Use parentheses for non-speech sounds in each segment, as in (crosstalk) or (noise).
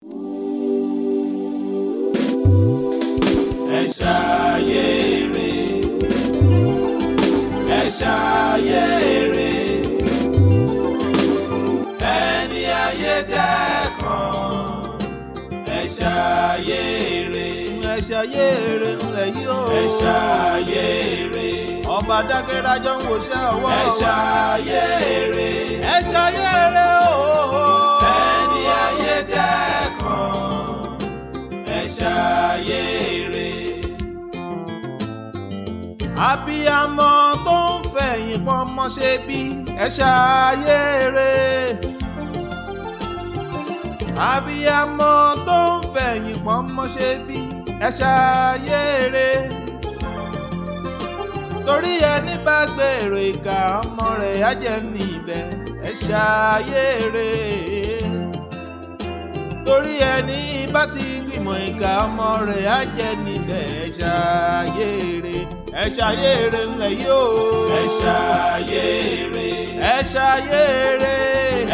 ẹ ṣàyè rè ẹ ṣàyè rè ẹni ayé dẹ́kan ẹ ṣàyè rè ẹ ṣàyè rè ńlẹ̀ yìí o ẹ ń wòṣẹ́ ọwọ́ ẹ ṣàyè rè ẹ ṣàyè o. ṣayé rè. abiyamọ tó ń fẹ̀yìn pọ́nmọ́ ṣe bí ẹ ṣayé rè. abiyamọ tó ń fẹ̀yìn pọ́nmọ́ ṣe bí ẹ ṣayé rè. torí ẹni bá gbèrò ìkà ọmọ rẹ̀ á jẹ́ níbẹ̀ ẹ ṣayé torí ẹni bá ti ìmọ̀ ìka ọmọ rẹ̀ á jẹ́ níbẹ̀ ẹ ṣàyèrè ẹ ṣàyèrè ńlẹ̀ yóò. ẹ ṣàyèrè. ẹ ṣàyèrè.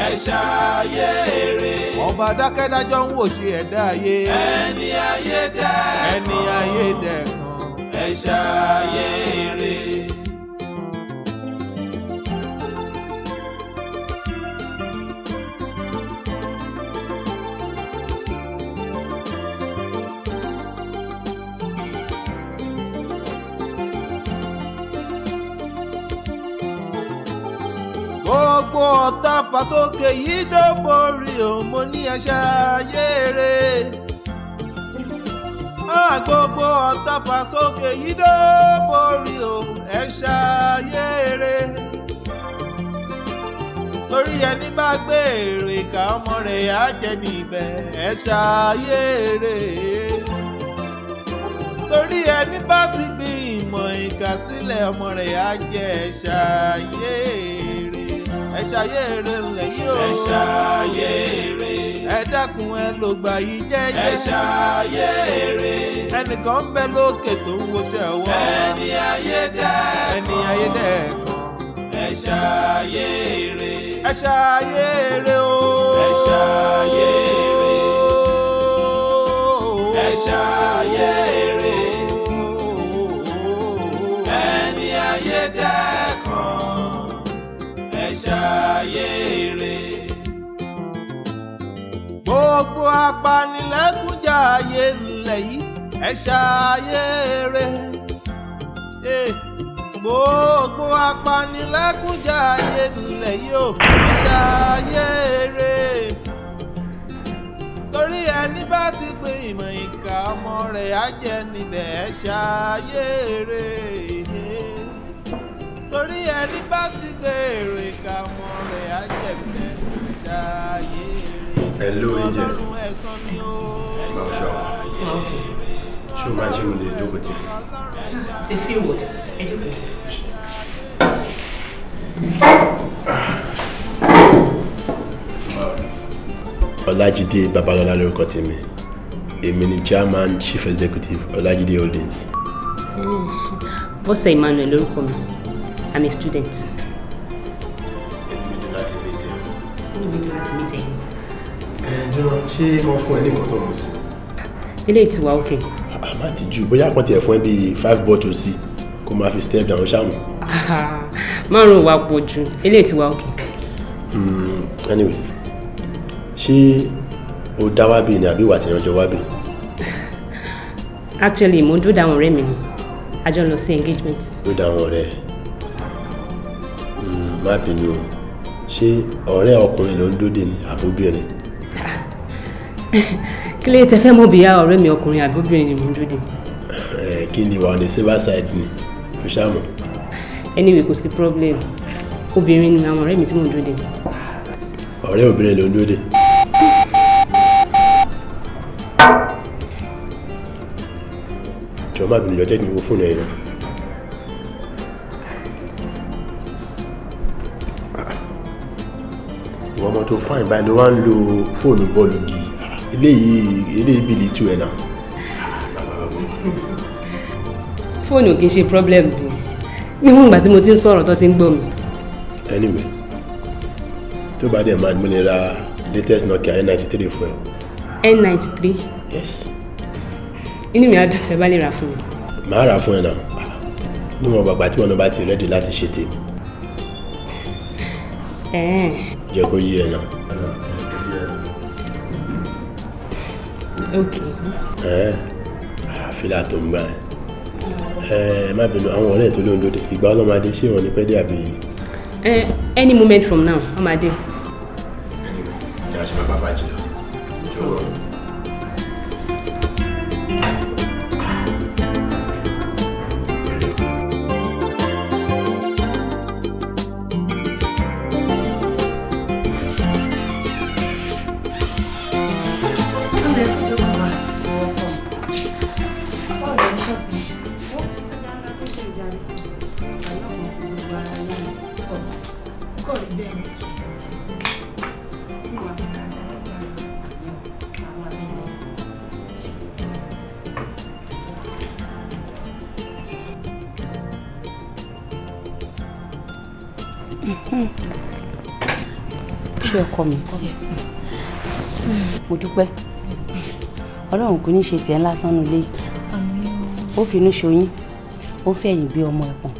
ẹ ṣàyèrè. ọba dákẹ́dájọ́ ń wòṣe ẹ̀dá ayé. ẹni ayé dẹ̀ ẹni ayé dẹ̀ kan. ẹ ṣàyèrè. gbogbo ọ̀tá fàsókè yìí dóborí o mo ní ẹṣẹ́ ayé rẹ̀. gbogbo ọ̀tá fàsókè yìí dóborí o ẹṣẹ́ ayé rẹ̀. torí ẹni bá gbé èrò ìka ọmọ rẹ̀ á jẹ níbẹ̀ ẹṣẹ́ ayé rẹ̀. torí ẹni bá ti gbin ìmọ̀ ìkà sílẹ̀ ọmọ rẹ̀ á jẹ ẹṣẹ́ ayé rẹ̀ ẹ ṣayé èrè ńlẹ̀ yìí o. ẹ ṣayé èrè. ẹ dákun ẹ lò gbà yìí jẹ́jẹ́. ẹ ṣayé èrè. ẹnìkan ń bẹ lókè tó ń woṣẹ́ ọwọ́. ẹni ayé dẹ́kan. ẹni ayé dẹ́kan. ẹ ṣayé èrè. ẹ ṣayé èrè o. ẹ ṣayé èrè. ẹ ṣayé èrè. ayé rè. gbogbo apanilẹ́kúnjà ayé ńlẹ̀ yìí ẹ ṣayé rè. Eh, gbogbo apanilẹ́kúnjà ayé ńlẹ̀ yìí ò ẹ ṣayé rè. torí ẹni bá ti pè ìmọ̀ ìka ọmọ rẹ̀ á jẹ níbẹ̀ ẹ ṣayé rè torí ẹni bá ti gbé èrò ìka ọmọ rẹ̀ á jẹ̀bi lẹ́nu ṣáàyè rẹ̀ ẹ̀lú oúnjẹ máa ṣọ ṣé o máa ṣe mo lè jókòó ti fi wò ẹ jókòó. Ọlájídé Babalọ́lá lórúkọ tèmi èmi ni chairman chief executive Ọlájídé Holdings. Hmm. Bọ́sẹ̀ Emmanuel lórúkọ mi. I'm a student. Èmi dùn láti mi tẹ̀. Inú mi dùn láti mi tẹ̀. Ẹ Jọ́nà, ṣé wọ́n fún ẹ ní nǹkan tó rùn sí? Eléyìí ti wà ókè. Àmà ti jù bóyá kan tiẹ̀ fún ẹ bíi five bottles sí kó máa fi step down ṣáàmù. Márùn-ún wa pọ̀ jù, eléyìí ti wà ókè. Anyway, ṣé o dá wá bí ni àbí ìwà tẹ̀yànjọ wá bí? (laughs) Actually, mo dúdà àwọn ọ̀rẹ́ mi ni, a jọ lọ sí engagement. Dúdà àwọn ọ̀rẹ́ ẹ̀ má bínú o ṣé ọ̀rẹ́ ọkùnrin ló ń dóde ni àbóbìnrin. (laughs) kí lè tẹ fẹ́ mọ̀ bíyá ọ̀rẹ́ mi ọkùnrin àbóbìnrin ni mò ń dóde. ẹ kí ni wà on the silver side ni kò ṣàmù. anyway kò sí problem obìnrin ni àwọn ọ̀rẹ́ mi tí mò ń dóde. ọ̀rẹ́ obìnrin ló ń dóde. jọ̀ọ́ má bínú lọ́jọ́ ni wo fóònù ẹ̀yìn ọmọ tó fáìn báyìí ló wá ń lo fóònù bọ́ọ̀lù gi eléyìí eléyìí bìlì tú ẹ̀ náà. fóònù kì í ṣe problem mi níwọ̀n ìgbà tí mo ti ń sọ̀rọ̀ tó ti ń gbọ́ mi. anyway tó bá dẹ̀ máa mo lè ra latest Nokia n93 fún ẹ. n93. yes. inú mi á dùn tẹ́ bá lè rà fún mi. màá rà fún ẹ náà níwọ̀n bàbá tí wọn bá ti rẹ́dí láti ṣe tèmi. ẹ̀ẹ́n jẹ́ kó yí ẹ náà. ok. ẹ àfilà tó ń gbà ẹ ẹ má bínú àwọn ọ̀rẹ́ tó ló ń dòde ìgbà ọlọ́mọdé ṣé wọn any moment from now ọmọdé. Um, ṣé ọkọ mi mo dúpẹ́ ọlọ́run kò ní ṣe tiẹ̀ ńlá sánú lé ó finú ṣoyún ó fẹ̀yìn bí ọmọ ẹ̀pọ̀n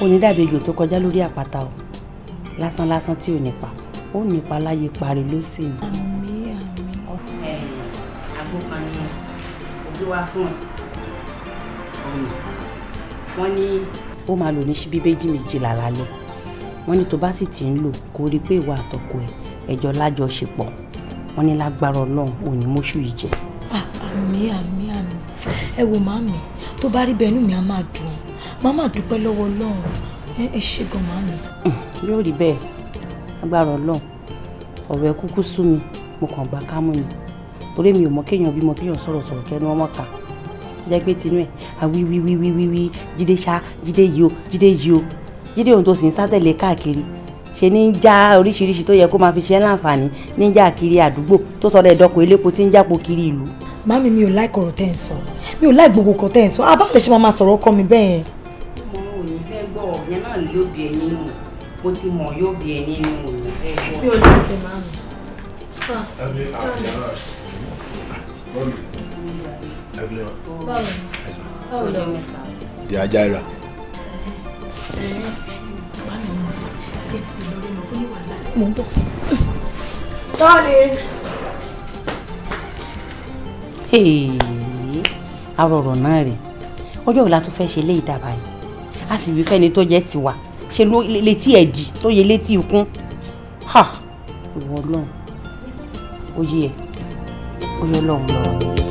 ó ní dàbí ejò tó kọjá lórí àpáta o lásán lásán tí ò nípa ó nípa láyé parí ló sì ní. àgbọ̀kànlẹ̀ òbí wa fún ọ wọ́n ní ó máa lò ní síbí méjì méjìlá lálẹ́ wọ́n ní tó bá sì ti ń lò kó rí i pé ìwà àtọkọ ẹ̀ ẹjọ́ lájọṣepọ̀ wọ́n ní lágbára ọlọ́run ò ní móṣù yìí jẹ. Ah, àmì àmì àmì ẹ wo màmí tó bá rí bẹ́ẹ̀ inú mi á máa dùn màá máa dúpẹ́ lọ́wọ́ ọlọ́run ẹ ṣe gan màmí. yóò rí bẹ́ẹ̀ lágbára ọlọ́run ọ̀rọ̀ ẹ kúkú sú mi mo kàn gbà kámú ni torí mi ò mọ kéèyàn bímọ kéèyàn sọ̀rọ̀ sọ̀rọ̀ kẹ́nu ọmọ kà jẹ́gbẹ́ tinú ẹ̀ àwíwíwíwíwí jíde ṣá jíde yìí o jíde yìí o jíde ohun tó sì ń sátẹ̀lé káàkiri ṣe ní ń já oríṣiríṣi tó yẹ kó máa fi ṣe láǹfààní ní ń já kiri àdúgbò tó sọ̀rọ̀ ẹ̀dọ́kọ̀ elépo tí ń jápo kiri ìlú. màmí mi ò láì kọ̀rọ̀ tẹ́ ẹ̀ sọ mi ò láì gbogbo kan tẹ́ ẹ̀ sọ abáwo lè ṣe máa sọ̀rọ̀ ọkọ mi bẹ́ẹ̀ mo ò ní fẹ́ gbọ́ ọ̀yẹ́ náà yóò bí ẹ nínú mo ti mọ̀ yóò bí ẹ nínú ò ní fẹ́ gbọ́ ẹgbẹ́ wa. báwo báwo lọ mẹ́ta. di ajá ira. báwo ni jẹ́ ìlọrin mi kó ní wàhálà. mo ń bọ̀. tọ́lẹ̀. arọ̀rọ̀ náà rèé ọjọ́ òla tó fẹ́ ṣe lé ìdàbà yìí a sì wí fẹ́ni tó jẹ́ tiwa ṣe ló létí ẹ̀dì tó yẹ létí ikún ha ìwọ ọlọ́run ó yẹ ó yẹ ọlọ́run lọ́wọ́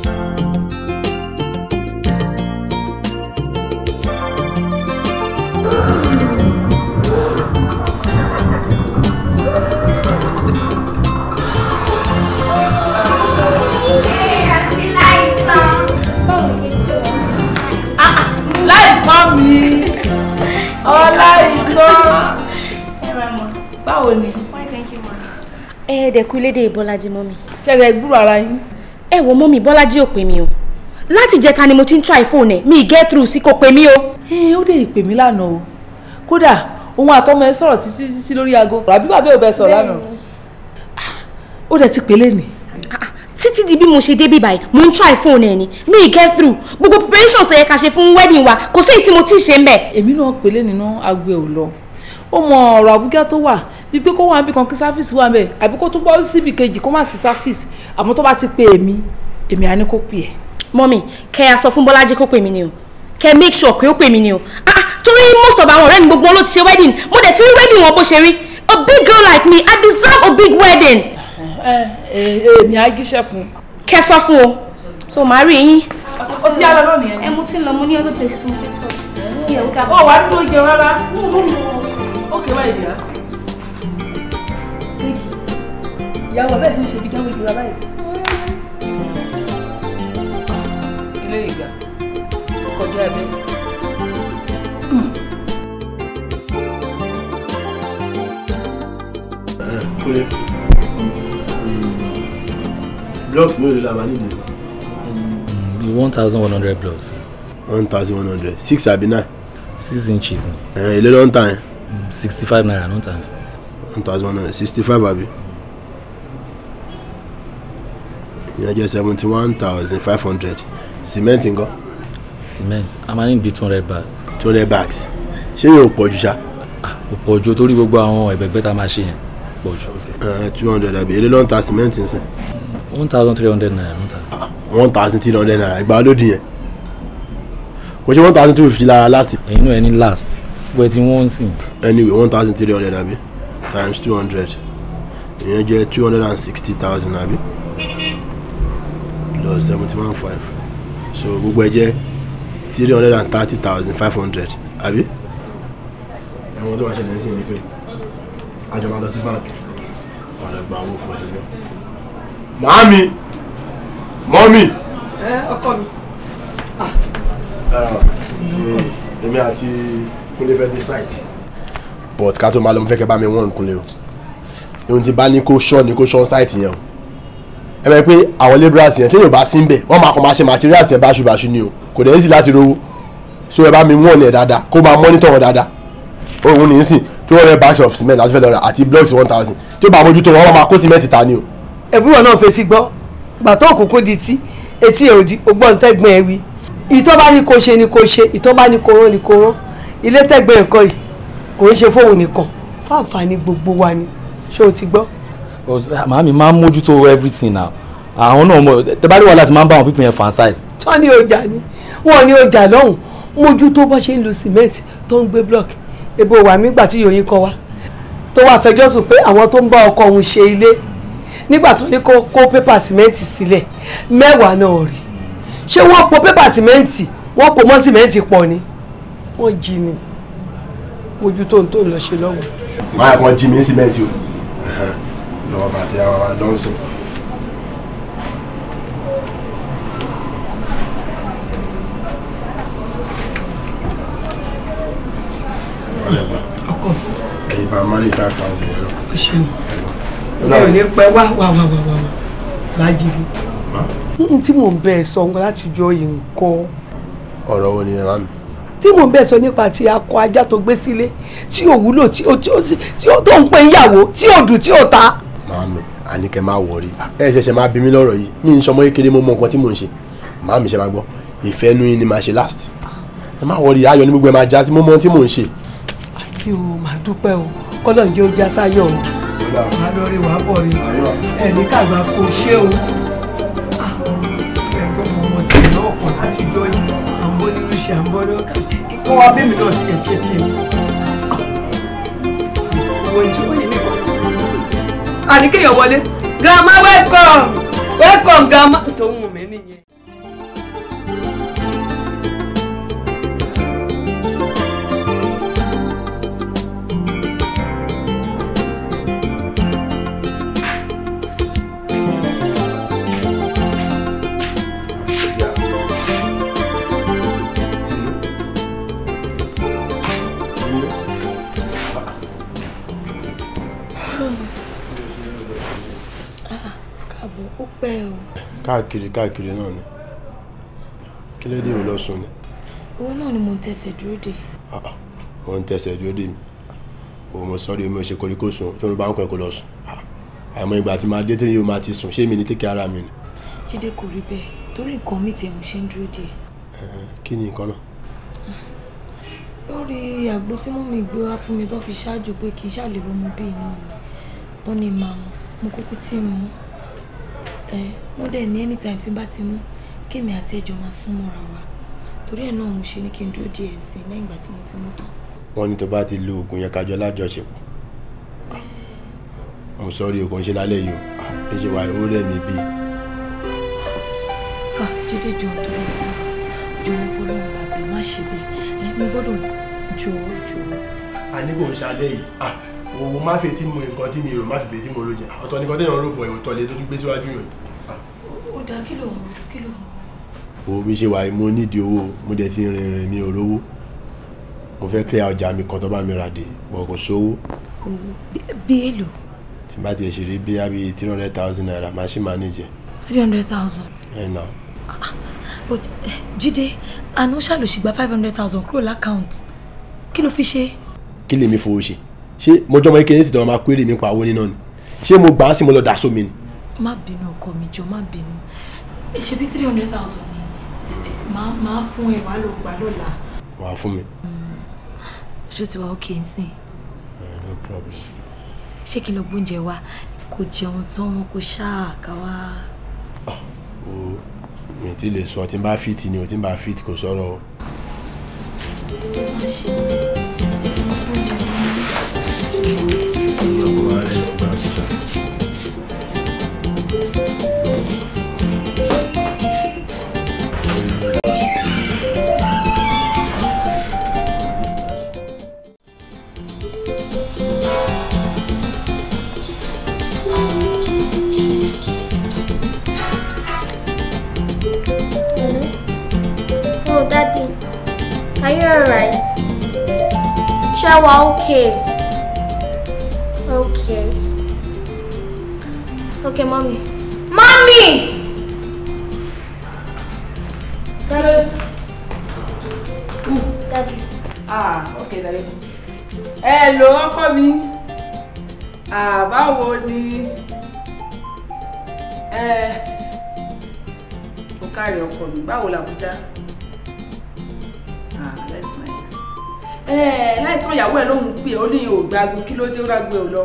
mi ọlá ìtàn báwo ni. ẹ ẹ dẹ̀kú lédè bọ́lájí mọ́mi. ṣẹlẹ̀ gbúrò ara yín. ẹ wo mọ́mi bọ́lájí ò pè mí o láti jẹta ni mo ti ń try phone ẹ mi get through sí kò pè mí o. ẹ ó dé ìpè mí lánàá o kódà òun àtọmọ ẹ sọ̀rọ̀ títí títí lórí aago àbí bàbá ò bẹ sọ̀rọ̀ lánàá. Ah, ó dẹ̀ ti pè lé títí di bí mo ṣe débí báyìí mo ń try phone ẹ ni mi get through gbogbo preparations tó yẹ ká ṣe fún wedding wa kò sí èyí tí mo ti ṣe ń bẹ. èmi náà pèlè nínú agbo ò lọ ó mọ ọ̀rọ̀ àbúgá tó wà bíi pé kó wà níbi kan kí sáfíìsì wà mẹ àbí kó tó bọ́ síbi kejì kó má sí sáfíìsì àmọ́ tó bá ti pè èmi èmi á ní kó pè ẹ. mọ́mì kẹ́ ẹ sọ fún bọ́lájí kó pè mí ni o kẹ́ ẹ make sure pé ó pè mí ni o ah torí most of àwọn ọ̀rẹ́ mi gbogbo wọn ló ti ṣe wedding mo dẹ̀ ti rí wedding wọn bó ṣe rí a big girl like me i deserve a big wedding. ẹ ẹ èmi eh, eh, á gíṣẹ́ fún. kẹ́ sọ fún o so màá rí yín. o ti yára lónìí ẹni. ẹ mo ti ń lọ mo ní other places mo fẹ́ tọ́jú. ọ oh, wà á dúró jẹun rárá. ókè wá ìdíra. ìyàwó abẹ́ẹ̀ ti ń ṣe bí jáwé ìdíra báyìí. ilé ìgbà kọjá ẹ̀mí. Thank you blocks mélòó la máa nílé sí. bí one thousand one hundred blocks. one thousand one hundred six àbí nine. six inches. ẹ eh, èlé ló ń tà mm, sixty five naira ló ń tà one thousand one hundred sixty five àbí. ìyẹn jẹ́ seventy one thousand five hundred cement ńkọ́. cement a máa ní bí two hundred bags. two hundred bags ṣé yóò pọ̀ jù ṣá. ó ah, pọ̀ jù torí gbogbo àwọn ẹ̀gbẹ́gbẹ́ tá máa ṣe yẹn pọ̀ jù. Eh, two hundred àbí èlé ló ń ta cement nsìn one thousand three hundred naira ah, one thousand three hundred naira ìgbà ló di yẹn kò ṣe one thousand two fifty lára last. ẹ̀yin náà ẹni last bó ti wọ́n sìn. anyway one thousand three hundred abi times two hundred ìyẹn jẹ́ two hundred and sixty thousand abi plus seventy one five so gbogbo ẹ jẹ́ three hundred and thirty thousand five hundred abi. ẹ̀wọ̀n tó wàá ṣẹlẹ̀ ń sìn ní pé àjọ máa lọ sí báńkì padà gba owó fún ọ̀ṣun náà màámi mọ́mì. Eh, ọkọ mi. Ah. Hmm. èmi àti kúnlé fẹ́ dé site. but ká tó máa lọ mo fẹ́ kẹ́ bá mi wọ́n kúnlé o ohun tí bá ní kó ṣọ́ ni kó ṣọ́ site yẹn o ẹ mọ̀ pé àwọn labourers yẹn téèyàn bá sí ń bẹ̀ wọ́n máa kàn máa ṣe materials yẹn báṣubàṣu ni o kò dẹ̀ sí láti rówó so ẹ bá mi wọ́n ẹ̀ dáadáa kó máa mọ́nítọ̀ wọn dáadáa òun ní í sìn two hundred bags of cement láti fẹ́ lọ àti blocks one thousand tí ó bá mójútó wọn wọ́n máa kó cement ta ni o ẹ̀búrò náà fetí gbọ́ gbàtọ́ òkòkò di tí etí ẹ̀ òdì ògbọ́n tẹ́gbọ́n ẹ̀ wí ìtọ́ bá ní kó ṣe ni kó ṣe ìtọ́ bá ní kó rán ni kó rán ilé tẹ́gbọ́n ẹ̀kọ́ yìí kò ń ṣe fóun nìkan fáǹfààní gbogbo wa ni ṣé o ti gbọ́. Ah, màámi máa ń mójútó everything now àwọn náà mo tẹ bá rí wàhálà tí máa ń bá àwọn pípín yẹn fantasize. tọ́ ni ọjà ni wọ́n ní ọjà lọ́hùn mójútó bó ṣe ń lo cement tó ń gbé block ebo wà mí gbà tí yòóyìn kọ wa tó wàá fẹjọ́ sùn pé àwọn tó ń bá ọkọ òun ṣe ilé nígbà tó ní kó kó pépà sìmẹ́ǹtì sílẹ̀ mẹ́wàá náà rí ṣé wọ́n po pépà sìmẹ́ǹtì wọ́n po mọ́ sìmẹ́ǹtì pọ̀ ni wọ́n jí ni mojú tó ń tó ń lọ ṣe lọ́wọ́. máa kàn jí mi sìmẹ́ǹtì o lọ́wọ́ bàtí àwọn àdánṣe. ọkọ. ẹ̀yin bá mọ́nítà kan sí ẹ̀rọ mi ò ní pẹ́ wá wá wá wá wá lájírí. tí mò ń bẹ ẹ sọ láti jọ yìí nǹkan. ọ̀rọ̀ wo ni ẹ máa mi. tí mò ń bẹ ẹ sọ nípa ti akọ ajá tó gbé sílé tí ò wúlò tí ó tó ń pè ìyàwó tí ò dùn tí ò ta. màámi àníkẹ́ máa wọrí ẹ ṣẹ̀ṣẹ̀ máa bí mi lọ́rọ̀ yìí mi ń sọmọ kékeré mo mọ nǹkan tí mò ń ṣe màámi ṣe máa gbọ́ ìfẹ́ nu yín ni màá ṣe last ẹ má wọrí ayọ̀ ní gbogbo ẹ máa já sí mo mọ ohun tí mò ń ṣe. àbí o màá dúpẹ́ o kọ́lọ́ǹjẹ́ ó já sáyọ̀ o adọ́rí wàá bọ̀ rí ẹ̀mí kàgbà kò ṣé o ẹ̀gbọ́n mọ ọmọ tí ẹ̀ náà kọ̀ láti dọ́yìn àbọ̀dúró ṣe àbọ̀dọ́ kó wa bẹ́ẹ̀ mi náà ti ẹ̀ ṣe fi ẹ̀ wọ ìṣòro yìí nìkan. àníkéyàn wọlé grandma welcome welcome grandma tó ń mú mi káàkiri káàkiri náà ni kí lédè ò lọ sùn ni. owó náà ni mo ń tẹsẹ̀ dúró dè. Ah, mo ń tẹsẹ̀ dúró dè mí o mo sọ́ọ́rí mi ò ṣe koríko sùn tí wọ́n bá ń kọ́ ẹ̀ kó lọ sùn ah, àmọ́ ìgbà tí máa dé tí yóò máa ti sùn ṣé mi ní tẹ́kẹ́ ara mi ni. jíde kò rí bẹ́ẹ̀ torí nǹkan mi tiẹ̀ mo ṣe ń dúró dè. kí ni nǹkan náà. lórí àgbo tí mọ́ mi gbé wá fún mi tó fi ṣáájú pé kì í ṣàlè ẹ mo dẹ̀ ní anytime tí n bá ti mú kémi àti ẹjọ́ máa sún mọ́ra wa torí ẹ̀ náà mo ṣe ní kí n dúró díẹ̀ sí lẹ́yìn ìgbà tí mo ti mú tán. wọ́n ní tó bá ti lo oògùn yẹn kájọ lájọṣepọ̀ mo sọrí oògùn ṣe lálẹ́ yìí o kí n ṣe wà ó rẹ̀ mí bíi. jíde jọ torí ẹ̀ jọ ní fọlọ́run bàbá má ṣe bẹ́ẹ̀ mi gbọ́dọ̀ jọ̀wọ́ jọ̀wọ́. a ní kò ń ṣalẹ́ yìí òun má fi etí mu nǹkan tí mi rò má fi bèé tí mo lójì ọ̀tọ̀ nìkan tẹ̀yàn rò bọ̀ ẹ̀wọ̀n tọ̀lé tó tún gbé síwájú yàn. ó dáa kí ló ń rò kí ló ń rò. o mi ṣe wà mo nídìí owó mo dẹ̀ ti rìn rìn mi ò rówó mo fẹ́ clear ọjà mi kan tó bá mi rà dé bọ̀ kò sówó. owó bí tí n bá tiẹ̀ ṣeré bí i three hundred thousand naira máa ṣì máa níjẹ. three hundred thousand. ẹ nà. Ah, but eh, Jídé àná ṣàlùṣìgbà five hundred thousand kúrò lákàùnt kí ló fi ṣe. kí lèmi fowó ṣe ṣé mo jọmọ kékeré sì dán máa kó èrè mi pa owó níná ni ṣé mo gbà á sí mo lọ dà sómi ni. má bínú ọkọ mi jọ má bínú ṣebí three hundred thousand ni màá màá fún ẹ wàá lọ gbà lọ́la. wàá fún mi. Hmm. ṣó ti wá òkè ń sìn. no problem. ṣé kí n lọ gbóúnjẹ wa kò jẹun tán kò ṣáà ká wá. Ah, o mi ti lè sọ tí n bá fit ni o tí n bá fit kò sọ̀rọ̀ o. má ṣe oúnjẹ wa. Oh, Daddy, are you alright? Sure, okay. Okay. Okay, mommy. Mommy! Daddy. Ooh. Mm. Daddy. Ah, okay, daddy. Hello, mommy. mi. Ah, báwo ni? Eh, o mommy. ọkọ mi, báwo làbújá? Ah, that's nice. Eh, láìtọ́ ìyàwó ẹ̀ lóhun Only ó ní ògbàgbọ́ kí ló dé ó rágbé ọ lọ.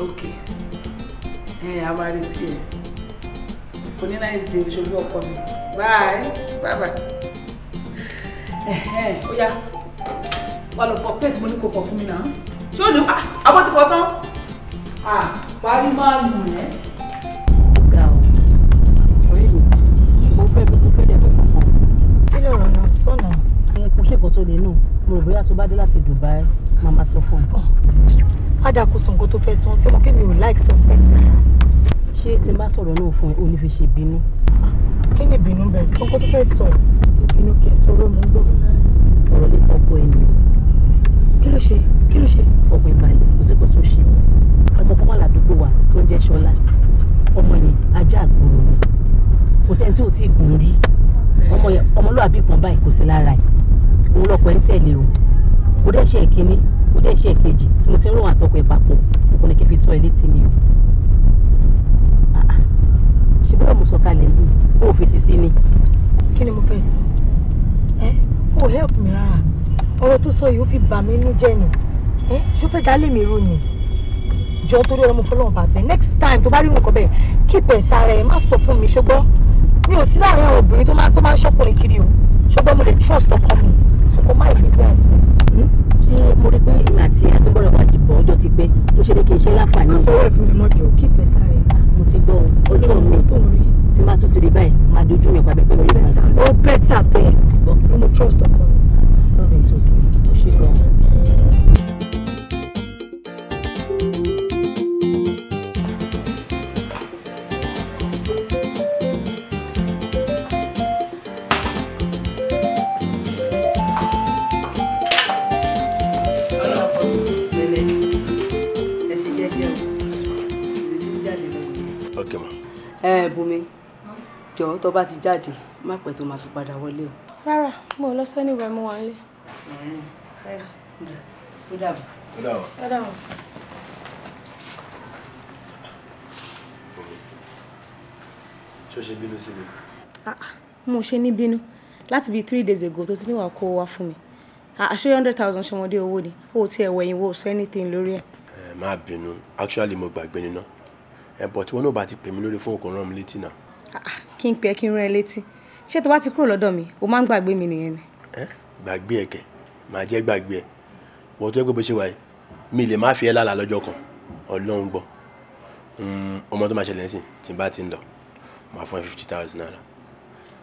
ok ẹ a máa retí ẹ kò ní nice day ṣojú ọkọ mi bye bye bye ó yá wà lọ fọ plate mo ní kò fọ fún mi náà ṣé ó ní àwọn ah, ti fọ tán ah, parí máa lù ẹ́. ga ọ ọ̀rẹ́ mi ó fẹ́ ó fẹ́ dẹ̀ kọ̀ọ̀kan kan. kí ló rọ̀ náà sọ̀nà. ẹ kò ṣèkọ́ tó lè nù mo rò bóyá tó bá dé láti Dubai màmá sọ fún un. Oh ádá kó sọ nǹkan tó fẹ́ sọ sí wọn kémi ò like suspense rárá. ṣé tí n bá sọ̀rọ̀ náà fún ẹ o ní fi ṣe bínú. kí ni ìbínú bẹ̀ sọ nǹkan tó fẹ́ sọ ìbínú kì í sọ̀rọ̀ mú gbọ́. ọ̀rọ̀ lè ọkọ ẹni kí ló ṣe kí ló ṣe. fọwọ́ ìbàlẹ̀ kò sí kò tó ṣe ọmọ kan wà ládùúgbò wa tó ń jẹ́ ṣọlá ọmọ yẹn ajá àgbòrò ni kò sẹ́ni tí ò tí ì gùn rí ọmọ yẹn ọmọlúwàbí kan báyìí kò sí lára ẹ̀ òun ó dẹ̀ ṣe èkejì tí mo ti ń rò wọn àtọkọ ìpapọ̀ kò ní kí n fi tó ẹ létí mi o ah, ah. ṣe bọ́ọ̀ mo sọ̀kalẹ̀ yìí ó fèsì sí ni. kí ni mo fẹ́ sọ ẹ ó help mi rárá ọ̀rọ̀ tó sọ yìí ó fi bà mí inú jẹ́ ni ẹ ṣó fẹ́ dálé mi rò ni jọ torí ọ̀rọ̀ mo fọlọ́run bàbẹ̀ next time tó bá rí nǹkan bẹ́ẹ̀ keep ẹ̀ sára ẹ̀ má sọ fún mi ṣùgbọ́n mi ò sí láàrin àwọn obìnrin tó máa ń ṣọkùnrin kiri o ṣùgbọ́n mo lè trust ọkọ mi so kò má ì business ṣé mo rí pé ìgbà àti àtúbọ̀rọ̀ wà jùbọ̀ ọjọ́ ti pẹ́ ló ṣe ní kí n ṣe láǹfààní. wọ́n sọ̀rọ̀ ìfún mi mọ́jọ kí ìpẹ́ sáré. mo ti gbọ́ ọjọ́ mi tí máa tún ti rí báyìí máa dojú mi pàbẹ́ pé mo rí bàtà. ó bẹ́tà bẹ́ẹ̀ mo trust ọkọ mi. love it okay ṣe gan-an. jọ tó bá ti jáde má pẹ́ tó máa fi padà wọlé o. rárá mo lọ sọ níwèé mo wà nílé. ó dàbọ̀. ó dàbọ̀. ó dàbọ̀. ṣó ṣe bínú sí mi. Ah, mo ṣe ní bínú láti bíi three days ago tó ti níwàá kó wá fún mi ah, àṣé hundred thousand ṣọmọdé owó ni owó tí ẹ wẹ̀yìn wo sọ anything lórí ẹ. ẹ má bínú actually mo gbàgbé nínú ẹ bọ̀ tí wọn náà bá ti pè mí lórí fóònù kò rán mi létí náà kí n pè ẹ́ kí n rán ẹ létí ṣé tó bá ti kúrò lọ́dọ̀ mi o máa ń gbàgbé mi nìyẹn ni. gbàgbé ẹ kẹ màá jẹ gbàgbé ẹ wọ́n tó yẹ pé bó ṣe wà yìí mi lè má fi ẹ́ lálàá lọ́jọ́ kan ọlọ́run gbọ́ ọmọ tó máa ṣẹlẹ̀ sí tí n bá ti ń lọ máa fún ẹ fifty thousand naira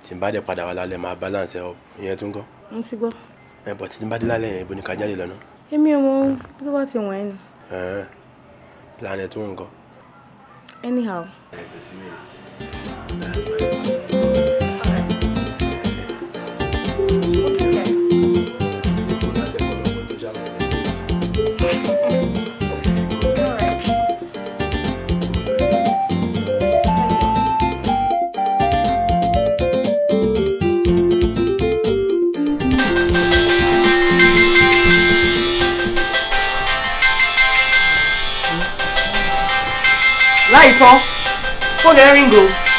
tí n bá dẹ̀ padà wá lálẹ́ máa balance ẹ ọ ìyẹn tó ń kọ́. n ti gbọ́. ẹ bọ̀ títí n bá dé lálẹ́ yẹn ibo ni ká jáde lọ náà. anyhow láìtán fóònù ẹ ríngò.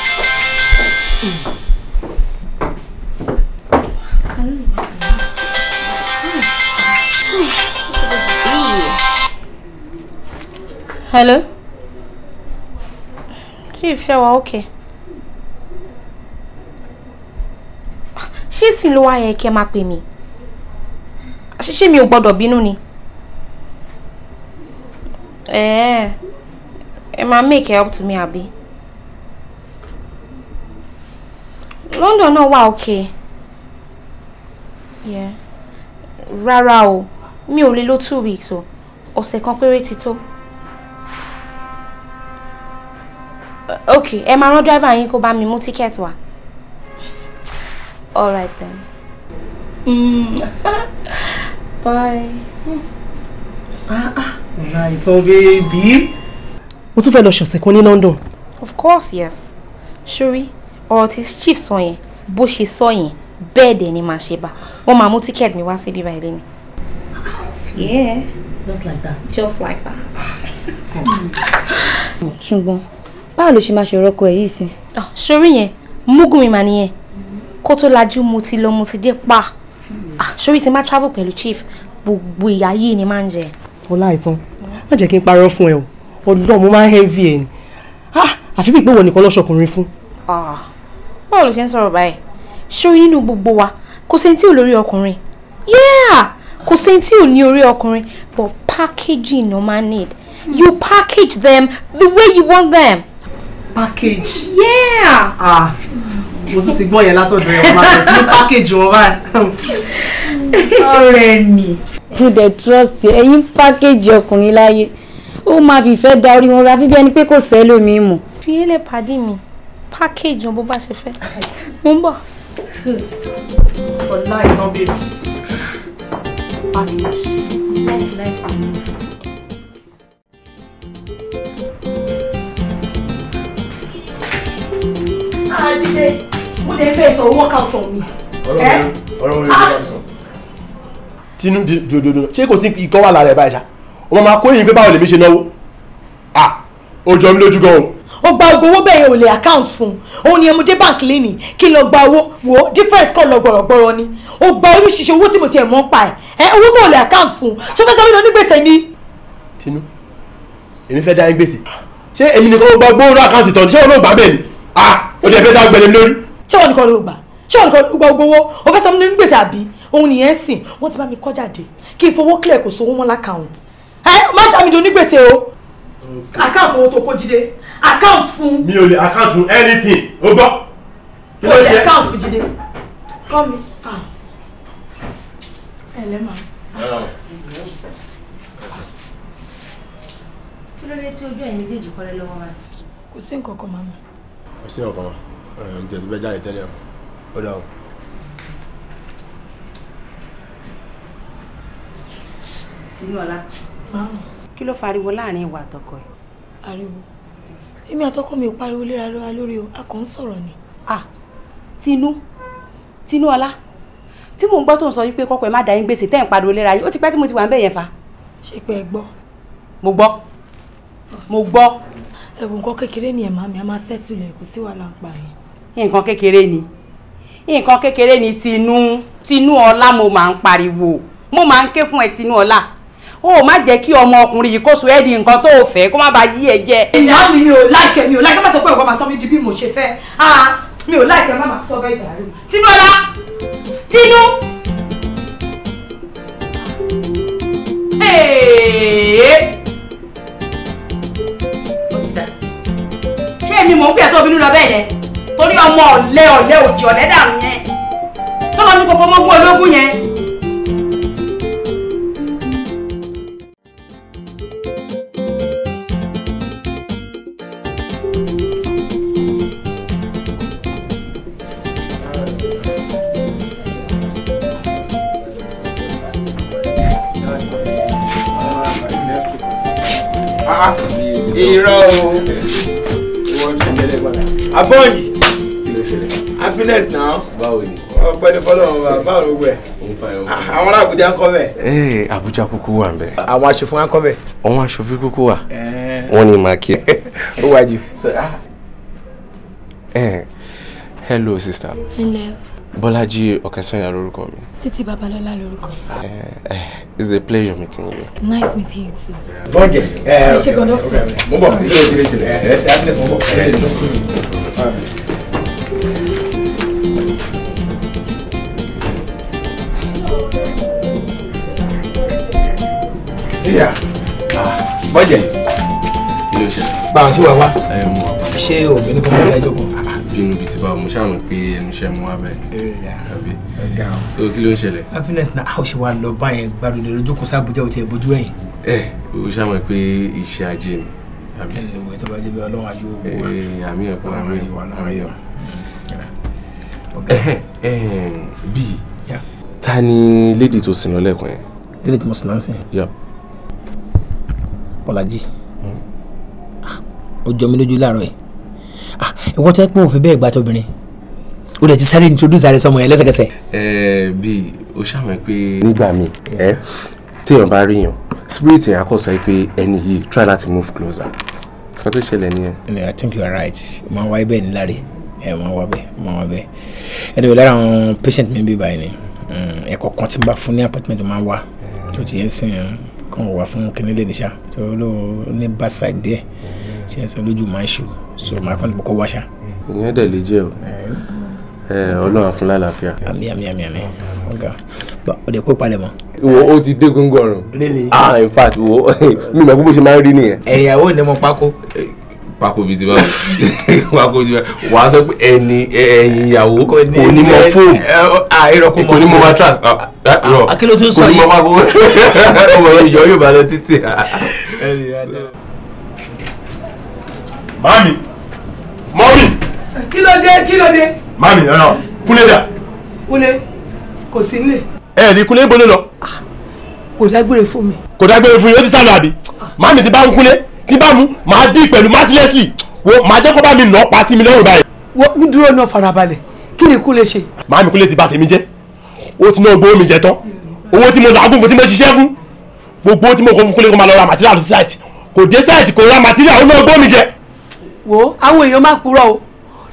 hello chief ṣe wa okay ṣé sì ló wá yẹ kí ẹ máa pè mí ṣíṣe mi ò gbọ́dọ̀ bínú ni ẹ̀ẹ́ eh, ẹ máa make help to me àbí London náà wà okay yeah rárá o mi ò lè lò two weeks o ọ̀sẹ̀ kan péré ti tó. Okay, ẹ máa rán driver yín kó bá mi mú ticket wa. all right then mm. (laughs) bye. ah ah ìtàn bèbí. mo tún fẹ́ lọ ṣọ̀sẹ̀ kan ní London. of course yes ṣorí ọ̀rọ̀ tí chief sọ yẹn bó ṣe sọ yẹn bẹ́ẹ̀ dẹ̀ ni màá ṣe bá wọ́n máa ticket mi wá sí bíbá ilé ni. yeah. just like that. just like that. (laughs) ṣùgbọ́n báwo ló ṣe máa ṣe rọ́kọ ẹ̀ yìí sí. Ah, sórí yẹn múgùn mi màá nìyẹn kó tó lajú mo ti lọ mo ti dé pa sórí ti máa travel pẹ̀lú chief gbogbo ìyá yìí ni máa ń jẹ. ọlá ìtàn má jẹ́ kí n parọ́ fún ẹ o ọdún mo máa ń heavy ẹ̀ ni ah, àfi bíi pé wọ́n nìkan lọ́ṣọkùnrin fún. Ah, báwo ló ṣe ń sọ̀rọ̀ báyìí sórí nínú gbogbo wa kò sẹ́ni tí ò lórí ọkùnrin yeah kò sẹ́ni tí ò ní orí ọkùnrin but packaging no man need you package them the way you want them package. yeah. ah mo tún ti gbọ́ yẹn látọ̀dọ̀ ẹ̀ wọ́n máa tẹ̀ sí package wọn báyìí. ọ̀rẹ́ mi. mo dey trust ẹ̀yin package ọkùnrin láyé ó máa fi ìfẹ́ da orí wọn ra bíbí ẹni pé kò sẹ́lómi mọ̀. fi pàdé mi package wọn bó bá ṣe fẹ́ mo ń bọ̀. ọ̀la ìtàn bèbí package. Jídé mo dẹ̀ fẹ́ sọ work out on me. ọ̀rọ̀ eh? mi ò ní sọ. tinú dododo ṣé kò sí ikọ́ wà lára ẹ̀ báyìí ṣá o máa kó yín pé báwo lèmi ṣe náwó ah ó jọ mí lójú gan o. o gba gbogbo owó bẹ́ẹ̀ yẹn ò lè account fún òun ni ẹmu dé bank lẹ́nìí kí n lọ gba owó wo difference kọ́ lọ gbọ̀rọ̀gbọ̀rọ̀ ni o gba oríṣiríṣi owó tí mo tiẹ̀ mọ́ pa ẹ̀ ẹ eh, owó tó lè account fún ṣé fẹ́ sọ mí lọ ní gbèsè ni. tinú èmi fẹ́ dá yín gbèsè ṣé èmi nìkan mo gba gbówó ní àkáǹtì tán ṣé olóògbà bẹ́ẹ̀ ni ah ó dẹ̀ fẹ́ dá gbẹlẹ lórí. ṣé wọn nìkan ló gbà ṣé wọn nìkan ló gbà gbowó o fẹ́ sọ mi ní gbèsè àbí òun nìyẹn sìn wọ́n ti bá mi kọ́ jáde kí n fowó clear kò sówó mọ́ lákàùnt ẹ má dá mi dùn ní gbèsè o àkáǹtì owó tó kó jíde àkáǹtì fún. mi ò lè àkáǹtì fún anything ó gbọ́. o lè àkáǹtì fún jíde kọ́ mi ẹ lẹ́ máa. kí ló dé tí ojú ẹ̀yin méjèèjì kọ́lé lọ́wọ́ wa. kò sí nǹkan kan màmá kò sí ọ̀kan tẹ̀tí fẹ́ jáde tẹ́lẹ̀ ó dà o. tinúọlá kí ló fariwo láàrin ìwà àtọkọ ẹ. ariwo èmi àtọkọ mi ò pariwo léraléra lórí o a kàn ń sọ̀rọ̀ ni. ah tinú tinúọlá tí mò ń gbọ́ tó ń sọ wípé kọ́kọ́ ẹ má dá yín gbèsè tẹ́ ẹ̀ ń pariwo léra yín ó ti pẹ́ tí mo ti wà ń bẹ̀ yẹn fa. ṣé pé ẹ gbọ́. mo gbọ́ mo gbọ́ ẹ̀wọ̀n nǹkan kékeré ni ẹ̀ máa mi a máa ṣẹ́tù lẹ̀ kó sí wàhálà ń pa yẹn. nǹkan kékeré ni nǹkan kékeré ni tinú tinú ọlá mo máa ń pariwo mo máa ń ké fún ẹ tinú ọlá o má jẹ́ kí ọmọ ọkùnrin yìí kó so ẹ́ di nǹkan tó o fẹ́ kó má ba yí ẹ jẹ. ìyá mi mi ò láìkẹ́ mi ò láìkẹ́ má sọ pé ìwọ máa sọ mi di bí mo ṣe fẹ́ mi ò láìkẹ́ má máa sọ bẹ́ẹ̀ dàrú. tinúọlá tinú. Hey! ni mò ń pè tó bínú lọ bẹ́ẹ̀ yẹn torí ọmọ ọ̀lẹ́ ọ̀lẹ́ òjì ọ̀lẹ́ dàrú yẹn tó lọ ní gbogbo ọmọ ogún ológun yẹn abọ́ọ̀nì happiness now. náà ọpẹ́ ní fọlọ́wọ́n bá báwo ló wẹ̀ ah, àwọn ará Àbújá ń kọ́ bẹ̀. ẹ eh, Àbújá kúkú wà ń bẹ. àwọn aṣòfin wa ń kọ́ bẹ̀. àwọn aṣòfin kúkú wà eh. wọ́n ní màá kí ẹ. (laughs) ó wá jù. Ah. Eh, hello sister. hello. Bọ́lájí Ọ̀kẹ́sọ́yà lórúkọ mi. Títí Babalọ́lá lórúkọ. It's a pleasure meeting you. Nice meeting you too. Bọ́ǹjẹ̀. Ẹ ṣe kọ́ńdọ́tì. Mo bọ̀ ní ìṣe ìṣe ìṣe ṣe happiness mo bọ̀. bọ́jẹ̀. ilé iṣẹ́. báwo ṣe wà wá. ẹ mú wa. ṣé òbí ní kọ́kọ́ ilé ẹjọ́ kan. bínú bíi ti bá mo ṣàmì pé ẹnu iṣẹ́ mu wá bẹ́ẹ̀. so kí ló ń ṣẹlẹ̀. happiness na a ò ṣe wà lọ báyẹn gbàdúrà lójú kò o ò tiẹ̀ bójú ẹ̀yìn. ẹ o ṣàmì pé iṣẹ́ ajé ni. ẹnu ìwé tó bá jẹ́ bí ọlọ́run ayé owó wa. àmì ẹ̀kọ́ àmì ẹ̀kọ́ bíi ta ni lady tó sin lọ lẹ́kùn yẹn. lady tí mo sin náà sìn. yep Bọ́lájí hmm. ah, ó jọ mí lójú láàárọ̀ yìí ah, ìwọ tó yẹ pé òun fi bẹ́ẹ̀ gba tóbìnrin o dẹ̀ ti sáré introduce ààrẹ sọmọ yẹn lẹ́sẹ̀kẹsẹ̀. ẹ bí o ṣàmì pé. nígbà míì ẹ téèyàn bá rí yàn spirit yẹn akọ sọ pé ẹni yìí try láti move closer nǹkan tó ṣẹlẹ̀ nìyẹn. I think you are right máa wá ibẹ̀ níláre ẹ máa wá bẹ́ẹ̀ máa wá bẹ́ẹ̀ ẹni wò lára àwọn patient mi bí báyìí ni mm, ẹ̀kọ́ kan tí n bá fún ní appointment máa wá hmm. tó ti yẹn sìn yẹn kàn wá fún kíní lè ní ṣá tó ló ní bàṣà díẹ̀ ṣe é sọ lójú máa ń ṣù so màá kàn níbo kó wá ṣá. ìyẹn dẹ̀ lè jẹ́ o eh, eh, ọlọ́run á fún lálàáfíà. àmì àmì àmì àmì ọ̀gá ọ̀dẹ̀ kó palẹ̀ mọ́. wo o ti dé góńgó ọrùn. ah in fact wo (laughs) mi mọ̀ pé bó ṣe máa ń rí nìyẹn. ẹ̀yàwó ni mo pa kó. Eh, pákóbi ti báwo (laughs) pákóbi ti báwo wàá sọ pé ẹni ẹyin ìyàwó kò ní mọ fóònù kò ní mọ matras akíló tún kò ní mọ pákó (laughs) ọmọ ìyọ yóò bá lọ títì. (laughs) mami mami. kí ló dé kí ló dé. mami kúlẹ̀ dà. kúlẹ̀ kò sí nílé. ẹ ní kúlẹ̀ bolo lọ. Ah, kò dágbére fún mi. kò dágbére fún yín ó ti sálọ àbí ah. mami ti bá ń kúlẹ̀ tí bá mú màá dín pẹ̀lú mercilessly wo màá jẹ́ kó bá mi nà ọ́ pa sí mi lọ́rùn báyìí. wo dúró náà farabalẹ̀ kí ni Kúnlé ṣe. màámi Kúnlé ti bà tèmi jẹ́ ó ti náà gbowó mi jẹ tán owó tí mo làágùn fún tí mo ṣiṣẹ́ fún gbogbo tí mo kọ́ fún Kúnlé kó máa lọ ra material sí site kò dé site kò ra material ó náà gbowó mi jẹ. wo àwọn èèyàn máa purọ́ o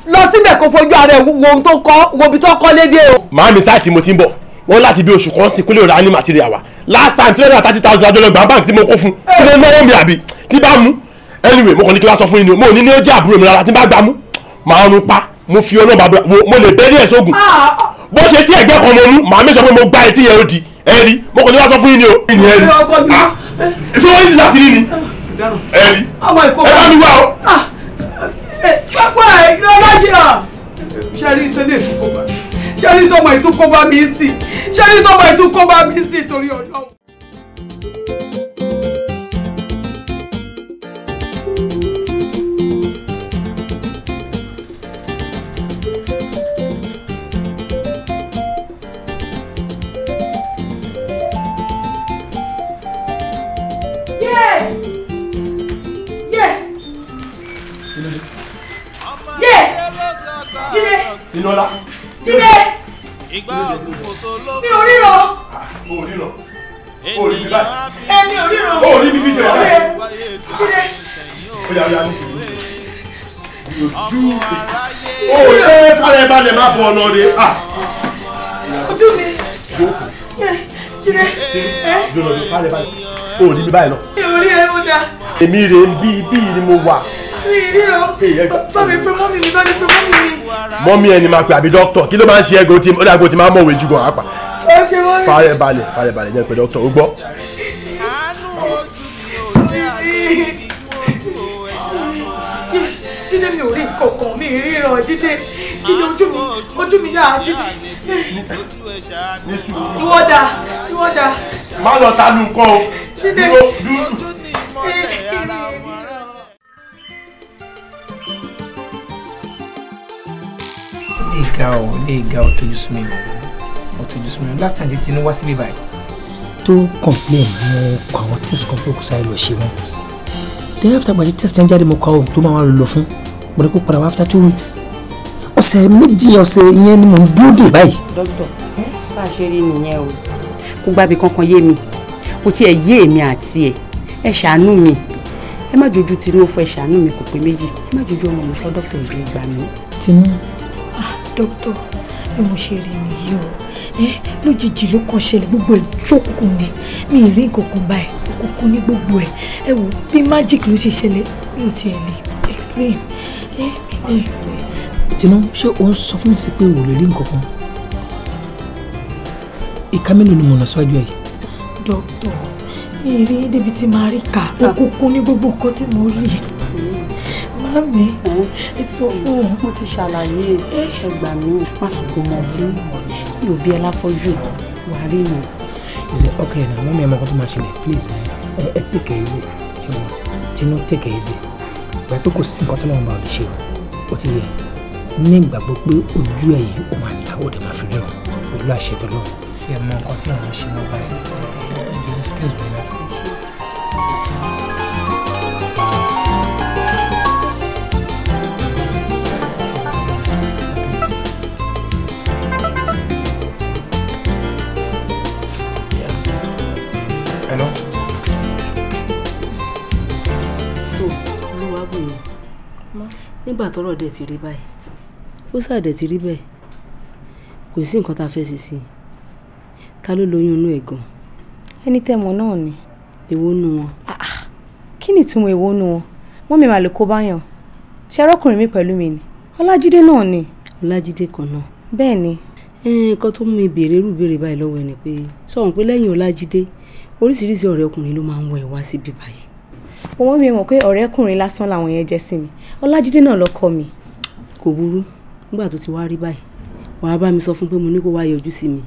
lọ síbẹ̀ kó fojú ara ẹ̀ wo ohun tó kọ́ wo ibi tó kọ́ lédè o. màámi site mo ti ń bọ̀ wọ́n láti bí oṣù kan sí Kúnlé ò wa last time three hundred and thirty thousand dollars, lọ gba bank tí mo kó fún kí ló ń náwó mi àbí tí bá mú anyway mo kàn ní kí wá sọ fún yín ni mo ní ní ó jẹ́ àbúrò mi rárá tí bá gbà mú màá rún pa mo fi ọlọ́ba mo lè bẹ́ẹ̀ ní ẹ̀sọ́gùn ah, ah, ah. bó ṣe tí ẹ̀gbẹ́ kan mo mú màá mẹ́sàn pé mo gba etí yẹn ó di ẹ̀rí mo kàn ní wá sọ fún yín ni o. ṣé wọ́n yìí sì láti rí ni ẹ̀rí ẹ bá mi wá o. pápá ìgbà ọlọ́jì à ṣe rí ìtọ́lẹ̀ tó kọ́ bá ṣé ní tọ́mọ ìtúkọ́ bá mi sí ṣé ní tọ́mọ ìtúkọ́ bá mi sí torí ọ̀nà. Inola. Jídé. Ìgbà òkùnkùnso ló kọ́. Mi ò ríro. Ah, o ò ríro. O ò rí mi báyìí. Ẹni ò ríro. O ò rí mi bí ṣe wà báyìí. Jídé. Ó yà ó yà ló fi mí. Ojú o ò lé falẹ̀ balẹ̀ má bọ̀ ọ̀nà de. Ah! Ojú mi. Jídé. Jọ̀lọ̀ mi falẹ̀ balẹ̀. O ò rí mi báyìí lọ. Mi ò rí ẹ mo da. Èmi rè é bí bí ni mo wà mọ́mí ẹni máa pè àbí dókítà kí ló máa ń ṣe ẹgbẹ́ tí ó dàgbò tí máa mọ̀wé jù gan apá fàárẹ̀ balẹ̀ fàárẹ̀ balẹ̀ jẹ́ pé dókítà ó gbọ́. jíde mi ò rí nǹkan kan mi ríran jíde jíde ojú mi ojú mi yára jíde. ìwọ́dà ìwọ́dà. má lọ ta lu nǹkan o dúró dúró. ga ọ lè ga ọ tójú sùn o ọ tójú o last time ti ní wá síbí báyìí. tó complain mo kọ àwọn test kan pé kò sáré lọ ṣe wọn then after gbàṣẹ test yẹn jáde mo kọ àwọn tó máa wà lọ fún mo ní kó padà wá after two weeks ọ̀sẹ̀ méjì ọ̀sẹ̀ yẹn ni mo ń dúró dè báyìí. dókítà bá a ṣe rí nìyẹn o kó gbàgbé kankan yé mi kò tiẹ̀ yé èmi àti ẹ̀ ẹ̀ ṣàánú mi ẹ má jojú tinú fún ẹ ṣàánú mi kò pé méjì ẹ má jojú ọmọ mi fọ́ dókítà ìbí ìgbà mi. tinú dókítà bí mo ṣe rí nìyí o eh, lójijì ló kàn ṣẹlẹ̀ gbogbo ẹ̀ jókòókùn ni mi ì rí nǹkankan báyìí òkùnkùn ní gbogbo ẹ̀ ẹ wò bí magic ló ṣe ṣẹlẹ̀ mi ò tiẹ̀ lè explain ẹ eh, ẹ explain. jìnnà ṣé o ń sọ fún mi sí pé o lè rí nǹkankan ìka mélòó ni mo nà síwájú ẹ. dókítà mi ì rí débi tí màá rí kà òkùnkùn ní gbogbo nǹkan tí mo rí. Mami, ẹ sọ fún wọn. Mo ti ṣàlàyé ẹgbà eh. mi, má sọ̀kò mọ̀ tí mi ò bí ẹ láfọ́jú wà rí mi. Ṣé ok na mọ́mí ẹ mọ ọkọ tó máa ṣẹlẹ̀ please ẹ eh, ẹ eh, take it easy ṣe mọ tinú take it easy ìgbà pé kò sí nǹkan tó lọ́wọ́ bá ọ lè ṣe o ó ti yẹ ní ìgbàgbọ́ pé ojú ẹ̀ yìí ó máa nílá ó dẹ̀ máa fi rí ọ pẹ̀lú àṣẹ tó lọ́wọ́. Ẹ mọ nǹkan tí àwọn ṣe lọ́wọ́ báyìí ẹ̀ ẹ̀ ẹ̀ nígbà tọ́rọ̀ dẹ̀ ti rí báyìí ó ṣàdẹ̀ ti rí bẹ́ẹ̀ kò sí nǹkan tá a fẹ́ ṣe sí i ta ló lóyún inú ẹ̀ gan. ẹni tẹ̀mọ̀ náà ni. èwo nu wọn. Ah, ah. kí ni ìtumọ̀ èwo nu wọn wọ́n mi máa lè kó báyàn ṣe arákùnrin mi pẹ̀lú mi ni ọlájídé náà ni. ọlájídé kan náà. bẹ́ẹ̀ ni. nǹkan tó mú mi béèrè irú ìbéèrè báyìí lọ́wọ́ ẹ ni pé sọ̀rọ̀ pé lẹ́yìn ọlájídé oríṣiríṣi ọ̀rẹ́ ọkùnrin ló máa ń wọ ẹ̀ wá síbi báyìí bọ́ mọ́ mi mọ̀ pé ọ̀rẹ́kùnrin lásán làwọn yẹn jẹ́ sí mi ọlájídé náà lọ́kọ mi. kò burú nígbà tó ti wá rí báyìí wàá bá mi sọ fún pé mo ní kó wá yọjú sí mi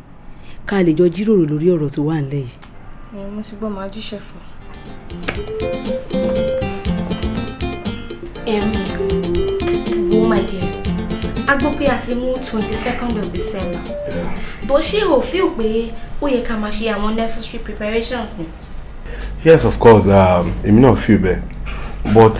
ká lè jọ jíròrò lórí ọ̀rọ̀ tó wà nílẹ̀ yìí. mo ti gbọ́ máa jíṣẹ́ fún un. wo my dear a gbọ́ pé a ti mú twenty second of December bó ṣe ò fíò pé ó yẹ ká máa ṣe àwọn necessary preparations ni yes of course um, èmi náà feel bẹ́ẹ̀ but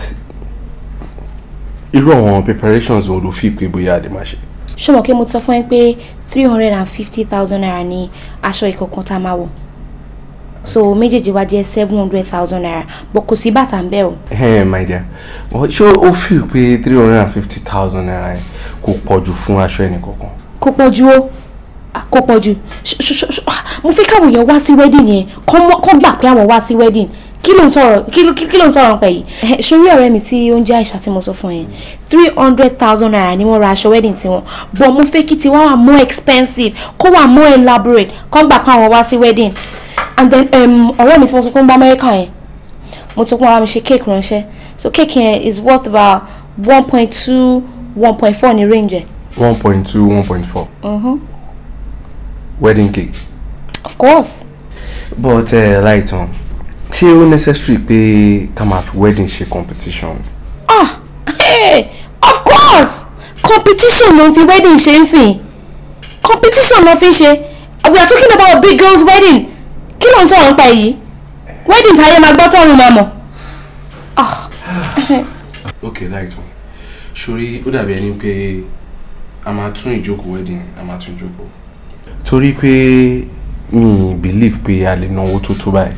irú àwọn preparations wo ló fi pé bóyá àdè máa ṣe. ṣọmọ kí mo sọ fún ẹ pé three hundred and fifty thousand naira ni aṣọ ìkọ̀kan tá a máa wọ̀ so méjèèjì wá jẹ́ seven hundred thousand naira but kò sí bàtà ń bẹ̀ o. ẹ my dear ṣé o fi pé three hundred and fifty thousand naira kò pọ̀ jù fún aṣọ ẹnì kọ̀ọ̀kan. kò pọ̀ jù o ah, kò pọ̀ jù mo fẹ́ káwọn èèyàn wá sí wedding yẹn kọ́ gbà pé àwọn wá sí wedding kí ló ń sọ̀rọ̀ kí ló ń sọ̀rọ̀ pẹ̀ yìí. sori ọ̀rẹ́ mi tí ó àìsàn tí mo sọ fún yẹn three hundred thousand naira ni wọ́n ra aṣọ wedding tiwọn but mo fẹ́ kí tiwa wà more expensive kó wà more elaborate kọ́ gbà pé àwọn wá sí wedding and then um, ọ̀rẹ́ mi tí mo sọ fún bá Amẹ́ríkà yẹn mo tún kún ara mi ṣe cake ránṣẹ́ so cake yẹn is worth about one point two one point four ní range. one point two one point four. Mm-hmm. wedding cake of course. but eh, láìtàn ṣé ó necessary pé ká máa fi wedding ṣe competition. ah hey, of course competition ló ń fi wedding ṣe ń sìn competition ló fi ń ṣe we are talking about a big girls wedding kí ló ń sọ̀rọ̀ nípa èyí wedding táyé máa gbọ́ tọ́run máa mọ̀. Ah. (sighs) ok on. sori ó dàbí ẹni pé a máa tún ìjókòó wedding a máa tún ìjókòó. torí pé mi believe pé a lè náwó tó tó báyìí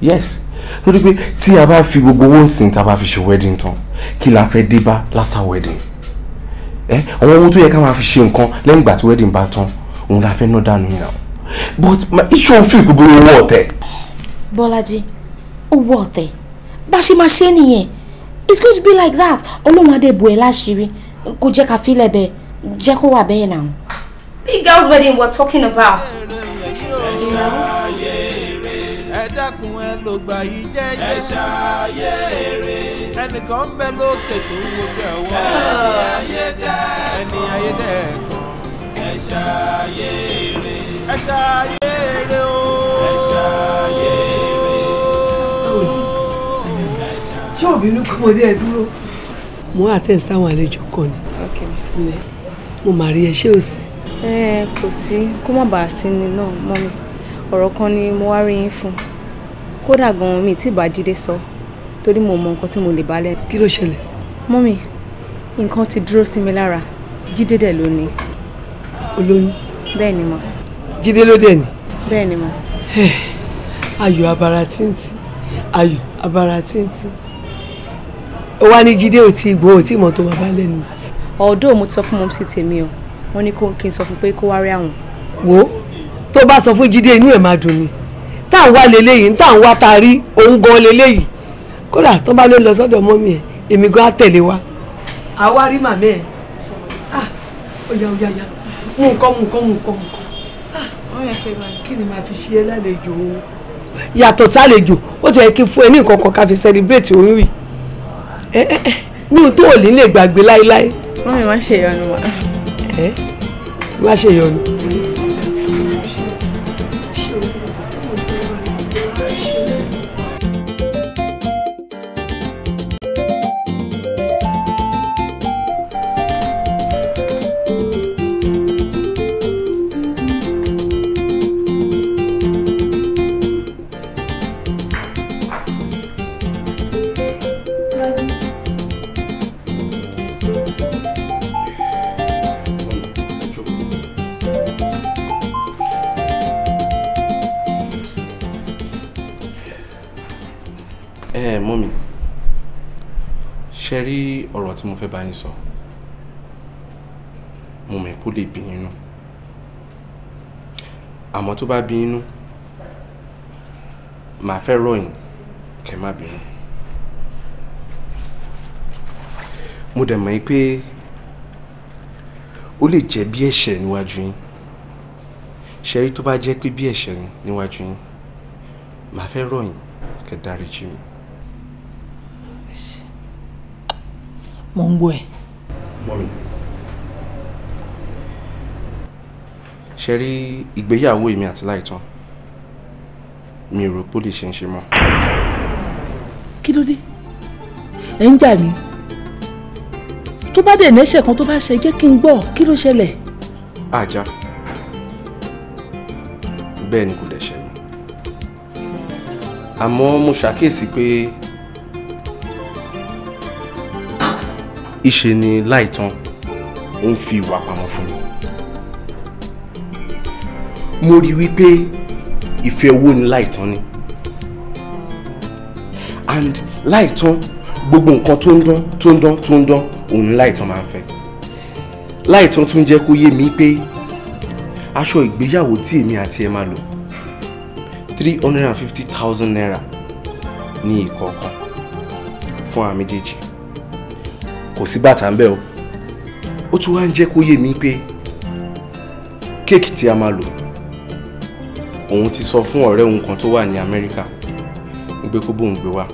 yes lórí pé tí a bá fi gbogbo owó sìn tá a bá fi ṣe wedding tán kí la fẹ́ dé bá after wedding Eh? àwọn owó tó yẹ ká máa fi ṣe nǹkan lẹ́yìn ìgbà tí wedding bá tán òun la fẹ́ na. dànù yìí náà but iṣan fi gbogbo owó ote. bọ́lájí owó ote. bá a ṣe máa ṣe it's going to be like that ọlọ́run adé bu ẹ̀ láṣìírí kò jẹ́ ká fi lẹ̀ bẹ́ẹ̀ jẹ́ kó wà bẹ́ẹ̀ big girls wedding we're talking about dúró. ẹ dákun ẹ ló gbà yí jẹ́jẹ́. ẹ ṣàyè èrè. ẹnìkan ń bẹ lókè tó ń wọṣẹ́ ọwọ́. ẹni ayédè kan. ẹ ṣàyè èrè. ẹ ṣàyè èrè o. ẹ ṣàyè èrè. ṣé òbí inú kọ́mọdé ẹ dúró mo àtẹ̀sí àwọn àlejò kan ni mo mà rí ẹ ṣé ò sí. ẹ kò sí kó má bàa sí náà mọ́ mi ọ̀rọ̀ kan ni mo wá rí yín fún kódà gan-an mi tí bá Jídé sọ torí mo mọ nǹkan tí mo lè bá lẹ́nu. kí ló ṣẹlẹ̀. mọ́mì nǹkan ti dúró sí mi lára Jídé dẹ̀ ló ní. olóyún. bẹ́ẹ̀ ni mà. Jídé ló dẹ̀ ní. bẹ́ẹ̀ ni mà. ayọ̀ abara tíntín ayọ̀ abara tíntín ó wá ní Jídé ò tí ì gbọ́ ò tí ì mọ̀ tó bàbá lẹ́nu. ọ̀dọ́ mo ti sọ fún mọ́mísì tèmi o wọ́n ní kí n sọ fún pé kó wá rí àwọn. wo tó bá sọ fún Jídé inú ẹ̀ máa dùn ni tá à ń wá leléyìí tá à ń wá tá a rí òun gan leléyìí kódà tó bá ló lọ sọ́dọ̀ mọ́mí ẹ̀ èmi gan á tẹ̀lé wa. àwa rí màmí ẹ̀ ah oya oya oya mú nǹkan mú nǹkan mú nǹkan mú nǹkan ah, kí ni màá fi ṣe ẹ́ lálejò o yàtọ̀ sálejò ó ti yẹ kí fún ẹ ní nǹkan kan ká fi sẹlibrétì oyún yìí ẹ ẹ ẹ ní ohun tó ò ní lè gbàgbé láéláé. wọ́n mi ṣe ìyọnu wa. ẹ máa ṣe ìyọnu. tó bá bí inú màá fẹ́ ròyìn kẹ́ má bínú. mo dẹ̀ mọ̀ pé ó lè jẹ́ bí ẹ̀ṣẹ̀ níwájú yín ṣẹ́rí tó bá jẹ́ pé bí ẹ̀ṣẹ̀ níwájú yín màá fẹ́ ròyìn kẹ́ dáríjì mi. mo ń gbọ́ ẹ. mọ́mi. ṣe rí ìgbéyàwó èmi àti láìtàn mi ò rò pé ó lè ṣe ń ṣe mọ́. kí ló dé ẹ ń jà ní tó bá dẹ̀ nẹ́ṣẹ̀ kan tó bá ṣe jẹ́ kí n gbọ́ kí ló ṣẹlẹ̀. àjà bẹ́ẹ̀ ni kò dẹ̀ ṣe àmọ́ mo ṣàkíyèsí pé ìṣe ni láìtàn ó ń fi ìwà pamọ́ fún mi mo rí wípé ìfẹ́ owó ni láìtán ni and láìtán gbogbo nǹkan tó ń dán tó ń dán tó ń dán òun ni láìtán máa ń fẹ́ láìtán tún jẹ́ kó yé mi pé aṣọ ìgbéyàwó tí èmi àti ẹ máa lò three hundred and fifty thousand naira ní ìkọ̀ọ̀kan fún àwọn méjèèjì kò sí bàtà ń bẹ̀ o ó tún wá ń jẹ́ kó yé mi pé kéèkì tí a máa lò òun ti sọ fún ọ̀rẹ́ òun kan tó wà ní amẹ́ríkà gbé kó bóun gbé wá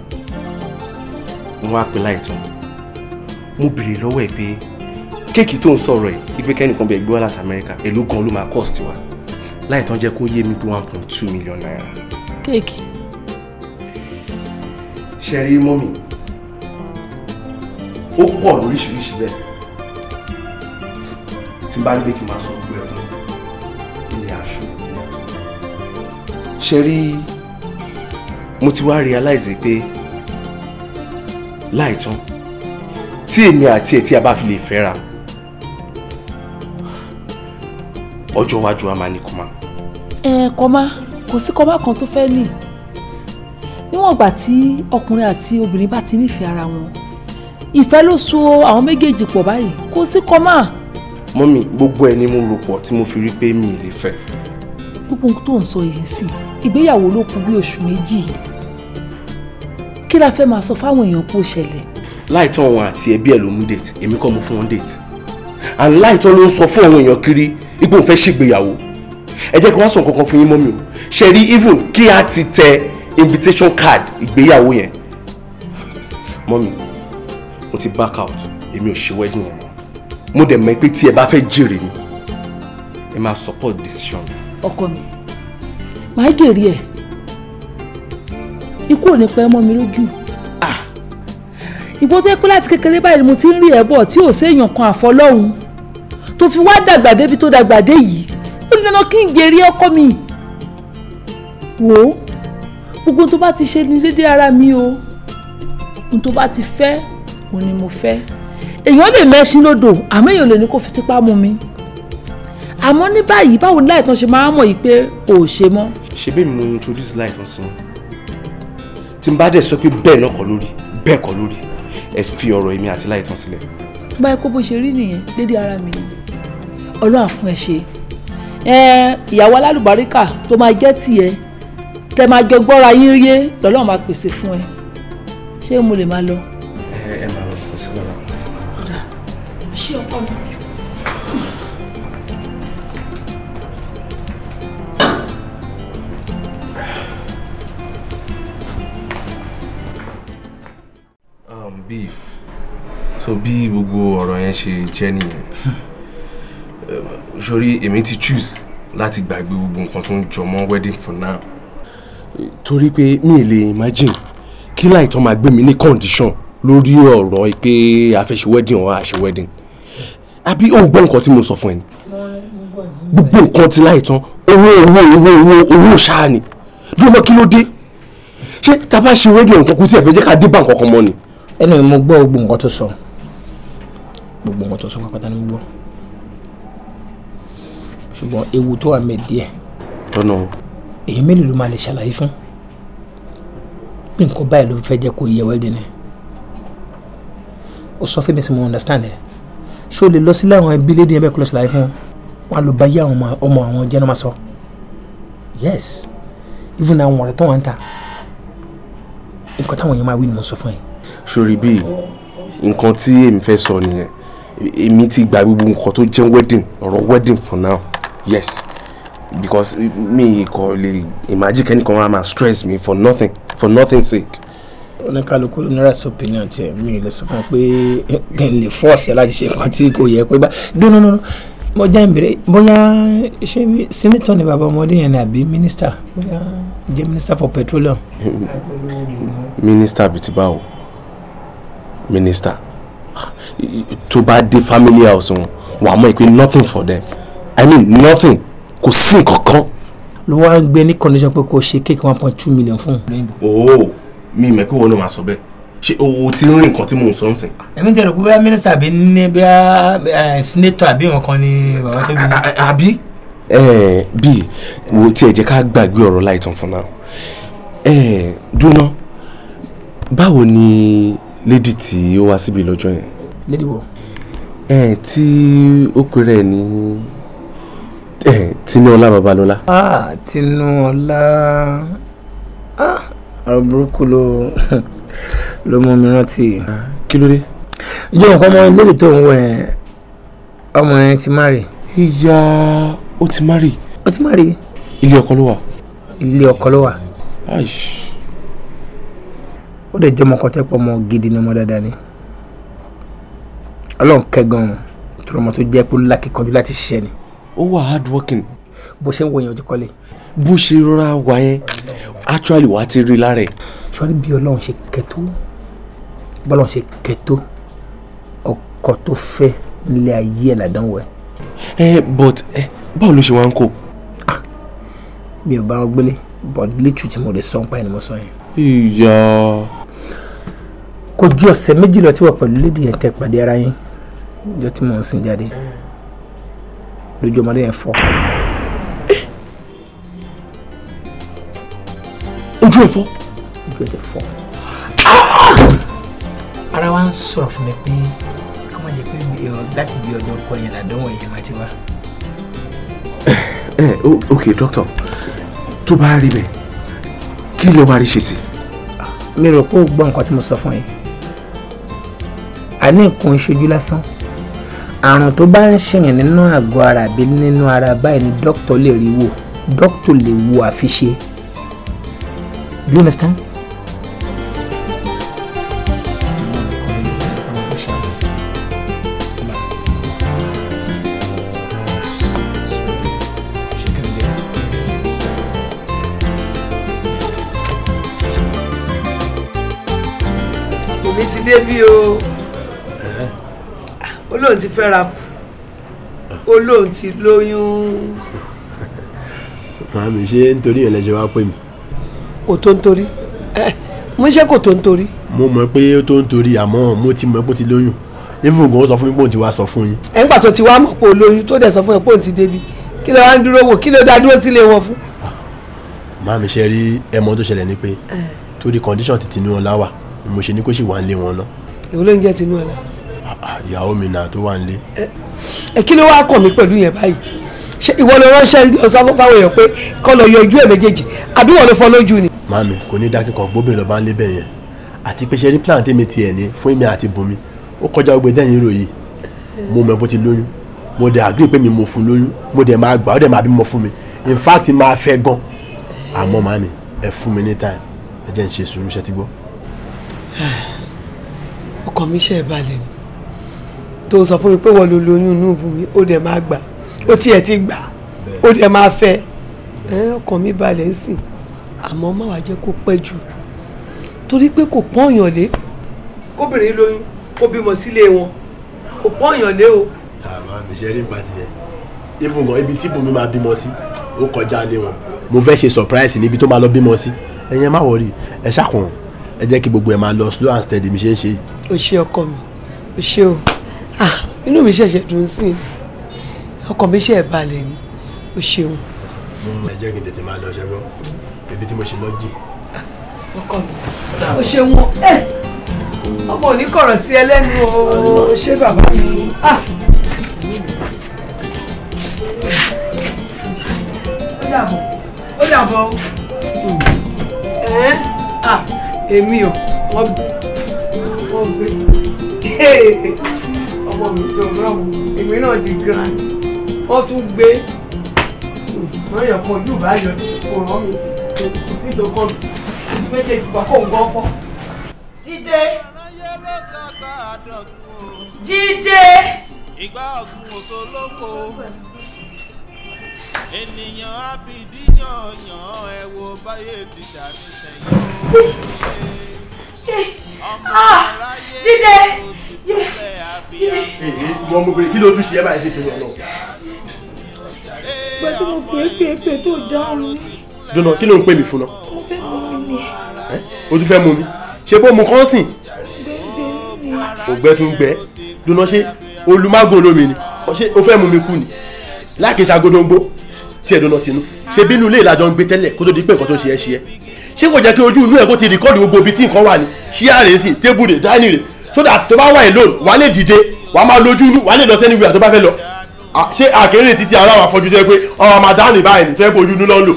wọn á pè láìtàn mo béèrè lọ́wọ́ ẹ̀ pé kéèkì tó ń sọ̀rọ̀ ẹ̀ ipe kẹ́nìkan bẹ̀ gbé wá láti amẹ́ríkà èló gan ló máa cost wa láìtàn jẹ́ kó yé mi pé one point two million naira. kéèkì. ṣe rí mọ́mì ó pọ̀ lóríṣiríṣi bẹ́ẹ̀ tí bá ní pé kí n máa sọ ṣe rí mo ti wá realize pé láìtán tí èmi àti ẹ̀ tí a bá fi lè fẹ́ra ọjọ́ iwájú a máa ní kọ́má. ẹ kọ́má kò sí kọ́má kan tó fẹ́ nì níwọ̀n ìgbà tí ọkùnrin àti obìnrin bá ti nífẹ̀ẹ́ ara wọn ìfẹ́ ló so àwọn méjèèjì pọ̀ báyìí kò sí kọ́má. mọ́mì gbogbo ẹ ni mo rò pọ̀ tí mo fi rí pé mi ì lè fẹ́. gbogbo ohun tó ń sọ yìí sí i ìgbéyàwó ló kù bí oṣù méjì kí la fẹ́ máa sọ fáwọn èèyàn kó ṣẹlẹ̀. láìtọ́ wọn àti ẹbí ẹ̀ ló mú date èmi kọ́ mo fún wọn date and láìtọ́ ló ń sọ fún àwọn èèyàn kiri ipò òun fẹ́ ṣègbéyàwó ẹ jẹ́ kí wọ́n sọ nǹkan kan fún yín mọ́mí o ṣe rí even kí a ti tẹ invitation card ìgbéyàwó yẹn mọ́mí mo ti back out èmi ò ṣe wedding yẹn mo dẹ̀ mọ̀ pé tí ẹ bá fẹ́ jèrè mi ẹ máa support decision ọkọ mi màá jèrè ẹ̀ ikú ò ní pẹ́ mọ́ mi lójú ah! ìgbó tó yẹ pé láti kékeré báyìí mo ti ń rí ẹ̀ bọ̀ tí ò séèyàn kan àfọlọ́hún tó fi wá dàgbà débi tó dàgbà dé yìí ó ní dandan kí n jèrè ọkọ mi wò ó gbogbo tó bá ti ṣe ní dédé ara mi o ohun tó bá ti fẹ́ òun ni mo fẹ́ èèyàn lè mẹ́ṣin lódò àmọ́ èèyàn lè ní kó fi tipá mú mi àmọ́ ní báyìí báwo ni láì tán ṣe máa ń mọ̀ yìí pé ò ṣe mọ́ ṣe bẹ́ẹ̀ mo introduce light ọ̀sán tí n bá dẹ̀ sọ pé bẹ́ẹ̀ náà kọ́ lórí bẹ́ẹ̀ kọ́ lórí ẹ fi ọ̀rọ̀ èmi àti láì tán sílẹ̀. tó bá yẹ kó bó ṣe rí nìyẹn dédé ara mi ni ọlọ́run fún ẹ ṣe ìyàwó alálùbáríkà tó máa jẹ́ tiẹ̀ tẹ máa jọ gbọ́ra yín yé lọ́lọ́run máa pèsè fún ẹ ṣé mo lè máa lọ. ẹ ẹ máa lọ kó sí lọ́la. ṣé ọkọ mi. so bí gbogbo ọ̀rọ̀ yẹn ṣe jẹ́ nìyẹn sórí èmi ti choose láti gbàgbé gbogbo nǹkan tó ń jọ mọ́ wedding for now. torí pé mi ì lè imagine kí láì tán máa gbé mi ní condition lórí ọ̀rọ̀ pé a fẹ́ ṣe wedding or a ṣe wedding àbí o gbọ́ nǹkan tí mo sọ fún ẹ ni gbogbo nǹkan ti láì tán owó owó owó owó owó ṣáà ni dúró mọ́ kí ló dé ṣé tá a bá ṣe wedding nǹkan kú tí ẹ fẹ́ jẹ́ ká dé bá nǹkan kan mọ́ ni. ẹnu mi mo gbọ́ gbogbo nǹkan tó sọ gbogbo wọn tó sọ pátá ní gbọ́ ṣùgbọ́n ewu tó wà mẹ́ẹ̀ tọ́nà èyí mélòó ló máa lè ṣàlàyé fún bí nǹkan báyìí ló fẹ́ jẹ́ kó yẹ wẹ́ẹ́dì ni ó sọ fẹ́mi sí mo understand ẹ̀ ṣé o lè lọ sílé àwọn ẹbí lédi ẹbẹ́ kó lọ ṣàlàyé fún wọn wọn á lọ bá yé àwọn ọmọ àwọn jẹ́nà máa sọ yes even àwọn ọ̀rẹ́ tó wà ń ta nǹkan táwọn èèyàn máa wí ni mo sọ fún ẹ. sori bíi nǹkan tí èmi fẹ́ sọ nìyẹn èmi ti gba gbogbo nǹkan tó jẹ́ wedding ọ̀rọ̀ wedding for now yes because mi kò lè imagine kẹ́nìkan wá máa stress me for nothing for nothing sake. oníkàlùkù ló nira sọ opinion tiẹ̀ mi lè sọ fún ẹ pé kí n lè force ẹ láti ṣe nǹkan tí kò yẹ pé bá dúró nínú mo jẹ́ ìbéèrè bóyá ṣé senator ni bàbá ọmọdé yẹn ni àbí minister bóyá jẹ́ minister for petroleum. (laughs) minister bìtìbáwò minister tó bá dé family house wọn wà á mọ̀ pé nothing for them i mean nothing kò sí nǹkan kan. ló wá ń gbé ní condition pé kò ṣe kéèkì one point two million fún un. ooo oh, mi ìmọ̀ pé wọn náà máa sọ bẹ́ẹ̀ ṣe owó tí ń rìn nǹkan tí mò ń sọ ń sìn. èmi tẹ̀rọ pé bá mínísítà àbí ní bí a sínétọ̀ àbí wọn kan ni bàbá tó bí. àbí bíi wo tí ẹ ká gbàgbé ọ̀rọ̀ láìtàn fún náà dúná báwo ni lady tí ó wá síbi lọ́jọ́ yẹn lédi wọ. ẹ tí ó pèrè ẹ ní tinúọlá babalọlá. ah tinúọlá ah ọ̀rọ̀ burúkú ló ló mú mi rántí. kí ló dé. ìjọ nǹkan ọmọ ilé tó ń wọ ọmọ yẹn ti marry. ìyá ó ti marry. ó ti marry. ilé ọkọ ló wà. ilé ọkọ ló wà. ó dẹ̀ jẹ́ ọmọ kan pọ̀ ọmọ gidi ni ọmọ dáadáa ni ọlọ́run kẹ́gan tọrọ ọmọ tó jẹ́ pé lákìkanjú láti ṣiṣẹ́ ni. ó wà hard working. bó ṣe ń wọ yẹn ojú kọ́lé. bó ṣe rọra wà yẹn actually wà á ti rí lára ẹ̀. sọ́rí bí ọlọ́run ṣe kẹ́tó bọ́lọ́run ṣe kẹ́tó ọkọ tó fẹ́ nílé ayé ẹ̀ ládánwò ẹ̀. ẹ but ẹ báwo ló ṣe wá ń kó. Ah, mi ò bá wọn gbélé but lítù tí mo lè sọ ń pa ẹni mo sọ yẹn. ìyá kò ju ọ̀sẹ̀ méjì lọ tí wọ́n pẹ̀lú lédi yẹn tẹ pàdé ara yín ìjọ tí mò ń sìn jáde lójú ọmọdé yẹn fọ́. ojú ẹ̀ fọ́. ojú ẹ̀ ti fọ́. ara wa ń sọ̀rọ̀ fún mi pé kó má jẹ́ pé láti bí ọjọ́ ọkọ yẹn làdánwò yẹn máa ti wá. ẹ eh, eh, ok dókítà tó bá rí bẹ́ẹ̀ kí ló máa rí ṣe sí. mi rò pé o gbọ́ nǹkan tí mo sọ fún yín àní nǹkan ìṣojú lásán àrùn tó bá ń ṣìrìn nínú àgọ́ ara àbí nínú ara báyìí ni dókítà lè rí wò dókítà lè wo àfiṣe you understand. débi o olóhùn ti fẹ́ra kù olóhùn ti lóyún. màámi ṣé nítorí yẹn lẹ́sẹ̀ wá pè mí. kò tó ń torí eh, mo ṣe kò tó ń torí. mo mọ̀ pé ó tó ń torí àmọ́ mo ti mọ̀ pé ó ti lóyún even gan sọ fún mi pé òun ti wá sọ fún yín. ẹ̀ ń gbà tó ti wá mọ̀ pé olóyún tó dẹ̀ sọ fún ẹ pé òun ti débi kí ló wá ń dúró wò kí ló dá dúró sílé wọn fún. Ah, màámi ṣe rí ẹmọ tó ṣẹlẹ̀ ni pé eh. torí condition ti tinú ọlá wà mo ṣe ní kó sì wá ń lé wọn náà. èwo ló ń jẹ́ tinú ọlá ìyàwó mi náà tó wà nílé. ẹ kí ló wá kàn mí pẹ̀lú yẹn báyìí ṣé ìwọ ló ránṣẹ́ lọ sọ fáwọn èèyàn pé kọ́ lọ yọ ojú ẹ̀ méjèèjì àbí wọ́n ló fọ́ lójú ni. màmí kò ní dákìkọ gbóbìnrin lọ́ba ń lé bẹ́ẹ̀ yẹn àti pé ṣe rí plan tèmi tiẹ̀ ní fún mi àti bùnmi ó kọjá gbogbo dẹ́yìn ròyìn mo mọ̀ bó ti lóyún mo dẹ̀ agree pé mi mo fún lóyún mo dẹ̀ máa gbà ó dẹ̀ máa bímọ fún mi in fact máa fẹ́ gan àmọ́ màmí ẹ fún mi ní time ẹ jẹ́ ń ṣe sùúrù ṣe ti gbọ́. (sighs) ọkọ mi ṣe é balẹ̀ ni tó sọ fún mi pé wọ́n lo lóyún inú ìbú mi ó dẹ̀ máa gbà ó tiẹ̀ ti gbà ó dẹ̀ máa fẹ́ ọkàn mi balẹ̀ ń sìn àmọ́ má wàá jẹ́ kó pẹ́ jù torí pé kò pọ́nyàn lé kóbìnrin lóyún kó bímọ sílé wọn kò pọ́nyàn lé o. àmọ́ mi ṣe rí ìgbà tiẹ̀ ìfúngàn ibi tí bùnmi máa bímọ sí ó kọjá lé wọn mo fẹ́ ṣe surprise níbi tó máa lọ bímọ sí ẹ̀yin ẹ má wọrí ẹ ṣàkùn ẹ jẹ́ kí gbogbo ẹ máa lọ slow and steady mi ṣe ń ṣe. o ṣe ọkọ mi o ṣe o ah inú mi ṣẹ̀ṣẹ̀ dùn sí i ọkàn mi ṣe ẹ̀ balẹ̀ ni o ṣeun. ẹ jẹ́ kí n tètè máa lọ ṣẹ́gbọ́n bèbí tí mo ṣe lọ jì. ọkọ mi o ṣeun ẹ ọmọ òní kọ̀rọ̀ sí ẹlẹ́nu o ṣé bàbá mi. Ah! ó dàbọ̀ ó dàbọ̀ ẹ̀ ẹ̀ ah, èmi o wọ́n gbé ọkọ mi tó rọrùn èmi náà ti gan ọ tún gbé wọ́n yẹ kó ojú bá yọ rán mi kò sí tó kọ́ ojú méjèèjì wà kó ń gbọ́ fọ́. jíde jíde. ìgbà ọ̀gbun òṣò lóko ènìyàn abidíyàn yàn ẹ wo báyé ti dà ní sẹ́yìn. ọmọ ah! aráyé ló dé ìwọ mo bèrè kí ló tún ṣe ẹ báyìí ṣe tèmi ọlọ. ìgbà tí mo pè é pè é pè tó dáhùn. dùnà kí ló ń pè mí fún náà. mo fẹ́ mú mi ni. o tún fẹ́ mú mi ṣe bó mu kán sìn. ògbẹ́ tún gbẹ́ dùnà ṣe olùmágùn olómi ni ṣé o fẹ́ mú mi kú ni láàkì ṣàgódóńgbó tí ẹ̀ dùnà tinú ṣe bínú ilé ìlàjọ ń gbé tẹ́lẹ̀ kó tó di pé nǹkan tó ṣe ẹ́ ṣe ẹ́ ṣé kò jẹ́ kí ojú inú ẹ̀ kó ti rìkọ́ọ̀dù gbogbo ibi tí nǹkan wà ní ṣíà rèé sí tébù dáìnì rèé so that tó bá wà ẹ̀ lónìí wà á lè dìde wà á máa lójú inú wà á lè lọ sẹ́ni wíwà tó bá fẹ́ lọ ṣé àkéré títí ara àwọn afọjú tó yẹ pé ọmọ máa dáhùn ìbáyìí ní tó yẹ pé ojú inú ló ń lò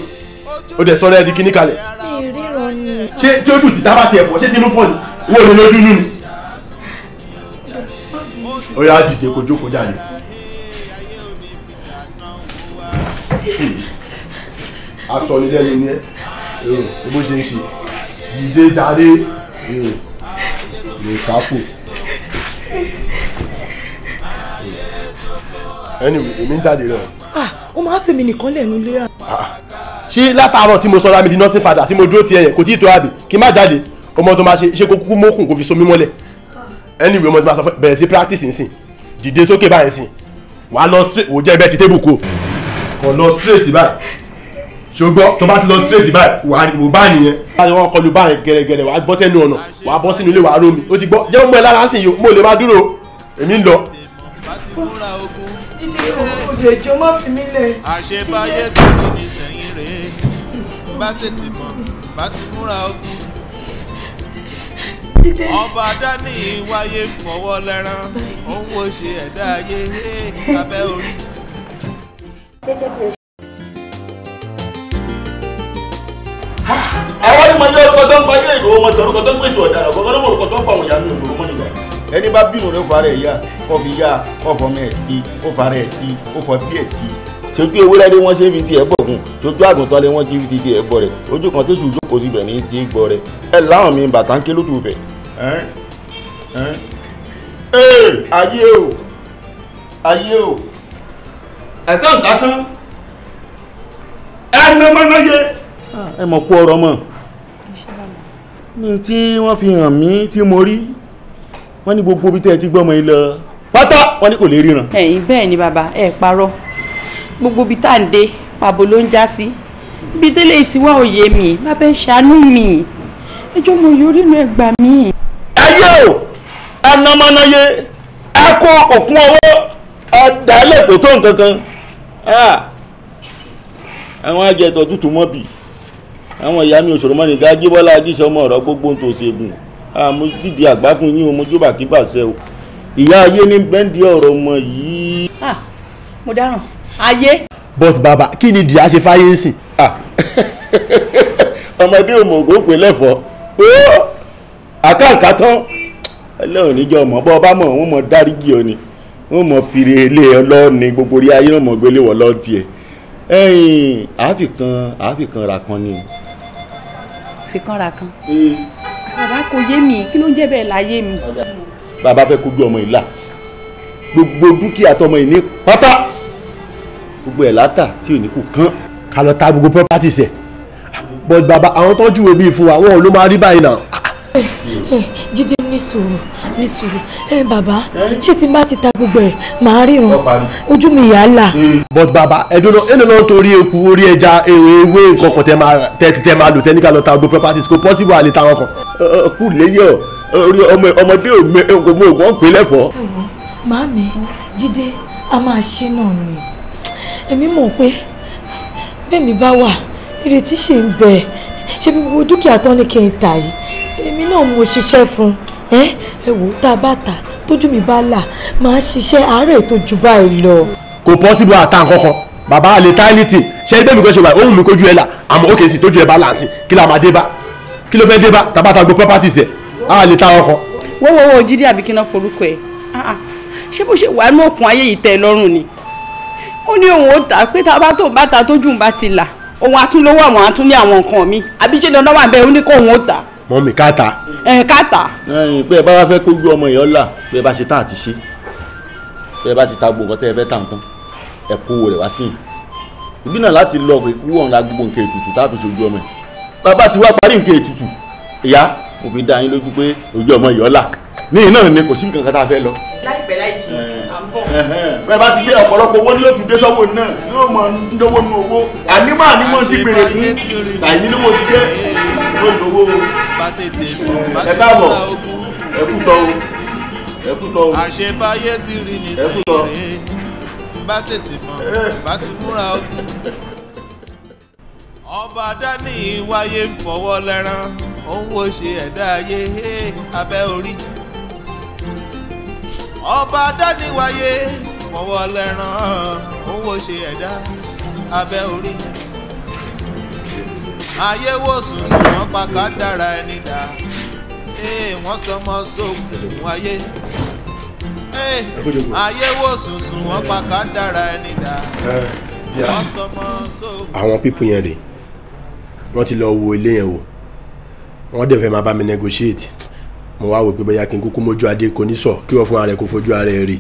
ó dẹ̀ sọ́ra ẹ̀ di kíní kalẹ̀. ṣé tí ojú ti dábàá ti ẹ̀fọ́ ṣé tinú fọ́ ni wọ́n lè lójú inú ni. ó yá dìde kó jókòó jáde. aṣọ nílẹ̀ ni ẹ bó ṣe ń ṣe dìde jáde lè ṣàpò. anyway èmi ń jáde náà. ah ó máa ń fèmí nìkan lẹ́nu lé à. Ah, ṣé látàárọ̀ tí mo sọra mi di nursing father tí mo dúró ti ẹ̀yẹ̀ kò tí ì tó àbí kí n má jáde ọmọ tó máa ṣe ṣe kó kúkú mókùn fi so mí mọ́lẹ̀ anyway ọmọ tó máa sọ bẹ̀rẹ̀ sí practice nsìn dìde sókè báyìí nsìn wàá lọ straight wò jẹ́ bẹ́ẹ̀ ti table kó kàn lọ straight báyìí ṣùgbọ́n tó bá ti lọ straight báyìí wàá rí wò bá nìyẹn. báyìí wọn kọlu báyìí gẹrẹgẹrẹ wàá bọ́ sẹ́nu ọ̀nà wàá bọ́ sínú ilé wàá rómi o ti gbọ́ jẹ́ mọ́ ẹ lára sìn yìí mo lè má dúró èmi ń lọ. jíde òjòjò má fi mí lẹ̀. àṣebáyé tó ní ní sẹ́yìn rèé bá tètè mọ̀ bá ti múra ogun. ọba dání wáyé fọwọ́ lẹ́rán òun wo ṣe ẹ̀dá ayé lábẹ́ orí. àwọn ni mo yẹ orúkọ tó ń fa yé ìṣòro mo sọ̀rọ̀ tó ń pèsè ọ̀daràn kọ́ tó ń orúkọ tó ń fa òyà mi òṣòro mọ́ nìyà ẹni bá bínú rẹ fara ẹ yá kọfí yá kọfọ mẹ ẹ di ó fara ẹ di ó fọ bí ẹ di. sojú ewúrẹ́ lé wọ́n ṣe fi tiẹ̀ bọ̀ gun sojú àgùntàn lé wọ́n ṣe fi tiẹ̀ bọ̀ rẹ̀ ojú kan tó sùn jókòó síbẹ̀ ní ti gbọ́ rẹ̀ ẹ láwọn mi bàtà ń ké lótú fẹ̀. ẹ mọ̀ kú ọ̀rọ̀ mọ́ ní tí wọ́n fi hàn mí tí mo rí wọ́n ní gbogbo ibi tẹ́ ẹ ti gbọ́mọ yìí lọ pátá wọ́n ní kò lè ríran. ẹ̀yin bẹ́ẹ̀ ni bàbá ẹ parọ́ gbogbo ibi tá à ń dé pàbó ló ń já sí ibi tẹ́lẹ̀ ti wá òye mi bàbá ẹ ṣàánú mi ẹjọ́ mo yorí inú ẹ gbà mí. ayé o anamanaye ẹ kó òkun ọwọ́ ọ̀dàlẹ̀ kò tó nǹkan kan ah, àwọn ajẹ́tọ̀ tútù mọ́ bì í àwọn ìyá mi òṣòro mọ́ni gá jíbọ́lá ajíṣẹ́ ọmọ ọ̀rọ̀ gbogbo ń tó ṣègùn àmọ́ tìdí àgbá fún yín omojú bàkí bàṣẹ o ìyá ayé ní bẹ́ńdì ọ̀rọ̀ ọmọ yìí. ah mo dáràn ayé. but bàbá kí ni dìá ṣe fáyé ń sìn. (laughs) ọmọdé òmùgò pè lẹ́fọ̀ọ́ àkàǹkà tán ẹlẹ́wọ̀n níjọ ọmọ bọ́ ọba mọ̀ wọ́n mọ̀ dárígì ọ ni wọ́n mọ̀ fìrè ilé ọlọ́ọ̀ni gbogbo orí ayé náà mọ̀ gbélé wọ̀ lọ́ọ̀tì ẹ̀ ẹ̀yìn àáfìkan àáfìkan ra kan ni. fìkan ra kan. bàbá kò yé mi kí ló ń jẹ́ bẹ́ẹ̀ láyé mi. bàbá fẹ́ kojú ọmọ yìí là gbogbo dúkìá tọmọ yìí ní pátá gbogbo ẹ̀ látà tí ò ní kú kán. ká lọ ta gbogbo properties ẹ̀ but bàbá àwọn tó júwe bíi fún wa wọn ò ló máa rí báyìí náà. Eh, eh, jíde ní sùúrù ní sùúrù ẹ bàbá ṣé tí n bá ti ta gbogbo ẹ màá rí wọn ojú mi yà á là. Hmm. but Baba, ẹdùnà ẹnu náà torí eku orí ẹja ewé ewé nǹkan kan tẹ máa lò tẹnika lọ ta gbogbo properties kò possible àlè ta wọn kan. kù lẹ́yìn orí ọmọdé ògbó ògbó pé lẹ́fọ̀ọ́. màámi jíde a máa ṣe náà ni èmi mọ̀ pé bẹ́ẹ̀ mi bá wà ìrètí ṣì ń bẹ ṣe bí gbogbo dúkìá tán ní kí n tà yìí èmi náà mo ṣiṣẹ́ fún un ẹ ẹ wò ó tá a bá tà tójú mi bá là máa ṣiṣẹ́ àárẹ̀ tó ju báyìí lọ. kò possible àtà kankan bàbá àlè táìlìtì ṣe ẹgbẹ́ mi kan ṣe wà ohun mi kojú ẹ là àmọ́ ó kèé sí tójú ẹ bá là sí kí la máa dé bá kí ló fẹ́ dé bá tàbá ta gbọ́ properties ẹ̀ á lè ta ọkọ. wọ́n wọ́n wọ́n jíde àbí kí náà forúkọ ẹ̀ ah, ah. ṣé bó ṣe wà ní òkun ayé yìí tẹ̀ lọ́rùn ni ó ní òun ó ta pé tá bá tó bá ta tójú bá ti là òun àtúnlówó àwọn àtúnlé àwọn nǹkan mi àbí ṣe lọ́nà wà bẹ́ẹ̀ ó ní kó òun ó ta mọ mi káta. ẹ káta. pé ẹ bá wá fẹ́ kójú ọmọ yẹn ọ̀la pé ẹ bá ṣe tá àti ṣe pé ẹ bá ti ta gbogbo tẹ́ ẹ fẹ́ tà ń tán ẹ kó rẹ̀ wá sí yìí ìbí náà láti lọ pé kúrò ọ̀nà gbogbo nǹkan ètùtù tá a fi ṣojú ọmọ yẹn bàbá ti wá parí nǹkan ètùtù ìyá mo fi dá yín lójú pé ojú ọmọ yẹn ọ̀la ní iná ni kò sí nǹkan kan tá a fẹ́ lọ. láìpẹ́ láì jù à ń bọ̀. bẹ́ẹ̀ bá ti ṣe ọ̀pọ̀lọpọ̀ owó ní yóò tún dé sọ́wọ́ náà yóò mọ̀ ń dọ́wọ́ nínú owó ànímọ̀ yóò lówó o. bá tètè bọ̀ bá tètè bá ogun wúfù. ẹkú tọ o ẹkú o. àṣebáyé ti rí ní sèré bá tètè mọ̀ ogun. ọba dání wáyé ń fọwọ́ lẹ́rán ó ń ṣe ẹ̀dá ayé abẹ́ orí. ọba dání wáyé fọwọ́ lẹ́rán ó ń ṣe ẹ̀dá abẹ́ orí ayé wò sùn sùn wọ́n pa kádàrá ẹni dá eh, wọ́n sọmọ sókùnkùn ayé eh, ayé wò sùn sùn wọ́n pa kádàrá ẹni dá eh, wọ́n sọmọ sókùnkùn. àwọn pípù yẹn rèé wọ́n ti lọ wo ilé yẹn wò wọ́n dẹ̀ fẹ́ máa bá mi negotiate mo wá wò pé bóyá kí n kúkú mójú adé kò ní sọ kí wọ́n fún ara ẹ̀ kó fojú ara ẹ̀ rí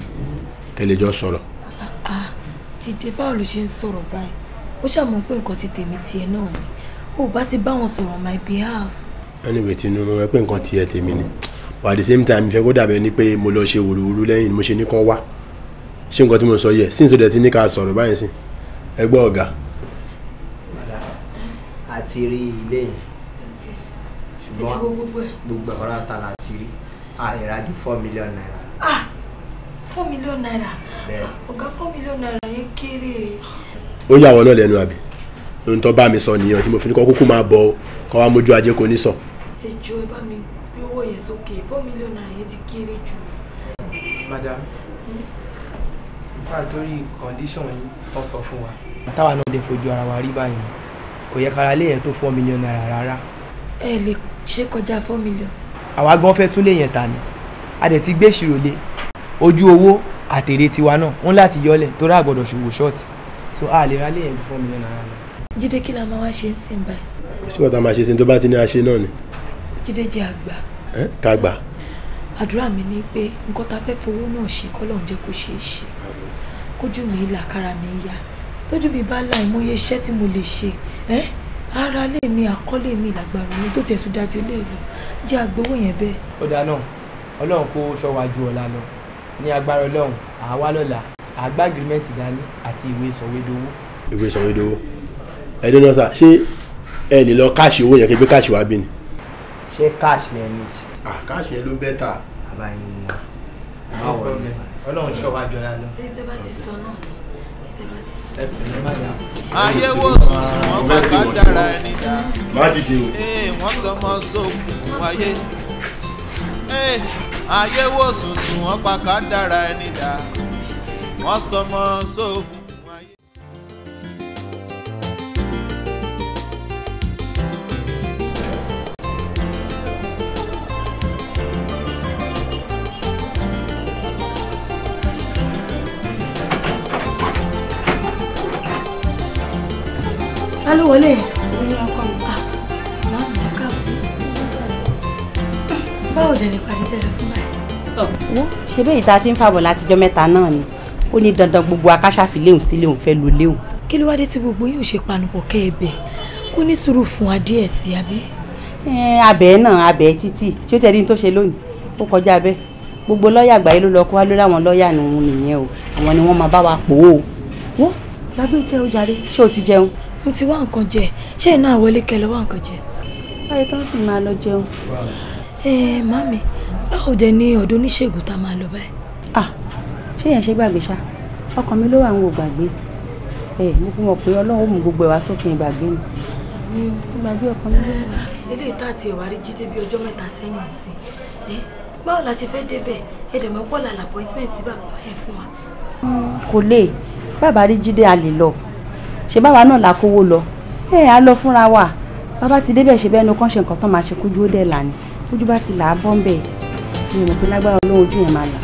kẹlẹ̀ jọ sọ̀rọ̀. Ah, ah, dìde báwo ló ṣe ń sọ̀rọ̀ báyìí ó ṣàmọ̀ pé nǹkan ti tèmi tiẹ̀ náà ni o bá ti bá wọn sọ̀rọ̀ on my behalf. anyway tinú mo rẹ pé nǹkan tiẹ̀ tèmi ni but at the same time ìfẹ́ kó dàbẹ̀ ni pé mo lọ ṣe wùrúwùrú lẹ́yìn mo ṣe ní kán wá ṣé nǹkan tí mo sọ yẹ since o dẹ̀ ti ní ká sọ̀rọ̀ báyìí sí ẹgbẹ́ ọ̀gá. àti rí ilé yẹn ṣùgbọ́n gbogbo ọ̀rọ̀ ta la ti rí àìrájú four million naira. ah four million naira ọ̀gá four million naira yẹn kéré. ó yà wọ́n náà lẹ́nu àbí ohun tó bá mi sọ nìyẹn tí mo fi ní kọ́ kúkú máa bọ̀ kọ́ wa mójú ajé kò ní sọ. ẹ jọ̀ọ́ ẹ bá mi gbé owó yẹn sókè four million naira yẹn ti kéré jù. madam nípa torí condition yìí wọ́n sọ fún wa. àtàwọn náà lè fojú ara wa rí báyìí kò yẹ kára lé yẹn tó four million naira rárá. ẹ lè ṣe kọjá four million. àwa gan fẹ́ tún lè yẹn ta ni a dẹ̀ ti gbé ìṣirò lé ojú owó àtèrè tiwa náà wọ́n láti yọlẹ̀ tó rà gbọ́dọ̀ ṣòwò ṣọ́ọ̀tì so a lè ra lé yẹn four million naira lọ jíde kí la máa wá ṣe ń sìn báyìí. kò sí wàtá máa ṣe sin tó bá ti ní àṣe náà ni. jíde jẹ́ àgbà. ẹ ká gbà. àdúrà mi ni pé nǹkan tá a fẹ́ fowó náà ṣe kọ́ lóun jẹ́ kó ṣe é ṣe kójú mi là kára mi yá lójú mi bá la ìmọye iṣẹ́ tí mo lè ṣe ara lè mi àkọ́lé mi làgbàrún mi tó tiẹ̀ tún dájú lé lọ jẹ́ àgbowó yẹn bẹ́ẹ̀. ó dáa ọlọ́run kó ṣọ́wájú ọ̀la lọ ní agbára ọlọ́run àwa lọ́la àgbá agreement dání àti ìwé sọ̀wédowó. ìwé sọ̀wédowó ẹni náà sà ṣé ẹ lè lọ káàṣì owó yẹn kí n gbé káàṣì wá bí ni. ṣé káàṣì yẹn ni. ah káàṣì yẹn ló bẹ́ ta. bàbá yín wà báwo ni ọlọ́run ṣọ́ wa jọra lọ. ètè bá ti sọ náà ètè bá ti sọ. ayéwo sùnsùn wọn bá bá dára ẹni dá. má dìde o. wọ́n sọ mọ́ sókun ayé. ayéwo sùnsùn wọn bá ká dára ẹni dá. wọ́n sọ mọ́ sókun. ló wọlé yẹn. báwo dẹ̀ ní pàdé tẹ́lẹ̀ fún báyìí. ṣé bẹ́ẹ̀ ìta ti ń fàbọ̀ látijọ́ mẹ́ta náà ni ó ní dandan gbogbo akáṣàfi léhùn sí léhùn fẹ́ lò léhùn. kí ló wá dé tí gbogbo yóò ṣe panupọ̀ kẹ́ ẹ bẹ̀ kó ní sùúrù fún wa díẹ̀ sí abẹ́. abẹ́ náà abẹ́ títì ṣé ó ti ẹni tó ṣe lónìí ó kọjá abẹ́ gbogbo lọ́ọ̀yà àgbáyé ló lọ kó wá lórí àwọn lọ́ọ̀yà nìyẹn o àwọn ni wọ́n máa bá wa pò ó. wọ́n gbàgbé tẹ́ ó jàre ṣé o ti jẹun mo ti wá nǹkan jẹ ṣé iná àwọlé kẹ lọ wá nǹkan jẹ. báyìí tó ń sì máa lọ jẹun. ẹ ẹ màmí báwo dẹ ni ọ̀dọ̀ oníṣègùn tá a máa lọ báyìí. ah ṣé yẹn ṣe gbàgbé ṣá ọkàn mi ló wà àwọn ògbàgbé ẹ mo kún mọ̀ pé Ọlọ́run ò mú gbogbo ẹ̀ wá sókè ìgbàgbé mi gbàgbé ọkàn mi ló wà. eléyìí tá a ti ẹ̀wà rí jíde bí ọjọ́ mẹ́ta sẹ́yìn sí báwo la ṣe fẹ́ débẹ̀ ẹ dẹ̀ mọ́ bọ́ọ̀lù àlàpọ̀ appointment bàbá ẹ fún wa. kò lè bàbá rí jíde a lè lọ ṣe báwa náà la kówó lọ ẹ á lọ fúnra wa bàbá ti débẹ̀ ṣe bẹ́ẹ̀ ni kàn ṣe nǹkan tán máa ṣe kójú ó dẹ̀ là ní kójú bá ti là á bọ́ ń bẹ̀ mi ò mọ̀ pé lágbára Ọlọ́run ojú yẹn máa là.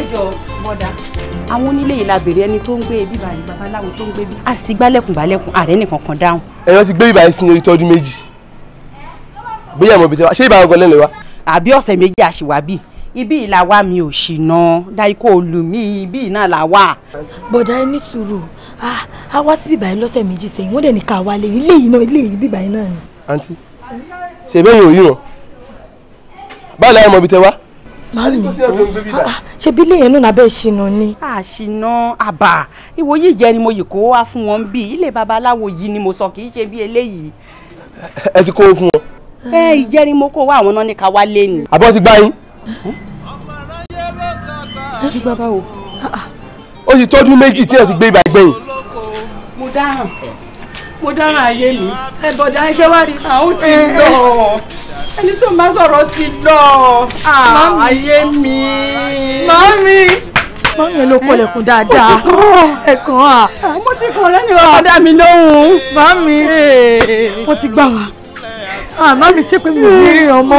ẹ jọ bọ́dà àwọn onílé yìí la béèrè ẹni tó ń gbé ibi báyìí babaláwo tó ń gbé ibi. a sì gbálẹ̀kùn gbálẹ̀kùn ààrẹ nìkan kan dáhùn. ẹ̀rọ ti gbé ibà yìí sí orí méjì bóyá ìmọ̀ bìtẹ́ wa ṣé ibà ọgọ́ lẹ́nu wa. àbí ọ̀sẹ̀ méjì àṣìwábì ibi ìlà wa mi ò ṣìnà dáìkó olù mi ibi náà là wà. bọ̀dá ẹni sùúrù a wá sí bíbáyìí lọ́sẹ̀ méjì sẹ́yìn wọ́n dẹ̀ ní ká wálé ilé yìí náà ilé yìí bíbáyìí náà ni. àǹtí ṣèbéyìn òyìn wọn báyìí láì mọ̀ bìtẹ́ wa màámi ah, ṣe bí ilé yẹn náà lábẹ́ ìṣìnà ni. àṣìnà àbà ìwọ yìí jẹ́ ni mo yìí kó wá fún wọn bí ilé babaláwo yìí ni mo sọ kì í ṣe bí eléyìí. ẹ ti kó fún wọn. ẹ ìjẹ́ ni mo kó wá àwọn náà ní ká wá lé ni. àbọ̀ ti gbá yín. ti gbá báwo. ó ti tọ́jú méjì tí ẹ ti gbé ibà gbẹ̀yìn. mo dáràn mo dáràn ayé mi. ẹ bọ̀dá iṣẹ́ wá rí. àwọn ti ń lọ ẹni tó ń bá sọ̀rọ̀ ti lọ ah, ayé mi. mọ́mí mọ́mí ló kọlẹ̀kùn dáadáa ẹ̀kan à. mo ti kàn ah. ah, lẹ́nu ọ̀dà mi lóhùn. mọ́mí wọ́n eh. ti gbà wá àmá mi ṣe pé mi ò ní rí eh, ọmọ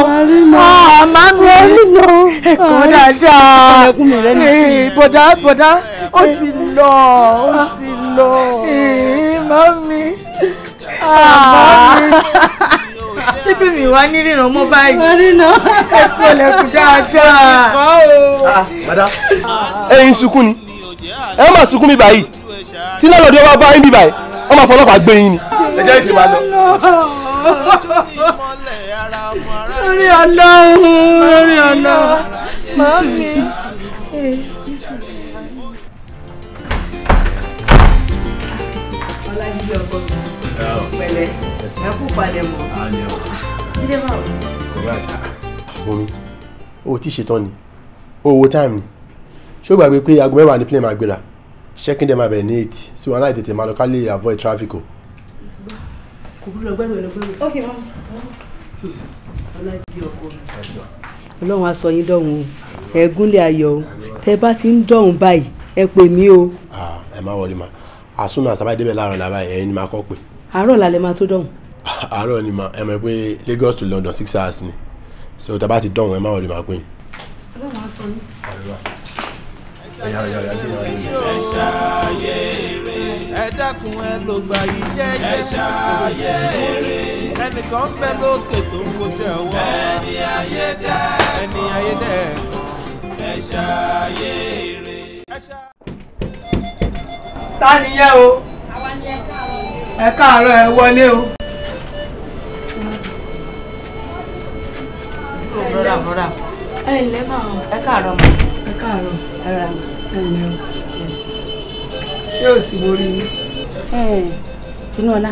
àmá mi ẹ̀kọ́ dáadáa eh, bọ̀dá bọ̀dá ó ti lọ ó ti lọ. màmí àmá mi síbi mi wá ní ríran mọ́ báyìí ẹ kọlẹ̀ kù dáadáa. Ah, ẹ̀yin sunkún ni ẹ má sunkún mi báyìí tí lọ́lọ́dún ọba bá yín bí báyìí wọ́n máa fọlọ́pàá gbé yín ni. ẹ jẹ́ ìfìwà lọ. lórí ọlọ́run lórí ọlọ́run. màámi. ọlájú ẹ kú palẹ̀ mọ́. ilé bá wọ. omi o ti ṣetán ni owó táìmù ni ṣé o gbàgbé pé aago mẹ́wàá ní plane máa gbéra ṣẹ́kíndé máa bẹ̀rẹ̀ ní eight sí wàhálà ìtètè máa lọ ká lè avoid traffic o. kò gbúdọ̀ gbẹ́rù ẹ̀ lọ gbẹ́rù. ok mama. ọlájú ọkọ mi. ọlọ́run á sọ yín dọ̀hún o ẹ̀gúnlẹ̀ ayọ̀ o tẹ bá ti ń dọ̀hún báyìí ẹ pè mí o. Ah, ẹ má wọrí ma àsúnà sábà débẹ̀ láàárọ̀ làbáyé ẹ̀yin ni máa kọ́ pé. àárọ̀ làlẹ́ máa tó dọ̀hún àárọ̀ ni mà ẹ mọ̀ pé Lagos to London six hours ni so tá a bá ti dán òun ẹ má wọlé máa pè ẹ dákun ẹ ló gbà yìí jẹ́jẹ́ ẹnìkan bẹ lókè tó ń kọsẹ̀ wọ́ ẹni ẹni ayé dẹ́ ẹ ta ni yẹ o ẹ káàárọ̀ ẹ wọlé o. ẹ ǹlẹ́ mà o. ẹ káàárọ̀ mà. ẹ káàárọ̀. ẹ rà mà. ẹ ǹlẹ́ o. ṣé o sì borí mi. tinúọlá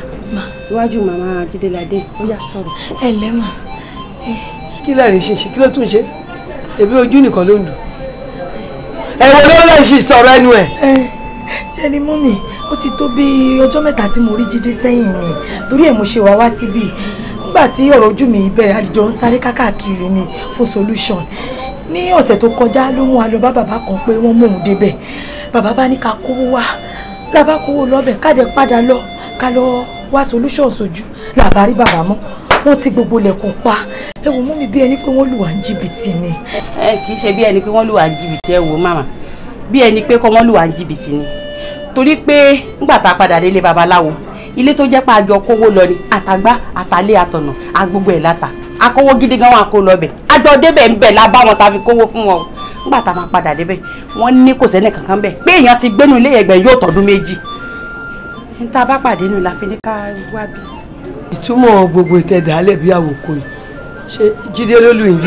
iwájú màmá jídéládé ó yá sọ̀rọ̀. ẹ ǹlẹ́ mà. kí lẹ́rìí ṣe ṣe kí ló tún ṣe èmi ojú nìkan ló ń dùn. ẹ̀wọ̀ ló lè ṣe sọ̀rọ̀ ẹnu ẹ̀. ṣe ni mú mi ó ti tó bí ọjọ́ mẹ́ta tí mo rí jíde sẹ́yìn mi torí ẹ̀ mo ṣe wá wá síbí nígbà tí ọ̀rọ̀ ojú mi bẹ̀rẹ̀ àdìjọ ń sáré kákàkiri ni fún solution ní ọ̀sẹ̀ tó kọjá ló mú wa bá bàbá kan pé wọ́n mú òun débẹ̀ bàbá bá ní ká kówó wá làbá kówó lọ́bẹ̀ káàdẹ̀ padà lọ ká lọ wá solution sójú làbá rí bàbá mọ́ wọ́n ti gbogbo lẹ̀kùn pa ẹ mú mi bí ẹni pé wọ́n lù wá jìbìtì ni. ẹ kì í ṣe bí ẹni pé wọ́n lù wá jìbìtì ẹ wò màmá bí ẹni pé kọ́ wọ́n lù wá jìbìtì ni torí pé ńgbà tá a padà délé babaláwo ilé tó jẹ́ pé àjọ kówó lọ ni àtàgbá àtàlé àtọ̀nà agbogbo ẹ̀ láta akówó gidi gan wọn kó lọ bẹ̀ àjọ débẹ̀ ń bẹ̀ lábá wọn tàbí kówó fún wọn o nígbà tá a máa padà débẹ̀ wọ́n ní kò sẹ́ni kankan bẹ̀ pé èèyàn ti gbénu ilé ẹ̀gbẹ́ yóò tọ́dún méjì n ta bá pàdé nù la fi ní ká wá bí. ìtumọ̀ gbogbo ìtẹ̀dálẹ̀ bí àwòkọ yìí ṣe jídé lólù ń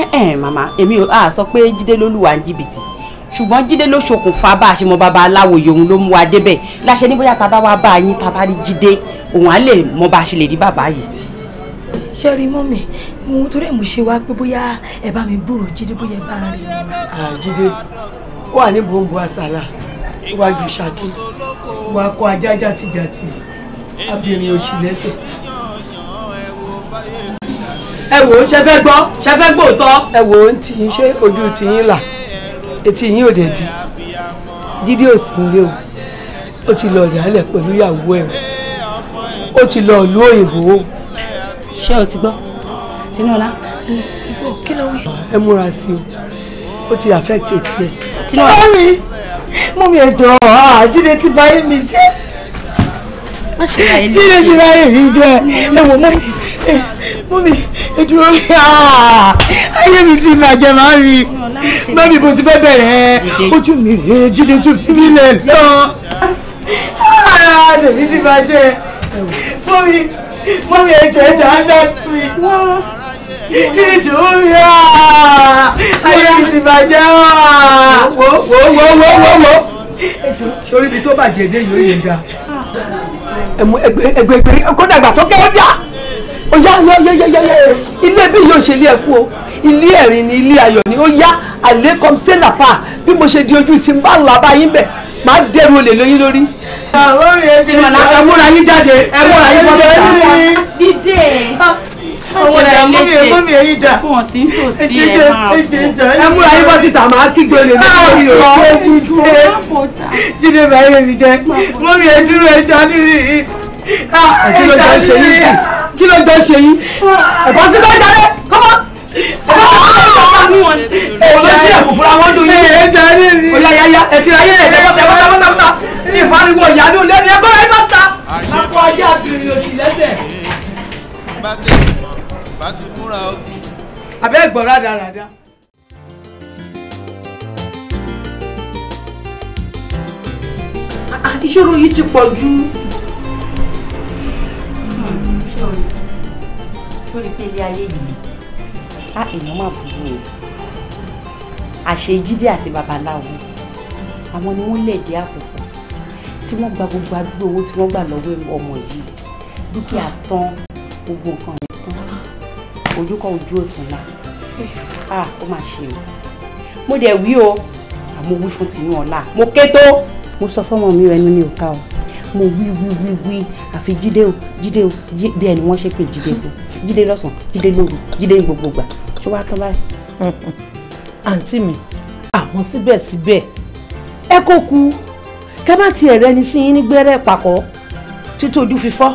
ẹ ẹ màmá èmi ò sọ pé jídé lólù wà ń jìbìtì ṣùgbọ́n jíde ló ṣokùnfà bá a ṣe mọ bàbá aláwòye òun ló mú wa débẹ̀ láṣẹ ní bóyá tábà wá bá a yín tábà rí jíde òun á lè mọ bá a ṣe lè rí bàbá yìí. ṣé rí mọ́mì mo torí ẹ̀ mo ṣe wá pé bóyá ẹ bá mi gbúrò jíde bóyá ẹ bá ń rí mi. àjídé wà ní bòńbò àṣàlà iwájú ṣáàkì wà kó ajá jàtìjàtì abìnrin òṣì lẹ́sẹ̀. ẹ wò ó ṣe fẹ́ gbọ́ ṣe fẹ́ gbòótọ́. ẹ wò ó ń tì etí yín ò di jíde ò ilé o ó ti lọ ọ̀dàlẹ̀ pẹ̀lú ìyàwó ẹ̀ ó ti lọ ìlú òyìnbó. ṣé o ti gbọ́ tinúọlá. kí ló wí. ẹ múra sí o ó ti affect etí ẹ. tinúọlá mọ́mí mọ́mí ẹ̀jọ̀ àjídé ah, ti báyé mi jẹ́ jíde ti báyé mi jẹ́ ẹ wò mọ́mí mọ́mí ìdúró rí ah, ayé mi ti bàjẹ́ máa rí mọ́mí bó ti fẹ́ bẹ̀rẹ̀ ojú mi rè jíde tún fi nílẹ̀ lọ ah, tèmi ti bàjẹ́ mọ́mí mọ́mí ẹ̀jọ̀ ẹ̀jọ̀ ajá mi ìjọ mi ayé mi ti bàjẹ́ wò wò wò wò wò wò sórí ibi tó bàjẹ́ dé yóò yẹ ga. Ah. ẹgbẹ́ ẹgbẹ́ ẹgbẹ́ kó dàgbà sókè ó yá yáyáyáyá ilé bí yóò ṣe ilé ẹ̀kú o ilé ẹ̀rín ni ilé ayọ̀ ni ó yá àlékọ́m sẹ́làpà bí mo ṣe di ojú tí n bá ń làbá yín bẹ̀ máa dẹ́rù olè lóyún lórí. ẹ múra yín jáde ẹ múra yín jáde. dídé owó rẹ̀ mú mi mú mi èyí jà ẹ múra yín bọ́ síta máa kígbe olè lórí rẹ̀ jíde báyìí mi jẹ mú mi ẹ dúró ẹjọ́ níbi. kí ló jẹ́ ṣe yín sí kí ló jọ ṣe yín ẹ̀fọ́ sí lọ́jà lẹ́ kọ́mọ́ ọmọ tó ń bá ọmọ mú wọn. olóṣì ẹ̀kú fúnra wọn dùn yín. ẹ jẹ́ ní mi. oyà yà yà ẹ̀tì ayé ẹ̀ tẹ́kọ̀tẹ́ pátápátá ní ìfariwo ìyá ní olóòdì ẹgbẹ́ rẹ̀ pásítà. akọ ayé àti ìrìn òṣì lẹ́sẹ̀. bá ti múra ogun. àbẹ́ ẹ̀gbọ́n rádaràda. Ah, ah, ìṣòro yìí ti pọ̀ ju sórí pé ilé ayé yìí á èèyàn máa burú o àṣejídé àti babaláwo àwọn ni wọ́n lẹ̀dí àkókò tí wọ́n gba gbogbo àdúrà owó tí wọ́n gbà lọ́wọ́ ọmọ yìí dúkìá tán gbogbo nǹkan rẹ̀ tán ojú kan ojú òtún la a ó máa ṣe o mo dẹ̀ wí o àmọ́ wí fún tinú ọ̀la mo ké tó mo sọ fọ́mọ mi ẹnu mi ò o mo wí wí wí wí àfi jíde o jíde o bí ẹni wọ́n ṣe pé jíde o jíde lọ́sàn jíde lóru jíde ní gbogbo gbà ṣé wàá tán báyìí. (laughs) àǹtí mi àmọ́ síbẹ̀síbẹ̀ ẹ kò ku kẹ́ bá tiẹ̀ rẹ ni sí yín ní gbẹ́rẹ́ papọ̀ títójú fífọ́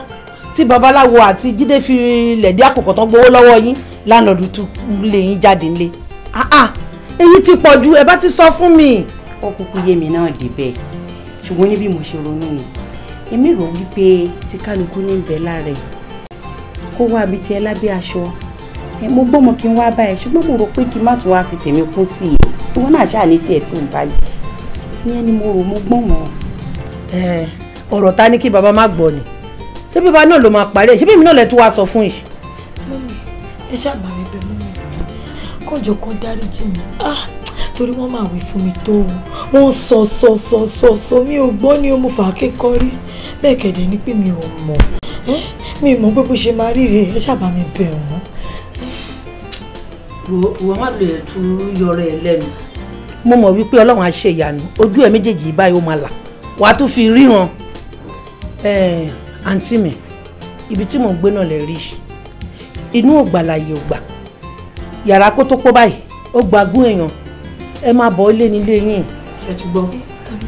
tí babaláwo àti jíde fi lẹ̀dí àkókò tán gbowó lọ́wọ́ yín lánàá dùtù lè yín jáde nílé èyí ti pọ̀ ju ẹ bá ti sọ fún mi. ó kúkú yé mi náà débẹ̀ ṣùgbọ́n ní bí mo ṣe ronú ni èmi rò wípé tí kálukú ní bẹ lára ẹ̀ kó wá ibi tiẹ̀ lábẹ́ aṣọ mo gbọ́mọ kí n wá bá ẹ ṣùgbọ́n mo rò pé kí n má tún wá fi tèmi kún tì í ìwọ náà ṣáà ní tiẹ̀ tó ń bá yìí ìyẹn ni mo rò mo gbọ́mọ. ọ̀rọ̀ ta ni kí bàbá má gbọ́ ni ṣé bàbá náà ló máa parí ẹ̀ ṣé bèmi náà lẹ tún wá sọ fún yìí. mọ́mí ẹ ṣàgbà mi bẹ́ẹ̀ mọ́mí kọ́jọ kan dáríjì mi ah, torí wọ́n máa wí fún mi tó o wọ́n sọ sọ sọ sọ sọ mi ò gbọ́ ni mo fà á kékọ́rí bẹ́ẹ̀ kẹ̀dẹ̀ ni pé mi ò mọ̀ ẹ́ mi mọ̀ pé bó ṣe máa ríre ẹ ṣàbà mi bẹ̀ wọ́n. wò wọ́n lè tún yọrọ ẹ lẹ́nu. mo mọ̀ wípé ọlọ́run á ṣe ìyanu ojú ẹ méjèèjì báyìí ó máa là wàá tún fi ríran. àǹtí mi ibi tí mò ń gbé náà lè rí inú ògbàlàyé ògbà yàrá kó tó pọ̀ báyìí ó gbagún èèyàn ẹ máa bọ̀ ilé nílé yín. ẹ ti gbọ́. ẹ ẹ bí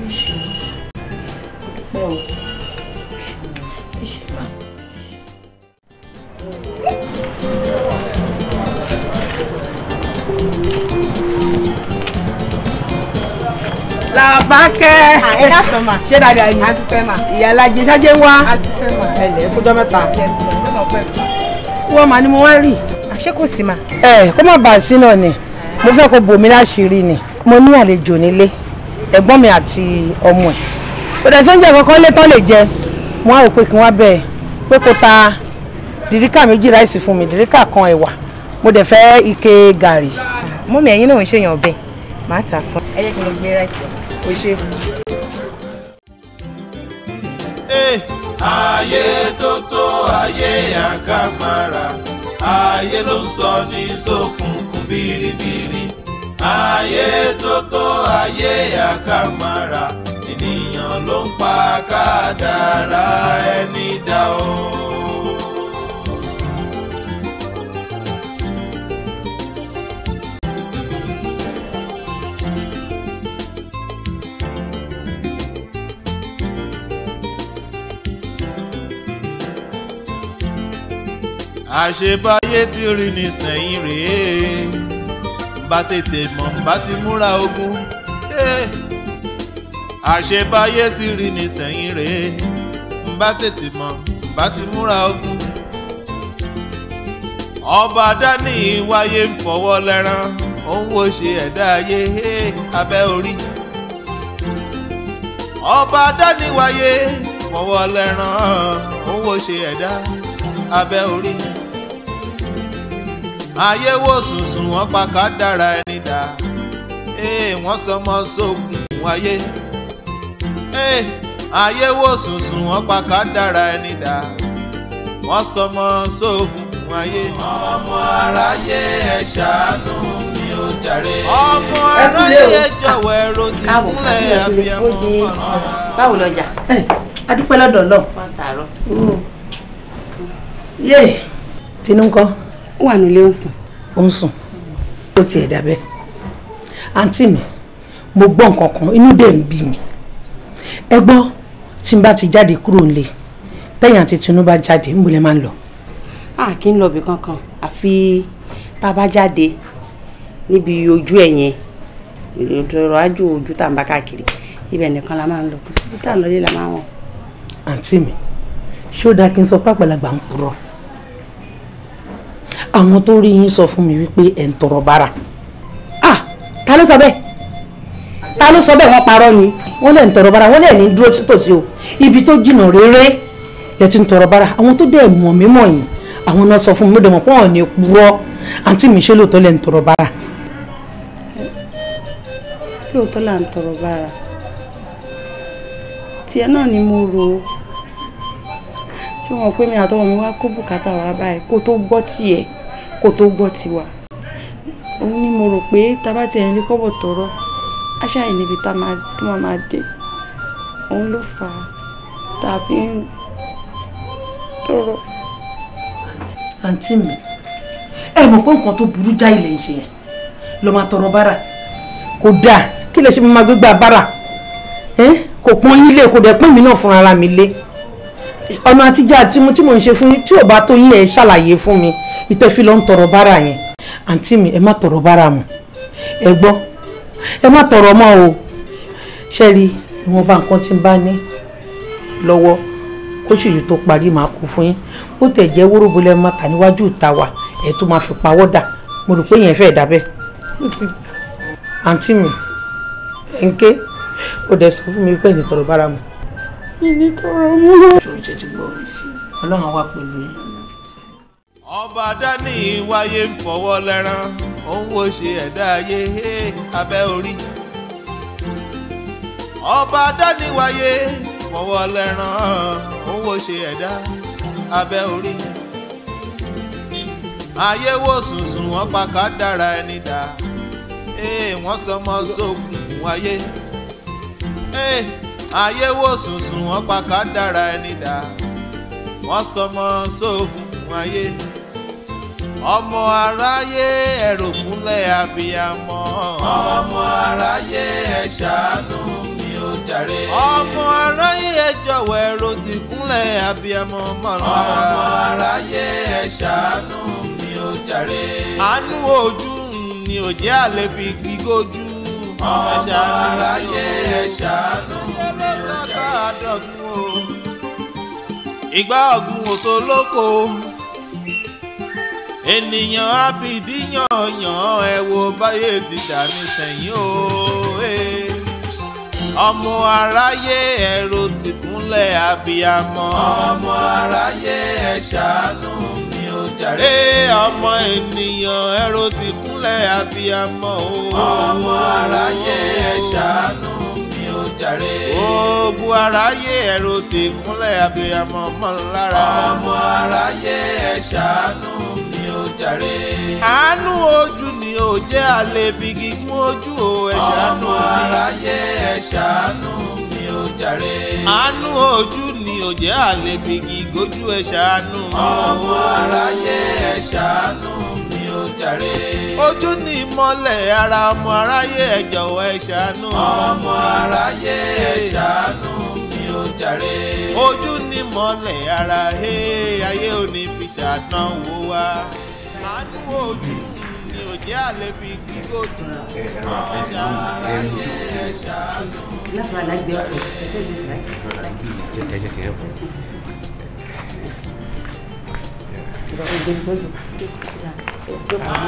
ṣé dáadáa ni ìyàlájẹ ṣáájẹ wá ẹlẹ kójọ mẹ́ta wọ́n mà ni mo wá rí. àṣé kò sí ma. ẹ kó má bàa sí náà ni mo fẹ́ kó bòmí láṣìírí ni mo ní àlejò nílé ẹ̀gbọ́n mi àti ọmọ ẹ̀ kò dẹ̀ sóúnjẹ kankan lé lè jẹ mo á rò pé kí wọ́n bẹ̀ pé kó ta dìríkà méjì ráìsì fún mi dìríkà kan ẹ̀wà mo dẹ̀ fẹ́ ike gàrí. mọ́mí ẹ̀yin náà ń ṣèyàn ọbẹ̀ màá tà fún. ẹ jẹ́ kí n lọ gbé ráìsì. o ṣe. ayé tó tó ayé àkàmàrà ayé ló ń sọ ní sókùnkùn bìrìbìrì ayé tó tó ayé àkàmàrà ènìyàn ló ń pa kádàrá ẹni dá o. àṣebáyé tí rí ni sẹ́yìn rèé bá tètè mọ̀ bá ti múra ogun àṣebáyé tí rí ni sẹ́yìn rèé bá tètè mọ̀ bá ti múra ogun ọba dání wáyé ń fọwọ́ lẹ́rán ó ń wo ṣe ẹ̀dá ayé abẹ́ orí ọba dání wáyé fọwọ́ lẹ́rán ó ń ṣe ẹ̀dá abẹ́ orí ayé wò sùnsùn wọ́n pa kádàrá ẹni dà ee eh, wọ́n sọmọ sókun ayé ee eh, ayé wò sùnsùn wọ́n pa kádàrá ẹni dà wọ́n sọmọ sókun ayé. ọmọ aráyé ẹ ṣàánú mi ò jàre. ọmọ aráyé jọ̀wọ́ ẹ ro ti kúnlẹ̀ abiyamọ ọ̀rọ̀. báwo lọjà. a dúpẹ́ lọ́dọ̀ lọ. wọ́n tààrọ̀. yé tinú kọ́ ó wà nílé ó ń sùn. ó ń sùn ó tiẹ̀ dà bẹ́ẹ̀ àǹtí mi mo gbọ́ nǹkan kan inú dẹ̀ ń bí mi ẹ tí n bá ti jáde kúrò nílé tẹ̀yìn àti tinú jáde ń bolẹ̀ máa ń lọ. a kì í lọ ibì kankan àfi tá a bá jáde níbi ojú ẹ̀ yẹn ìrọ̀rọ̀ ájú ojú tá à ń bá káàkiri ibẹ̀ nìkan la máa ń lọ kó síbi tá à ń lọ lé la máa ń wọ̀. àǹtí mi ṣé ó dáa kí n sọ pé àgbàlagbà ń purọ́ àwọn tó rí yín sọ fún mi wípé ẹ̀ ń tọrọ bára ah ta ló sọ bẹ́ẹ̀ ta ló sọ bẹ́ẹ̀ wọ́n parọ́ ni wọ́n lẹ̀ ń tọrọ bára wọ́n lẹ̀ ní dúró títòsí o ibi tó jìnnà réré lẹ̀ ti ń tọrọ bára àwọn tó dẹ̀ mọ̀ mí mọ̀ yìí àwọn náà sọ fún mi lódò mọ̀ pé wọ́n ní purọ́ àǹtí mi ṣe lóòótọ́ lẹ̀ ń tọrọ bára. lóòótọ́ là ń tọrọ bára tiẹ̀ náà ni mo rò ó ṣé wọn pé mi àtọwọ́ mi wá kó bùkátà wá báyìí kó tó gbọ́ tiẹ̀ kó tó gbọ́ tiwa ó ní mo rò pé tá a bá tiẹ̀ ń rí kọ́bọ̀ tọrọ àṣà yìí níbi tá a máa dé òun ló fà á tá a fi ń tọrọ. àǹtí mi ẹ mọ̀ pé nǹkan tó burú já ilẹ̀ ń ṣe yẹn lọ́ọ́ máa tọrọ bára kò dáa kí lè ṣe mo máa gbégbá bára kò pọ́n yín lé kò dẹ̀ pọ́n mi náà fún ara mi lé ọ̀nà àtijọ́ àti tí mò ń ṣe fún yín tí ò bá tó yín ẹ̀ ṣàlàyé fún mi ìtẹ́fi lọ ń tọrọ bára yẹn àǹtí mi ẹ má tọrọ bára mọ́ ẹ gbọ́ ẹ má tọrọ mọ́ o ṣe rí ìwọ̀nba nǹkan tí ń bá ní lọ́wọ́ kó sì yìí tó parí màá kú fún yín bó tẹ̀ jẹ́ wóróbo lẹ́nu máa tà níwájú ìta wa ẹ̀ tó máa fi pawọ́ dà mo rò pé yẹn fẹ́ dà àǹtí mi ẹ̀ńké ó dẹ̀ sọ fún mi pé ẹ̀yìn tọrọ bára mu. mi ní tọrọ mú. ọlọ́run á wà pẹ̀lú yín ọba dání wáyé ń fọwọ́ lẹ́rán òun wo ṣe ẹ̀dá ayé abẹ́ orí ọba dání wáyé fọwọ́ lẹ́rán òun wo ṣe ẹ̀dá abẹ́ orí ayé wo sùnsùn wọn pa ká dára ẹni dá wọ́n sọmọ sókun wáyé ayé wo sùnsùn wọn pa ká dára ẹni dá wọ́n sọmọ sókun wáyé. Hey, ọmọ aráyé ẹ̀rọ̀kúnlẹ̀ abiyamọ. ọmọ aráyé ẹ ṣàánú mi ó jàre. ọmọ aráyé ẹ jọ̀wọ́ ẹ̀rọ tìkúnlẹ̀ abiyamọ mọ̀nà. ọmọ aráyé ẹ ṣàánú mi ó jàre. àánú ojú ni ò jẹ́ àlebi gbígójú. ọmọ aráyé ẹ mi ó jàre. ìgbà ọ̀gùn òṣòlókò ènìyàn abìdíyànyàn ẹ wo báyé ti dà nísẹ̀yìn o eh. ọmọ aráyé ẹ̀rù ti kúnlẹ̀ abiyamọ. ọmọ aráyé ẹ ṣàánú mi ò jàre. Eh, ọmọ ènìyàn ẹ̀rù ti kúnlẹ̀ abiyamọ o. ọmọ aráyé ẹ ṣàánú mi ò jàre. ogun aráyé ẹ̀rù ti kúnlẹ̀ abiyamọ mọ́ lára. ọmọ aráyé ẹ ṣàánú jàre. àánú ojú ni ò jẹ́ àlebi gígùn ojú o ẹ ṣàánú mi. ọmọ aráyé ẹ ṣàánú mi ò jàre. àánú ojú ni ò jẹ́ àlebi gígójú ẹ ṣàánú mi. ọmọ aráyé ẹ ṣàánú mi ò jàre. ojú ni ìmọ̀lẹ̀ ara ọmọ aráyé ẹ jọ̀wọ́ ẹ ṣàánú. ọmọ aráyé ẹ ṣàánú mi ò jàre. ojú ni mọ́lẹ̀ ara ẹ̀ ayé òní fi ṣàtàn wò wá àánú ojú ni ò jẹ́ àlebi gbígbójú ọ̀ṣà aráyé ẹ̀ṣà lò. láti wà lágbẹ́ ọ̀tọ̀ ẹ̀ṣẹ́ ìgbésẹ̀ láti. ẹ̀jẹ̀ kìí ẹ̀kọ́.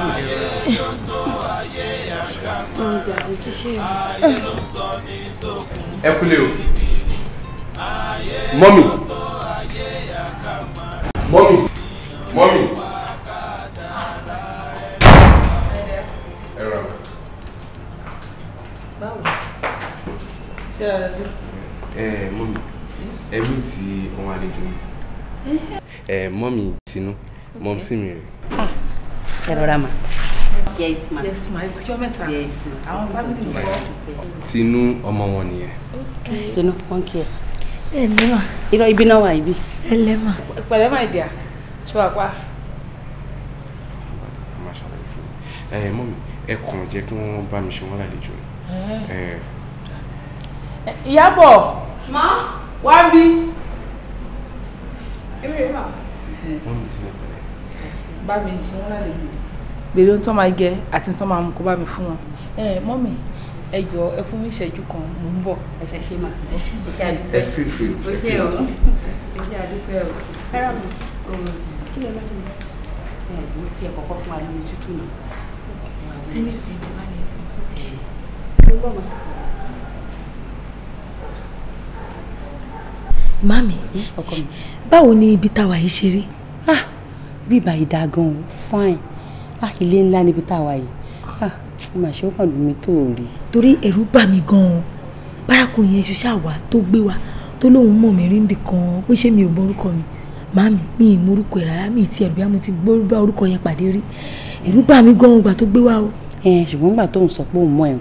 Ayé ló tó ayé àgbà máa, ayé ló sọ ní sókun. Ẹ kúlẹ̀ o, mọ́mì, mọ́mì, mọ́mì. Eh, mọ́mí ẹ̀mí ti ohun àlejò mi eh. eh, mọ́mí tinú mọ́mí sí mi rè. Ah. ẹ rọra mà. yes ma yes ma ìgbẹ́jọ́ mẹ́ta yes ma àwọn fámìlì mi wọ́n. tinú ọmọ wọn nìyẹn. tinú wọn kì í ẹ. ẹ lẹ́mà. irọ́ ibi náà wà ibi. ẹ lẹ́mà. pẹ̀lẹ́ máa dì à ṣé wàá pa. mọ́mí ẹ kàn jẹ́ kí wọ́n bá mi ṣe wọ́n lálejò. Ìyábọ̀. Má. Wá bí. Èmi rè wà. Wọ́n mi ti lè bẹ̀rẹ̀. Bá mi ṣe wọ́n lálejò. Bèrè ohun tó máa jẹ àti ohun tó máa mú kó bá mi fún wọn. Ẹ mọ́mì ẹ jọ ẹ fún mi ìṣẹ́jú kan mò ń bọ̀. Ẹ ṣe máa. Ẹ ṣe àdúpẹ́. Ẹ O ṣe o. Ẹ ṣe àdúpẹ́ o. Ẹ rà mí. Kí lè Ẹ mo ti ẹ̀ kọ́kọ́ fún wa lómi tútù náà. Ẹni tí ìjọba ni ẹ fún ẹ ṣe. mami ọkọ mi báwo ni ibi táwa yìí ṣe rí. ah bí ibà dáa gan o fine ah ilé ńlá níbi táwa yìí ah mà ṣe ó kàn lù mí tó rí. torí ẹ̀rù bà mí gan-an bárakùnrin yẹn ṣoṣà wá tó gbé wa tó lóun mọ̀ mí rí níbi kan pé ṣé mi ò mọ orúkọ mi mami mi ì mọ orúkọ ẹ̀ rárá mi ì tiẹ̀ bí a mo ti gbórúbá orúkọ yẹn pàdé rí ẹ̀rù bà mí gan-an ìgbà tó gbé wa o. ẹ ṣùgbọ́n gbà tóun sọ pé òun mọ ẹ̀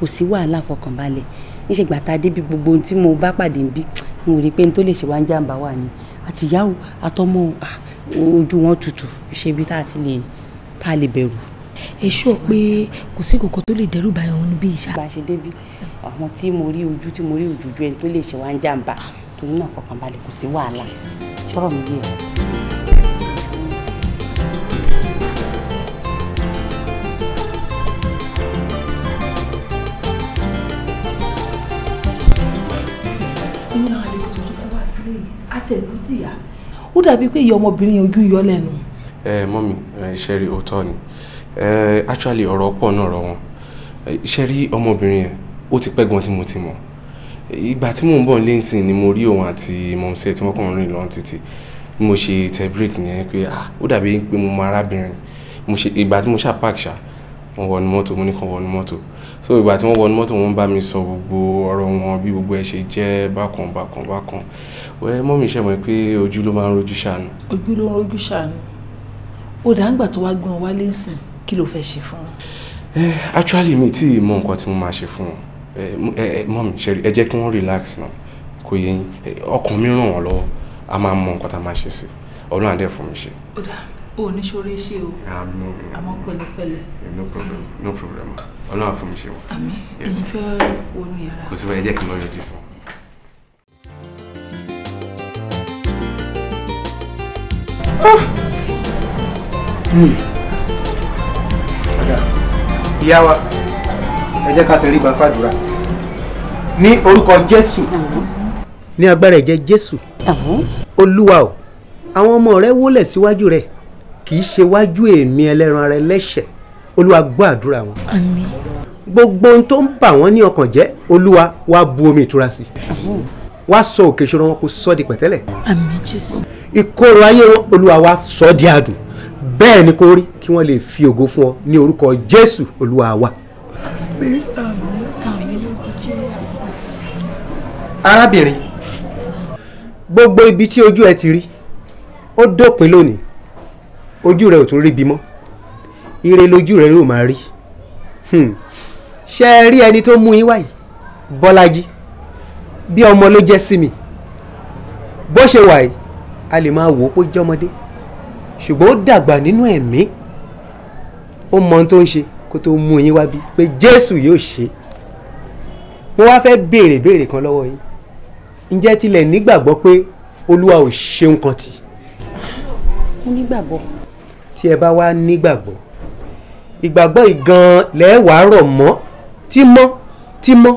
kò sí wàhálà fọkànbalẹ̀ níṣẹ́ gbà tá a débi gbogbo ohun tí mo bá pàdé ń bí n ò rí pé n tó lè ṣe wá ń jàǹbá wà ní àtìyáwó àtọmọ ah, ojú wọn tutù ṣebí tá a ti lè tá a lè bẹ̀rù. ẹ ṣọ́ pé kò sí kankan tó lè dẹ́rù báyọ̀ òun bí ìṣá. bá a ṣe débi àwọn tí mo rí ojú tí mo rí ojú ẹni tó lè ṣe wá ń jàǹbá torí náà fọkànbalẹ̀ kò sí wàhálà ṣọ́rọ̀ mi yé tẹ̀lú tìyà ó dàbí pé ìyá ọmọbìnrin ojú yọ lẹ́nu. ẹ mọ́mí iṣẹ́ rí òótọ́ ni actually ọ̀rọ̀ pọ̀ náà rọ wọn iṣẹ́ rí ọmọbìnrin yẹn ó ti pẹ́ gan tí mo ti mọ̀ ìgbà tí mò ń bọ̀ lẹ́sìn ni mo rí òun àti mọ̀mísẹ́ tí wọ́n kàn rìn lọ́n títì mo ṣe tẹ break yẹn pé ó dàbí pé mo mọ arábìnrin ìgbà tí mo ṣàpàkṣà wọn wọnú mọ́tò mo ní kàn wọnú mọ́tò so ìgbà tí wọ́n wọnú mọ́tò wọn bá mi sọ gbogbo ọ̀rọ̀ wọn bí gbogbo ẹ ṣe jẹ́ bákan bákan bákan wẹ́ mọ́mí ṣe mọ̀ pé ojú ló máa ń rojú ṣàánú. ojú ló ń rojú ṣàánú ó dà ń gbà tó wá gbọ́n wálé ńsìn kí ló fẹ́ ṣe fún wọn. actually mi tí ì mọ nǹkan tí mo máa ṣe fún wọn mọ́mí ṣẹ́rí ẹ jẹ́ kí wọ́n relax náà kò yẹ ọkàn mi ràn wọ́n lọ́wọ́ a máa mọ nǹkan tá a máa ṣe sí ọlọ́run àdẹ́ fún mi ṣe. ó o ní ṣoore ṣe o àmọ́ pẹ̀lẹ́pẹ̀lẹ́ no problem no problem ọlọ́run fún mi ṣe wọn. àmín èmi fẹ́ wọnú yàrá. kò sí báyìí jẹ́ kí n lọ yọjú sí wọn. Ah! Hmm. ìyá wa ẹ jẹ́ ká tẹríba fàdúrà ní orúkọ jésù ní agbára ẹ̀jẹ̀ jésù olúwa o àwọn ọmọ rẹ wólẹ̀ síwájú rẹ̀ kì í ṣe wájú èmi ẹlẹ́ran ara ẹlẹ́ṣẹ̀ olúwa gbọ́ àdúrà wọn. àmín. gbogbo ohun tó ń bà wọ́n ní ọkàn jẹ́ olúwa wá bu omi ìtura sí i wá sọ òkè ìṣòro wọn kó sọ di pẹ̀tẹ́lẹ̀. àmín jésù. ìkorò ayé wọn olúwa wá sọ di àdùn bẹ́ẹ̀ ni kó rí kí wọ́n lè fi ògo fún ọ ní orúkọ jésù olúwa wa. àmín arábìnrin gbogbo ibi tí ojú ẹ ti rí ó dópin lónìí ojú rẹ ò tún rí bímọ ire lójú rẹ yóò máa rí hmm. ṣe ẹ rí ẹni tó mú yín wáyìí Bọ́lájí bí ọmọ ló jẹ́ sí mi bó ṣe wà yìí a lè máa wò ó pé jọmọdé ṣùgbọ́n ó dàgbà nínú ẹ̀mí ó mọ ohun tó ń ṣe kó tó mú yín wá pé Jésù yóò ṣe mo wá fẹ́ béèrè béèrè kan lọ́wọ́ yín ǹjẹ́ tilẹ̀ nígbàgbọ́ pé Olúwa ò ṣe nǹkan tì. mo nígbàgbọ́ tí ẹ bá wá nígbàgbọ́ ìgbàgbọ́ ìgan lẹ́ẹ̀wàá rọ̀ mọ́ tímọ́ tímọ́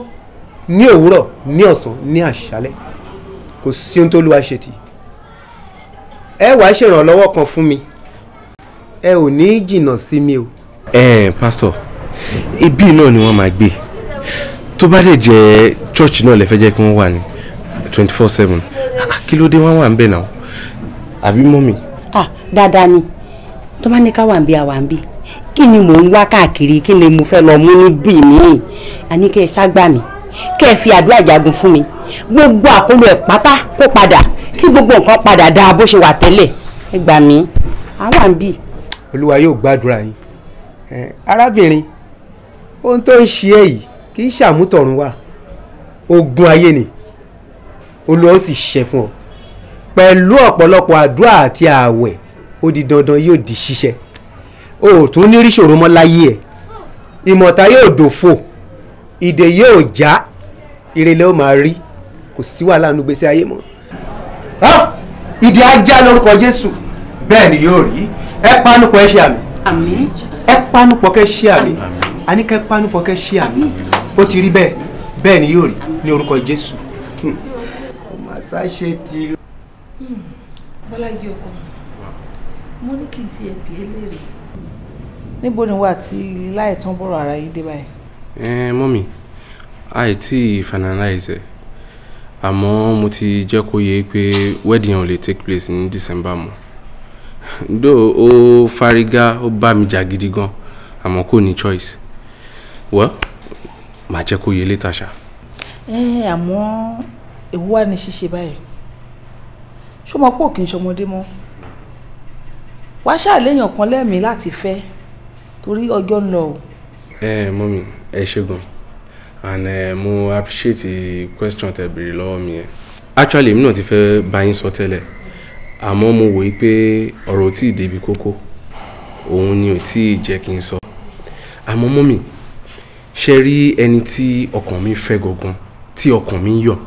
ní òwúrọ̀ ní ọ̀sán ní àṣálẹ́ kò sí ohun tó lu àṣetì ẹ wàá ṣèrànlọ́wọ́ kan fún mi ẹ ò ní jìnnà sí mi o. ẹ ẹ pásítọ̀ ibi náà ni wọ́n máa gbé tó bá dẹ̀ jẹ́ chọ́ọ̀chì náà lè kí wọ́n wà ní twenty four seven kí ló dé wọ́n wà ń bẹ̀ náà àbí mọ́mì. ah dáadáa ni tó bá ní ká wà ń bí a wà ń bí kí ni mò ń wá káàkiri kí ni mo fẹ́ lọ mú níbí mi àní kẹ́ ẹ ṣágbà mi kẹ́ ẹ fi àdúrà jagun fún mi gbogbo àkóló ẹ̀ pátá kó padà kí gbogbo nǹkan padà dáa bó ṣe wà tẹ́lẹ̀ ẹ gbà mí a wà ń bí. olúwa yóò gbàdúrà yín arábìnrin ohun tó ń ṣe ẹ yìí kì í ṣàmútọ̀run wà ogun ayé ni olúwa sì ṣe fún ọ pẹ̀lú ọ̀pọ̀lọpọ̀ àdúrà àti ààwẹ̀ ó di dandan yóò di ṣiṣẹ́ o ò tún ní rí ṣòro mọ́ láyé ẹ̀ ìmọ̀ta yóò dòfò ìdè yóò já ìrẹ̀lẹ̀ ó máa rí kò sí wàhálà nu gbèsè ayé mọ́. ìdè ajá lórúkọ Jésù bẹ́ẹ̀ ni yóò rí ẹ panupọ̀ ẹ ṣe àmì ẹ panupọ̀ kẹ́ ṣe àmì àníkẹ́ panupọ̀ kẹ́ ṣe àmì ó ti rí bẹ́ẹ̀ bẹ́ẹ̀ ni yóò rí ní orúkọ Jésù. ọmọ àṣà ṣe ti. Hmm. bọ́lá igi ọkọ mi mo ní kí n ti ẹ̀bí ẹ léèrè. níbo ni wà tí láì tán bọ̀rọ̀ ara yìí dé báyìí. ẹ mọ́mì àì tí ì finalize ẹ̀ àmọ́ mo ti jẹ́ kó yé pé wedding yẹn ò lè take place ní December mọ́ do o fariga o bá mi jà gidi gan àmọ́ kò ní choice well màá jẹ́ kó yé later ṣá. ẹ àmọ́ èwo wa ni ṣíṣe báyìí ṣó máa pọ̀ kí n ṣọmọdé mọ́ wá ṣàléyàn kan lẹ́mìí láti fẹ́ torí ọjọ́ ń lọ o. ẹ ẹ mọ́mí ẹ ṣé gan and uh, mo appreciate the question tẹ́ béèrè lọ́wọ́ mi yẹn actually èmi náà ti fẹ́ bá yín sọ tẹ́lẹ̀ àmọ́ mo wòye pé ọ̀rọ̀ ò tí ì débi kókó òun ni ò tí ì jẹ́ kí n sọ àmọ́ mọ́mì ṣe rí ẹni tí ọkàn mi fẹ́ gangan tí ọkàn mi yọ̀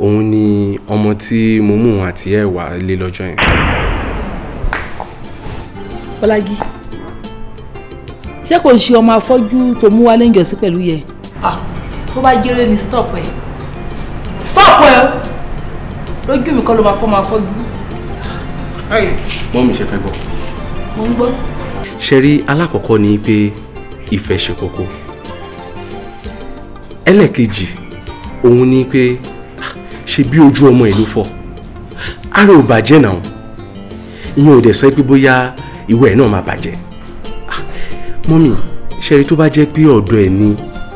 òun ni ọmọ tí mo mú òun àti ẹ̀ wá lé lọ́jọ́ yẹn. Fọlájí ṣé kò ń ṣe ọmọ afọ́jú tó mú wálé ìjọsí pẹ̀lú yẹ. tó bá jẹ́rẹ́ ni stop ẹ̀ stop ẹ̀ lójú mi kọ́ ló máa fọ́ máa fọ́jú. mọ́ mi ṣe fẹ́ gbọ́. mo ń gbọ́. ṣe rí alákọ̀ọ́kọ́ ni pé ìfẹ́ ṣe kókó ẹlẹ́ẹ̀kejì òun ni pé ṣe bí ojú ọmọ ìlú fọ́ ara ò náà ìyẹn ò dẹ̀ sọ pé bóyá ìwé ẹ̀ náà máa bàjẹ́ ah, mọ́mì ṣẹ́rí tó bá jẹ́ pé ọ̀dọ̀ ẹ̀ ni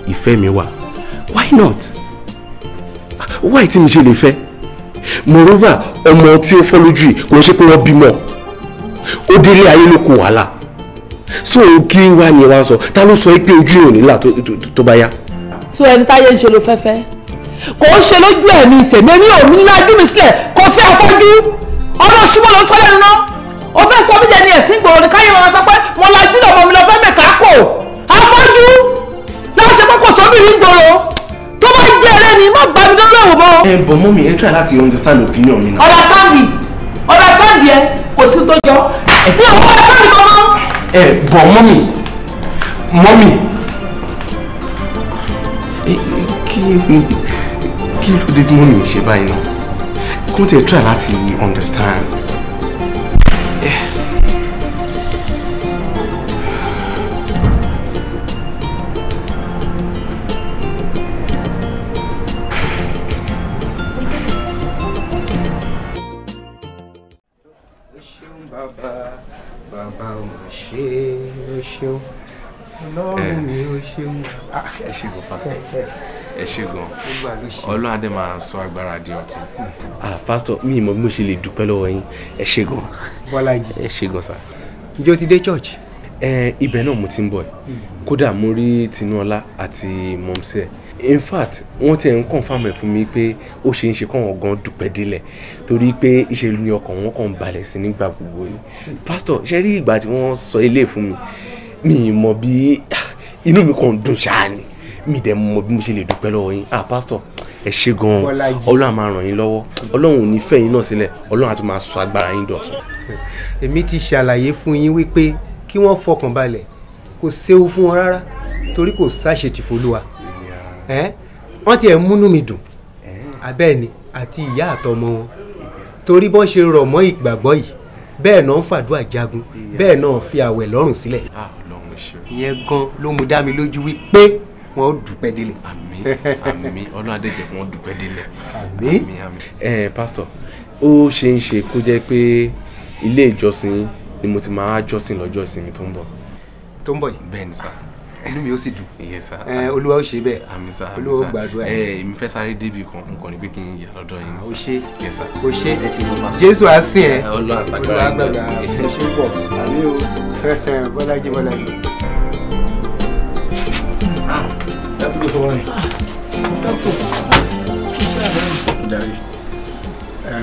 ìfẹ́ mi wà why not why tí mi ṣe lè fẹ́ moreover ọmọ tí ó fọ́ lójú yìí kò ń ṣe pé wọ́n bímọ ó délé ayé ló kó wàhálà so kí wàá ni wàá sọ ta ló sọ pé ojú yòó nílà tó bá yá. so ẹni táyé ń ṣe ló fẹ́fẹ́ kò ń ṣe lójú ẹ̀mí tèmi ẹni ò ní lájú mi sílẹ̀ kò fẹ́ afọ́jú ọ̀rọ̀ ṣùgbọ́n lọ sọ́lẹ̀ nínú o fẹ́ sọ mí jẹ ní ẹ̀sìn gbòòrò ní káyọ̀ máa sọ pé mo lajú lọ́mọ mi lọ fẹ́ mẹ̀ká kò afọ́jú láṣẹ pọ́pọ̀ sóbìnrin gbòòrò tó bá jẹ́ ẹrẹ́ ni má gbàmí lọ́wọ́ mọ́. ẹ bọ̀ mọ́ mi ẹ try láti understand opinion mi náà. understand me understand yẹ kò sí tó jọ mi ò wọ́n understand kankan. ẹ bọ̀ mọ́ mi mọ́ mi kí ni kí ló dé tí mọ́ mi ṣe báyìí náà kó tẹ̀ try láti understand. ṣe gan pastor ẹ ṣe gan ọlọ́run adé máa sọ agbára di ọ̀tun. Ah, pastor mi ì mọ bí mo ṣe lè dúpẹ́ lọ́wọ́ yín ẹ ṣe ẹ ṣe gan sa. ǹjẹ́ o ti dé church. ẹ ibẹ̀ náà mo ti ń bọ̀ hmm. kódà mo rí Tinúọlá àti mọ̀mísẹ́ in fact wọ́n ti ń confam ẹ̀ fún mi pé ó ṣe ń ṣe kọ́ wọn gan dúpẹ́ délẹ̀ torí pé ìṣèlú ni ọkàn wọn kàn balẹ̀ sí nígbà gbogbo ni pastor ṣe rí ìgbà tí wọ́n sọ ilé fún mi mi ì mọ bí ah, inú mi kàn dùn ṣáá ni mi dẹ̀ mọ bí mo ṣe lè dúpẹ́ lọ́wọ́ yín ah pastor ẹ ṣe gan-an ọlọ́run máa ràn yín lọ́wọ́ ọlọ́run ò ní fẹ́ yín náà sílẹ̀ ọlọ́run á tún máa sọ agbára yín dọ̀tun. èmi ti ṣàlàyé fún yín wípé kí wọ́n fọkàn balẹ̀ kò séwu fún wọn rárá torí kò sáṣetì fọlúwa wọ́n tiẹ̀ múnú mi dùn abẹ́ni àti ìyá àtọmọ wọn torí bọ́n ṣe rọ̀ mọ́ ìgbàgbọ́ yìí bẹ́ẹ̀ náà ń fàdúrà jagun bẹ́ẹ̀ náà fi àwẹ̀ lọ́rùn sílẹ̀ ah, ìyẹn gan ló mú dá mi lójú wípé kún ọ dùpẹ́ délẹ̀. àmín àmín ọlọ́run adé jẹ́ kún ọ dùpẹ́ délẹ̀. àmín àmín. ẹ ẹ pásítọ̀ ó ṣe ń ṣe kó jẹ́ pé ilé ìjọsìn ni mo ti máa jọ́sìn lọ́jọ́ ìsinmi tó ń bọ̀. tó ń bọ̀ yìí. bẹ́ẹ̀ ni sá inú mi ó sì dùn. iye sá ẹ olúwa ó ṣe bẹ́ẹ̀ àmín sá olúwa ó gbàdúrà yìí. ẹ èmi fẹ́ sáré débi kan nǹkan ni pé kí n yà lọ́dọ̀ yín. o ah, ṣe o ṣe jésù á sìn ẹ olúwa àgbàgbà ẹ ṣe pọ̀ àmín o (laughs) bọ́lájí bọ́lájí. kò uh,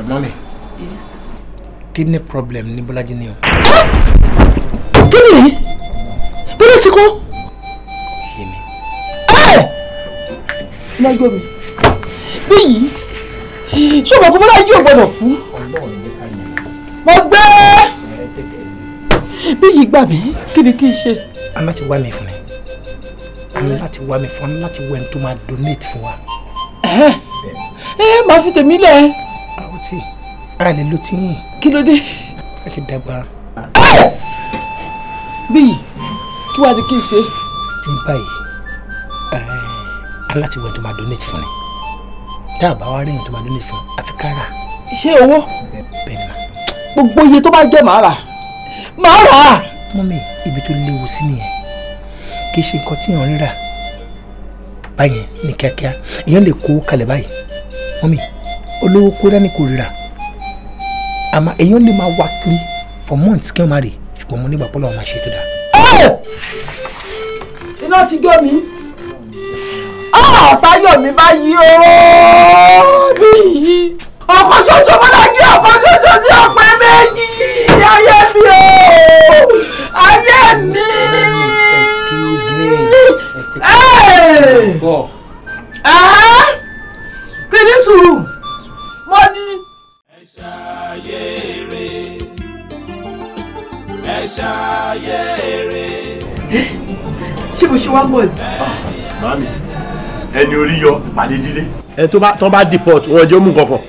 sọ̀rọ̀ kidney problem ní Bọ́lájí ni kidney bọ́lá ti kọ́. yémi. lọ́jọ́ mi bí eh! yìí ṣé ọmọ kọ́mọ́lá yìí ò gbọ́dọ̀ kú. mo gbé bí yìí gbà mí kí ni kí n ṣe. a má ti wá mi fún mi a ní láti wá mi fún a ní láti wẹ̀ ní tó máa donate fún wa. ẹ máa fi tèmi lẹ. àwọn tí a lè lo tí yìn. kí ló dé. a ti dàgbà. bíyì kí wàá di kí n ṣe. ní báyìí a ní láti wẹ̀ ní tó máa donate fún ni tá a bá wá rí ní tó máa donate fún àfi ká rà. ṣé owó. bẹ́ẹ̀ ni ma. gbogbo iye tó bá jẹ́ màá rà màá rà. mọ́mí ibi tó léwu sí nìyẹn kì í ṣe nǹkan tí èèyàn rírà báyẹn ní kíákíá èèyàn lè kó kalẹ̀ báyìí mọ́mí olówó kó dání kò rírà àmọ́ èèyàn lè máa wá kiri for months kí wọ́n máa rè ṣùgbọ́n mo nígbà pọ́lọ́ wọn máa ṣe tó dáa. iná ti gbé mi ah, táyọ̀ mi báyìí ooo bí yìí ọkọ̀ ṣoṣo mọ́lá yí ọkọ̀ ṣoṣo ní ọ̀pẹ méjì ayé mi ooo ayé mi. bọ̀. kí ni sùúrù mo ní. ẹ ṣàyè èrè ẹ ṣàyè èrè. ṣé mo ṣe wá ń bọ̀ yìí. ẹni orí yọ pàdé dílé. ẹ tó bá tó bá deport wọn jẹ́ ó mú nǹkan kan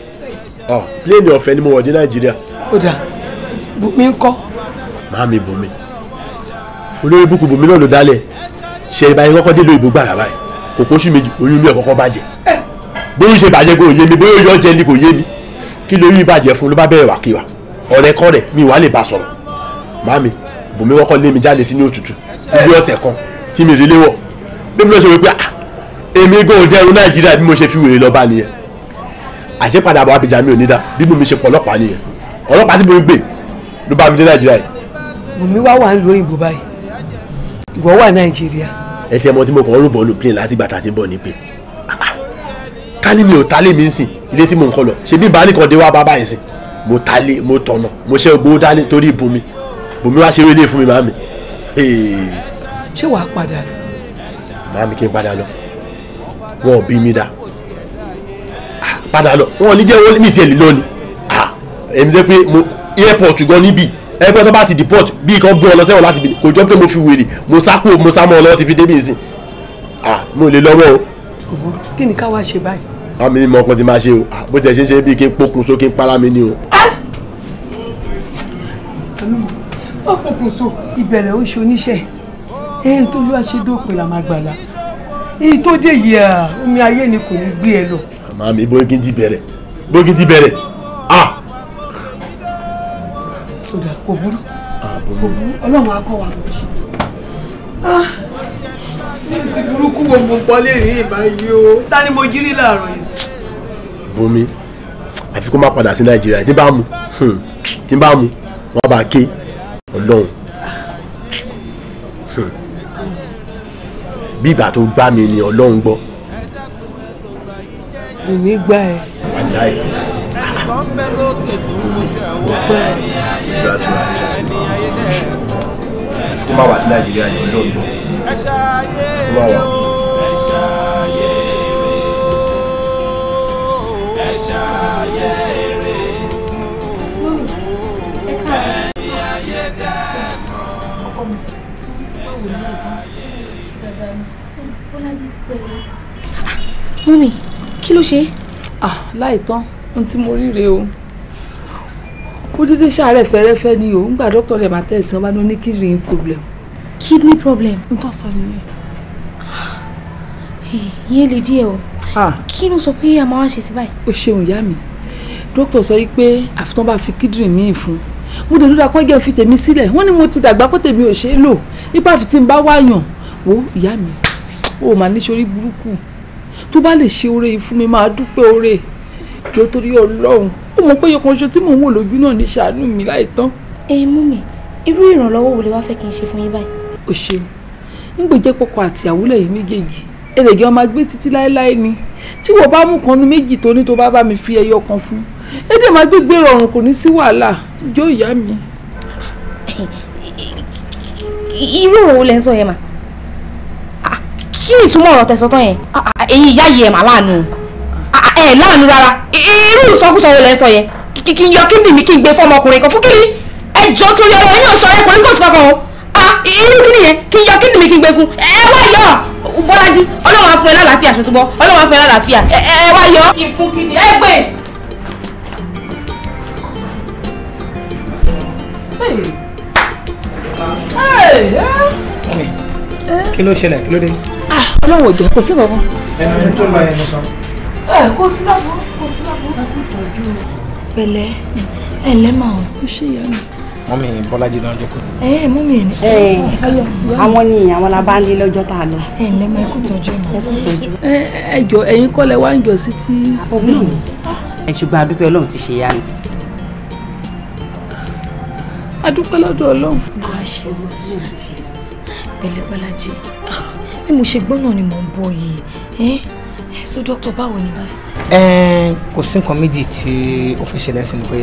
ọ ah, pléènì ọ̀fẹ́ ni mo wọ̀ dé nàìjíríà. ó dà bùnmi ń kọ́. màámi bùnmi olórí bùkún bùnmi náà ló dálẹ̀ ṣe ìbáyé kọ́kọ́ dé lóyìnbó gbàrà báyìí kò pósù méjì oyún mi ò kọ́kọ́ bàjẹ́ bóyún ṣe bàjẹ́ kò yé mi bóyún yọ jẹ́ ni kò yé mi kí lóyún bàjẹ́ fún ló bá bẹ̀rẹ̀ wàkíwà ọ̀rẹ́ kọ́ mi wà lè bá sọ̀rọ̀ màmí bùnmi wọ́kọ́ lé mi jáde sí ní òtútù sí bí ọ̀sẹ̀ kan tí mi rí léwọ̀ bíbí ló ṣe wípé ah, èmi gan dẹrù nàìjíríà bí mo ṣe fi wèrè lọ́ba nìyẹn àṣepadà àbọ̀ abidjan mi ò ní dá bí bùnmi ṣe pọ̀ ọlọ́pàá nìyẹn ọlọ́pàá tí mo ẹ tẹ́ ọmọ tí mo kàn ń rò bọ́ọ̀lù plane láti gbàtà tí ń bọ̀ ní pé ká ní mi ò tálé mi sìn ilé tí mo ń kọ́ lọ ṣe bí ìbáraẹni kan dé wá bábá yìí sìn mo tálé mo tọ̀nà mo ṣe gbowó dání torí bùnmi bùnmi wá ṣeré ilé fún mi màmí. ṣé wàá padà lọ. màmí kí n padà lọ wọn ò bí mi dá ah, padà lọ wọn ò ní jẹ́ wọ́n mi tiẹ̀ lè lọ ah, èmi jẹ́ pé airport gan níbí ẹgbẹ́ tó bá ti deport bí ikọ̀ gbé ọ lọ sẹ́wọ̀n láti kò jọ pé mo fi wèrè mo sá kúrò mo sá mọ́ ọ lọ́wọ́ ti fi débi ìsìn ah mo lè lọ́wọ́ o. òbó kí ni ká wá ṣe báyìí. àmì ni mo kàn ti máa ṣe o bó tẹ̀ ṣe ń ṣe bíi kí n pokùn so kí para mi ni o. wọ́n pokùn so ìbẹ̀rẹ̀ ó ṣe oníṣẹ́ ẹ̀yìn tó lọ́ọ́ ṣe dópin là máa gbàlá èyí tó dé yìí omi ayé ni kò ní gbé ẹ lọ. àmọ́ àmì bóyá ti bẹ̀rẹ̀ bóyá ti bẹ̀rẹ̀ kò burú kò burú ọlọ́run á wa bó ṣe. ní ah! ìsìn burúkú wo mo gbọ́ rí ìbá o ta ni mo jí rí láàárọ̀ yìí. bomi àfi kó má padà sí nàìjíríà tí bá mu hmm, tí bá mu wọn bá ké ọlọ́run hmm. bí ìgbà tó gbá mi ni ọlọ́run gbọ́. èmi gbá ẹ. wàlá ẹ. ẹnìkan tó máa wá sí nàìjíríà yẹn so ó máa wá. mọ́mí kí ló ṣe. Ah, láì tán ohun tí mo rí rèé o ó dédé ṣàárẹ̀ fẹ́rẹ́fẹ́ ni o ńgbà dókítà rẹ̀ máa tẹ̀sán bá ní ní kidney problem. kidney problem. n tọ́ sọ nìyẹn. ìyẹn lè díẹ̀ o kí ló sọ pé àmọ́ wá ṣe sí báyìí. ó ṣeun ìyá mi dókítà sọ yìí pé àfitán bá fi kidney míì fún mo dẹ̀ lóra kán jẹ́ fi tèmi sílẹ̀ wọ́n ní mo ti dàgbà pé tèmi ò ṣe é lò ipa àfi tí n bá wáyàn wo ìyá mi ó máa níṣorí burúkú tó bá lè ṣe oore yìí fún mi máa dúpẹ́ oore jọ torí ọlọ́run ó mọ̀ pé yọkan ṣo tí mò ń wò lójú náà ní ṣàánú mi láì tán. ẹ mú mi irú ìrànlọ́wọ́ wo lè wá fẹ́ kí n ṣe fún yín báyìí. o ṣeun nígbà jẹ́ pọkọ àti àwúlẹ̀ yìí méjèèjì ẹlẹ́gẹ́ ọmọ agbé títí láéláé ni tí wọ́n bá mú kanú méjì tó ní tó bá bá mi fi ẹyọ kan fún ẹ̀dẹ̀ máa gbégbé rọrùn kò ní sí wàhálà jó ìyá mi. irú òwò lẹ ń sọ yẹn mà ah, kí ni ìtumọ̀ ọ̀rọ̀ tẹ̀sán tán yẹn èyí ah, ah, ìyá yìí ẹ̀ mà láàánú ẹ láàánú rárá irú ìsọkúsọ wo lẹ ń sọ yẹn kí n yọ kíndìn mi kí n gbé fọmọkùnrin kan fún kíni ẹ jọ torí ọ̀rọ̀ yẹn náà sọ ẹ kùnrin kò sí kankan o ah irú kíni yẹn kí n yọ kíndìn mi kí n gbé fún ẹ wá yọ Bọ́lájí Ọlọ́run á fún ẹ lálàáfíà ṣùtúbọ Ọlọ́run á fún ẹ lálàáfíà ẹ wá yọ. ìfún kíni ẹ gbé. kí ló ṣẹlẹ̀ kí ló dé. Ah, Ọlọ́run ò jẹ́ kò sí kankan. ẹnu tó ń bá ẹni sọ ẹ kò sí láburú kò sí láburú kò tọ́jú o. pẹ̀lẹ́ ẹ lẹ́mà ọ̀ ó ṣe ìyá mi. wọ́n mi bọ́lájí náà jókòó. ẹ ẹ mú mi ní. ẹ àwọn ni àwọn la bá ń lé lọ́jọ́ tá a lọ. ẹ lẹ́mà ẹ kò tọ́jú ẹ kò tọ́jú. ẹ ẹ jọ ẹ̀yin kọ́ lẹ wá ń jọ sí tí. ẹ ṣùgbọ́n adúpẹ́ ọlọ́run ti ṣe ìyá mi. adúpẹ́ lọ́dọ̀ ọlọ́run. a ṣe wọ́n pẹ̀lẹ́ bọ́lájí ah, bí mo ṣe gbọ́n náà ni mò ń bọ̀ yìí so doctor báwo ni báyìí. ẹn eh, kò sí nǹkan méjì tí ó fẹ́ ṣẹlẹ̀ sí ni pé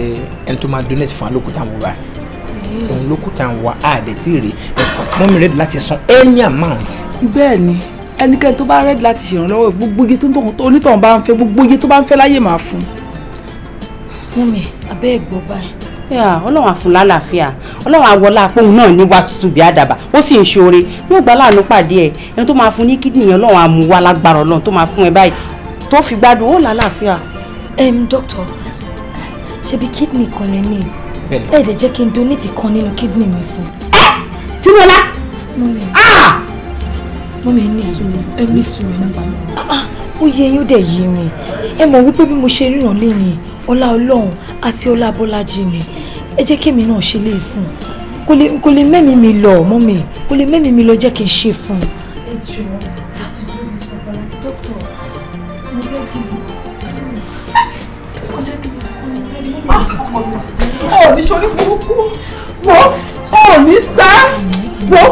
ẹni tó máa donate fún alókùtà wọn wá eh. òun lókùtà wọn wá àdé tí ì rí ẹ̀fà tí wọ́n mi rẹ́dì láti san any amount. bẹ́ẹ̀ ni ẹnikẹ́ni tó bá rẹ́dì láti ṣèrànlọ́wọ́ gbogbo igi tó onítọ̀hún bá ń fẹ́ gbogbo igi tó bá ń fẹ́ láyè máa fún. mú mi abẹ́ ẹ̀ gbọ́ báyìí ọlọ́run á fún lálàáfíà ọlọ́run àwọlá apóhùn náà níwá tútù bí àdàbà ó sì ń ṣoore yóò gbá láàánú pàdé ẹ ẹni tó máa fún ní kídìní ọlọ́run á mú wá lágbára ọlọ́run tó máa fún ẹ báyìí tó fi gbádùn ó lálàáfíà. ẹm dókítà ṣebí kídìní kan lẹ ní ẹ lè jẹ́ kí n donate kan nínú kídìní mi fún. ẹ tí mo lá. mọ́mi ẹ ní sùúrù ẹ ní sùúrù ẹ ní sùúrù ah, ah, ó yẹ yín ó dẹ̀ yé mi ẹ mọ̀ wípé bí mo ṣe ríran lé ni ọlá ọlọ́run àti ọlá bọ́lájì ni ẹ jẹ́ kémi náà ṣe lè fún un kò lè mẹ́mìí mi lọ mọ́ mi kò lè mẹ́mìí mi lọ jẹ́ kí n ṣe fún un. ẹ jọ̀ọ́ àti tó ní sọ bọ́lá dókítà mo fẹ́ di ọjọ́ kí n ah, ò ní sọ ní burúkú wo ò gbá wo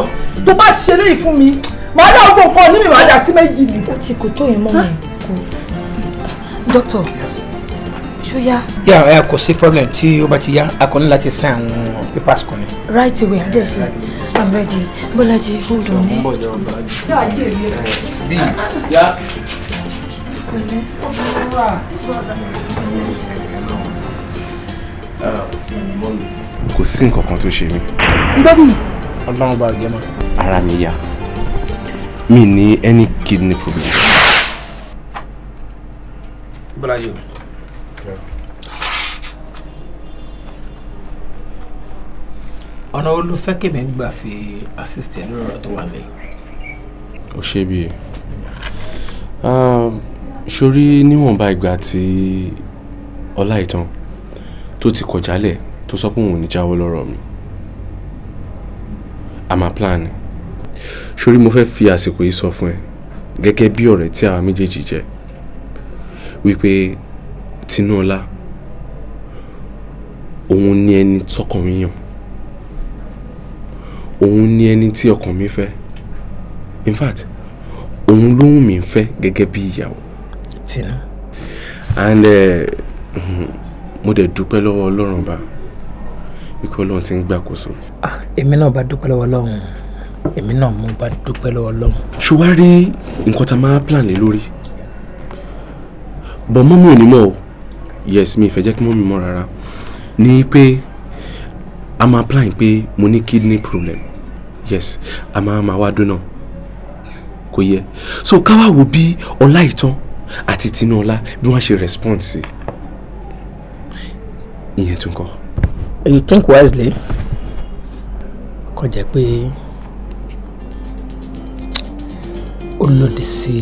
tó bá ṣe léyìí fún mi màá dá ọgbọ̀n kan ní mi màá dà sí méjì ni. ó ti kò tó yẹn mọ́ mi kò dókítà ṣóyá. yà ẹ kò sí problem tí ó bá ti yá a kò ní láti sign àwọn papers kan ni. right away adéṣe i'm ready bọ́lájí hold on. ọmọ bọ̀ jọ bá a jù. bí yá. kò sí nǹkan kan tó ṣe mí. gbọ́dọ̀. ọlọ́run bá a jẹ́ mọ́. ara mi yá mi ní any kidney problem. bọ́lájí o. ọ̀nà wo ló fẹ́ kèmí gbà fi assist ẹ lórí ọ̀rọ̀ tó wà lẹ́yìn. ó ṣe bíi um, sórí níwọ̀nba ìgbà tí Ọláìtàn tó ti kọjálẹ̀ tó sọ pé òun ò ní jáwọ́ lọ́rọ̀ mi àmà plan sórí mo fẹ́ fi àsìkò yìí sọ fún ẹ gẹ́gẹ́ bí ọ̀rẹ́ tí àwa méjèèjì jẹ́ wípé Tinúọlá òun ni ẹni tọkàn mi yàn òun ni ẹni tí ọkàn mi fẹ́ in fact òun ló wù mí fẹ́ gẹ́gẹ́ bí ìyàwó. Tina. and eh, mo dẹ̀ dúpẹ́ lọ́wọ́ ọlọ́run bá wípé ọlọ́run ti ń gbàkóso. Ah, èmi náà bá dúpẹ́ lọ́wọ́ ọlọ́run èmi náà mo bá dúpẹ́ lọ́wọ́ ọlọ́run. ṣùgbọ́n nǹkan tá a máa plan lé lórí bọ̀ mọ́mí ò ní mọ̀ o yes mi ìfẹ́ jẹ́ kí mọ́mí mọ̀ rárá ni pé a máa plan pé mo ní kidney problem yes a máa máa wá dúnà kò yẹ so ká wá wo bí ọlá ìtàn àti tinúọlá bí wọ́n ṣe respond sí ìyẹn tún kọ́. you think wisely kò jẹ́ pé ó lòdì sí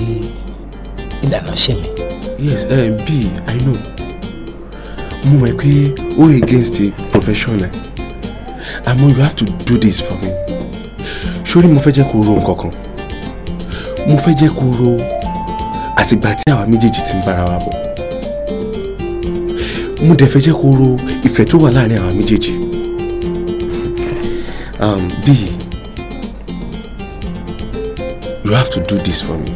ìlànà ṣe mi. yes uh, b i know mo mọ̀ pé ó against the profession ẹ̀ eh. àmọ́ you have to do this for me sórí mo fẹ́ jẹ́ kó ro mo fẹ́ jẹ́ kó àtìgbà tí àwa méjèèjì ti ń bára wa bọ̀ mo dẹ̀ fẹ́ jẹ́ kó ro tó wà láàrin àwa méjèèjì um, bíi you have to do this for me.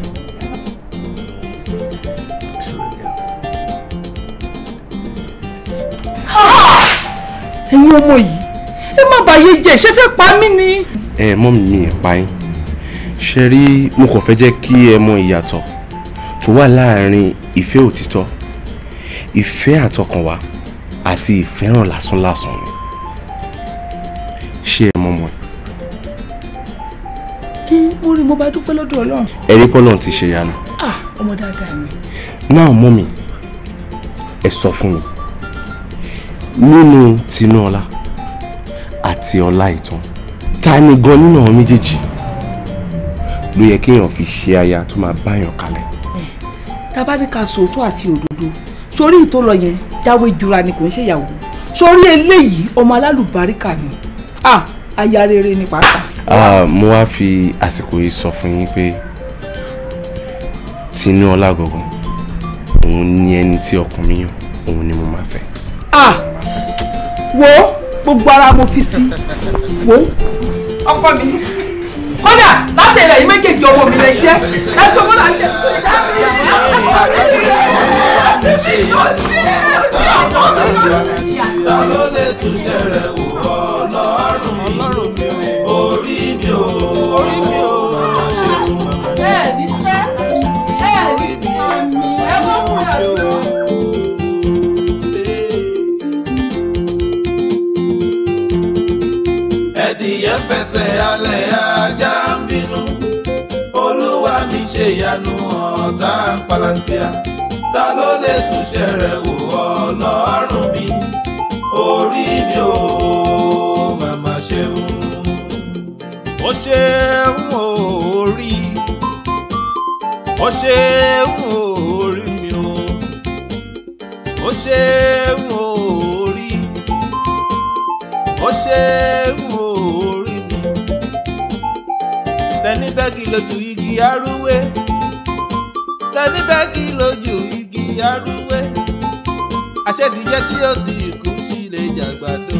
Ah! ẹ̀yin ọmọ yìí ẹ má bàyè jẹ́ ṣe fẹ́ pa mí ni ẹ mọ́ mi ìpa yín ṣe rí mo kàn fẹ́ jẹ́ kí ẹ mọ ìyàtọ̀ tó wà láàárín ìfẹ́ òtítọ́ ìfẹ́ àtọkànwá àti ìfẹ́ràn lásánlásán ni ṣé ẹ mọ̀ mọ̀. Hmm, mo rí mo bá dúpẹ́ lọ́dọ̀ ọlọ́run. ẹ rí pọ́lọ́n ti ṣe yanu. ah ọmọ dáadáa mi. náà mú mi ẹ sọ fún mi nínú tinúọlá àti ọlá ìtàn ta ni gan nínú àwọn méjèèjì ló yẹ kéèyàn fi ṣe aya tó máa báyàn kalẹ̀. tabaríka sòótọ́ àti òdodo sórí ìtò lọ yẹn jáwé jura ni kò ń ṣèyàwó sórí eléyìí ọmọ alálùbáríkà ni ah aya rere ni pàápàá. mo wá fi àsìkò yìí sọ fún yín pé tinú ọlágọgọ òun ni ẹni tí ọkàn mi yàn òun ni mo máa fẹ́. ah wo gbogbo ara mo fi sí wo ọkọ mi kódà láti ilẹ̀ yìí méjèèjì ọmọ mi lè jẹ́ ẹ sọ wọn láti ẹ̀ ló lè túnṣe rẹ̀ wò. ṣe ìyanu ọ̀tá palantia ta ló lè túnṣe rẹ̀ wò ọlọ́run mi orí mi ò màmá ṣeun. ó ṣeun orí ó ṣeun orí mi o ó ṣeun orí ó ṣeun orí mi tẹnibẹ́gì lójú igi arúwé tẹni bẹ́ẹ̀gì lójú igi arúwé àṣẹdíyẹ tí ó ti kú sí lè jàgbàdo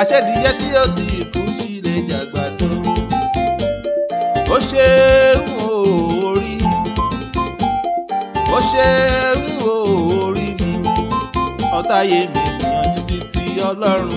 àṣẹdíyẹ tí ó ti kú sí lè jàgbàdo ó ṣe é wò orí ó ṣe é orí mi ọ̀tá yé mi ìyànjú títí ọlọ́run.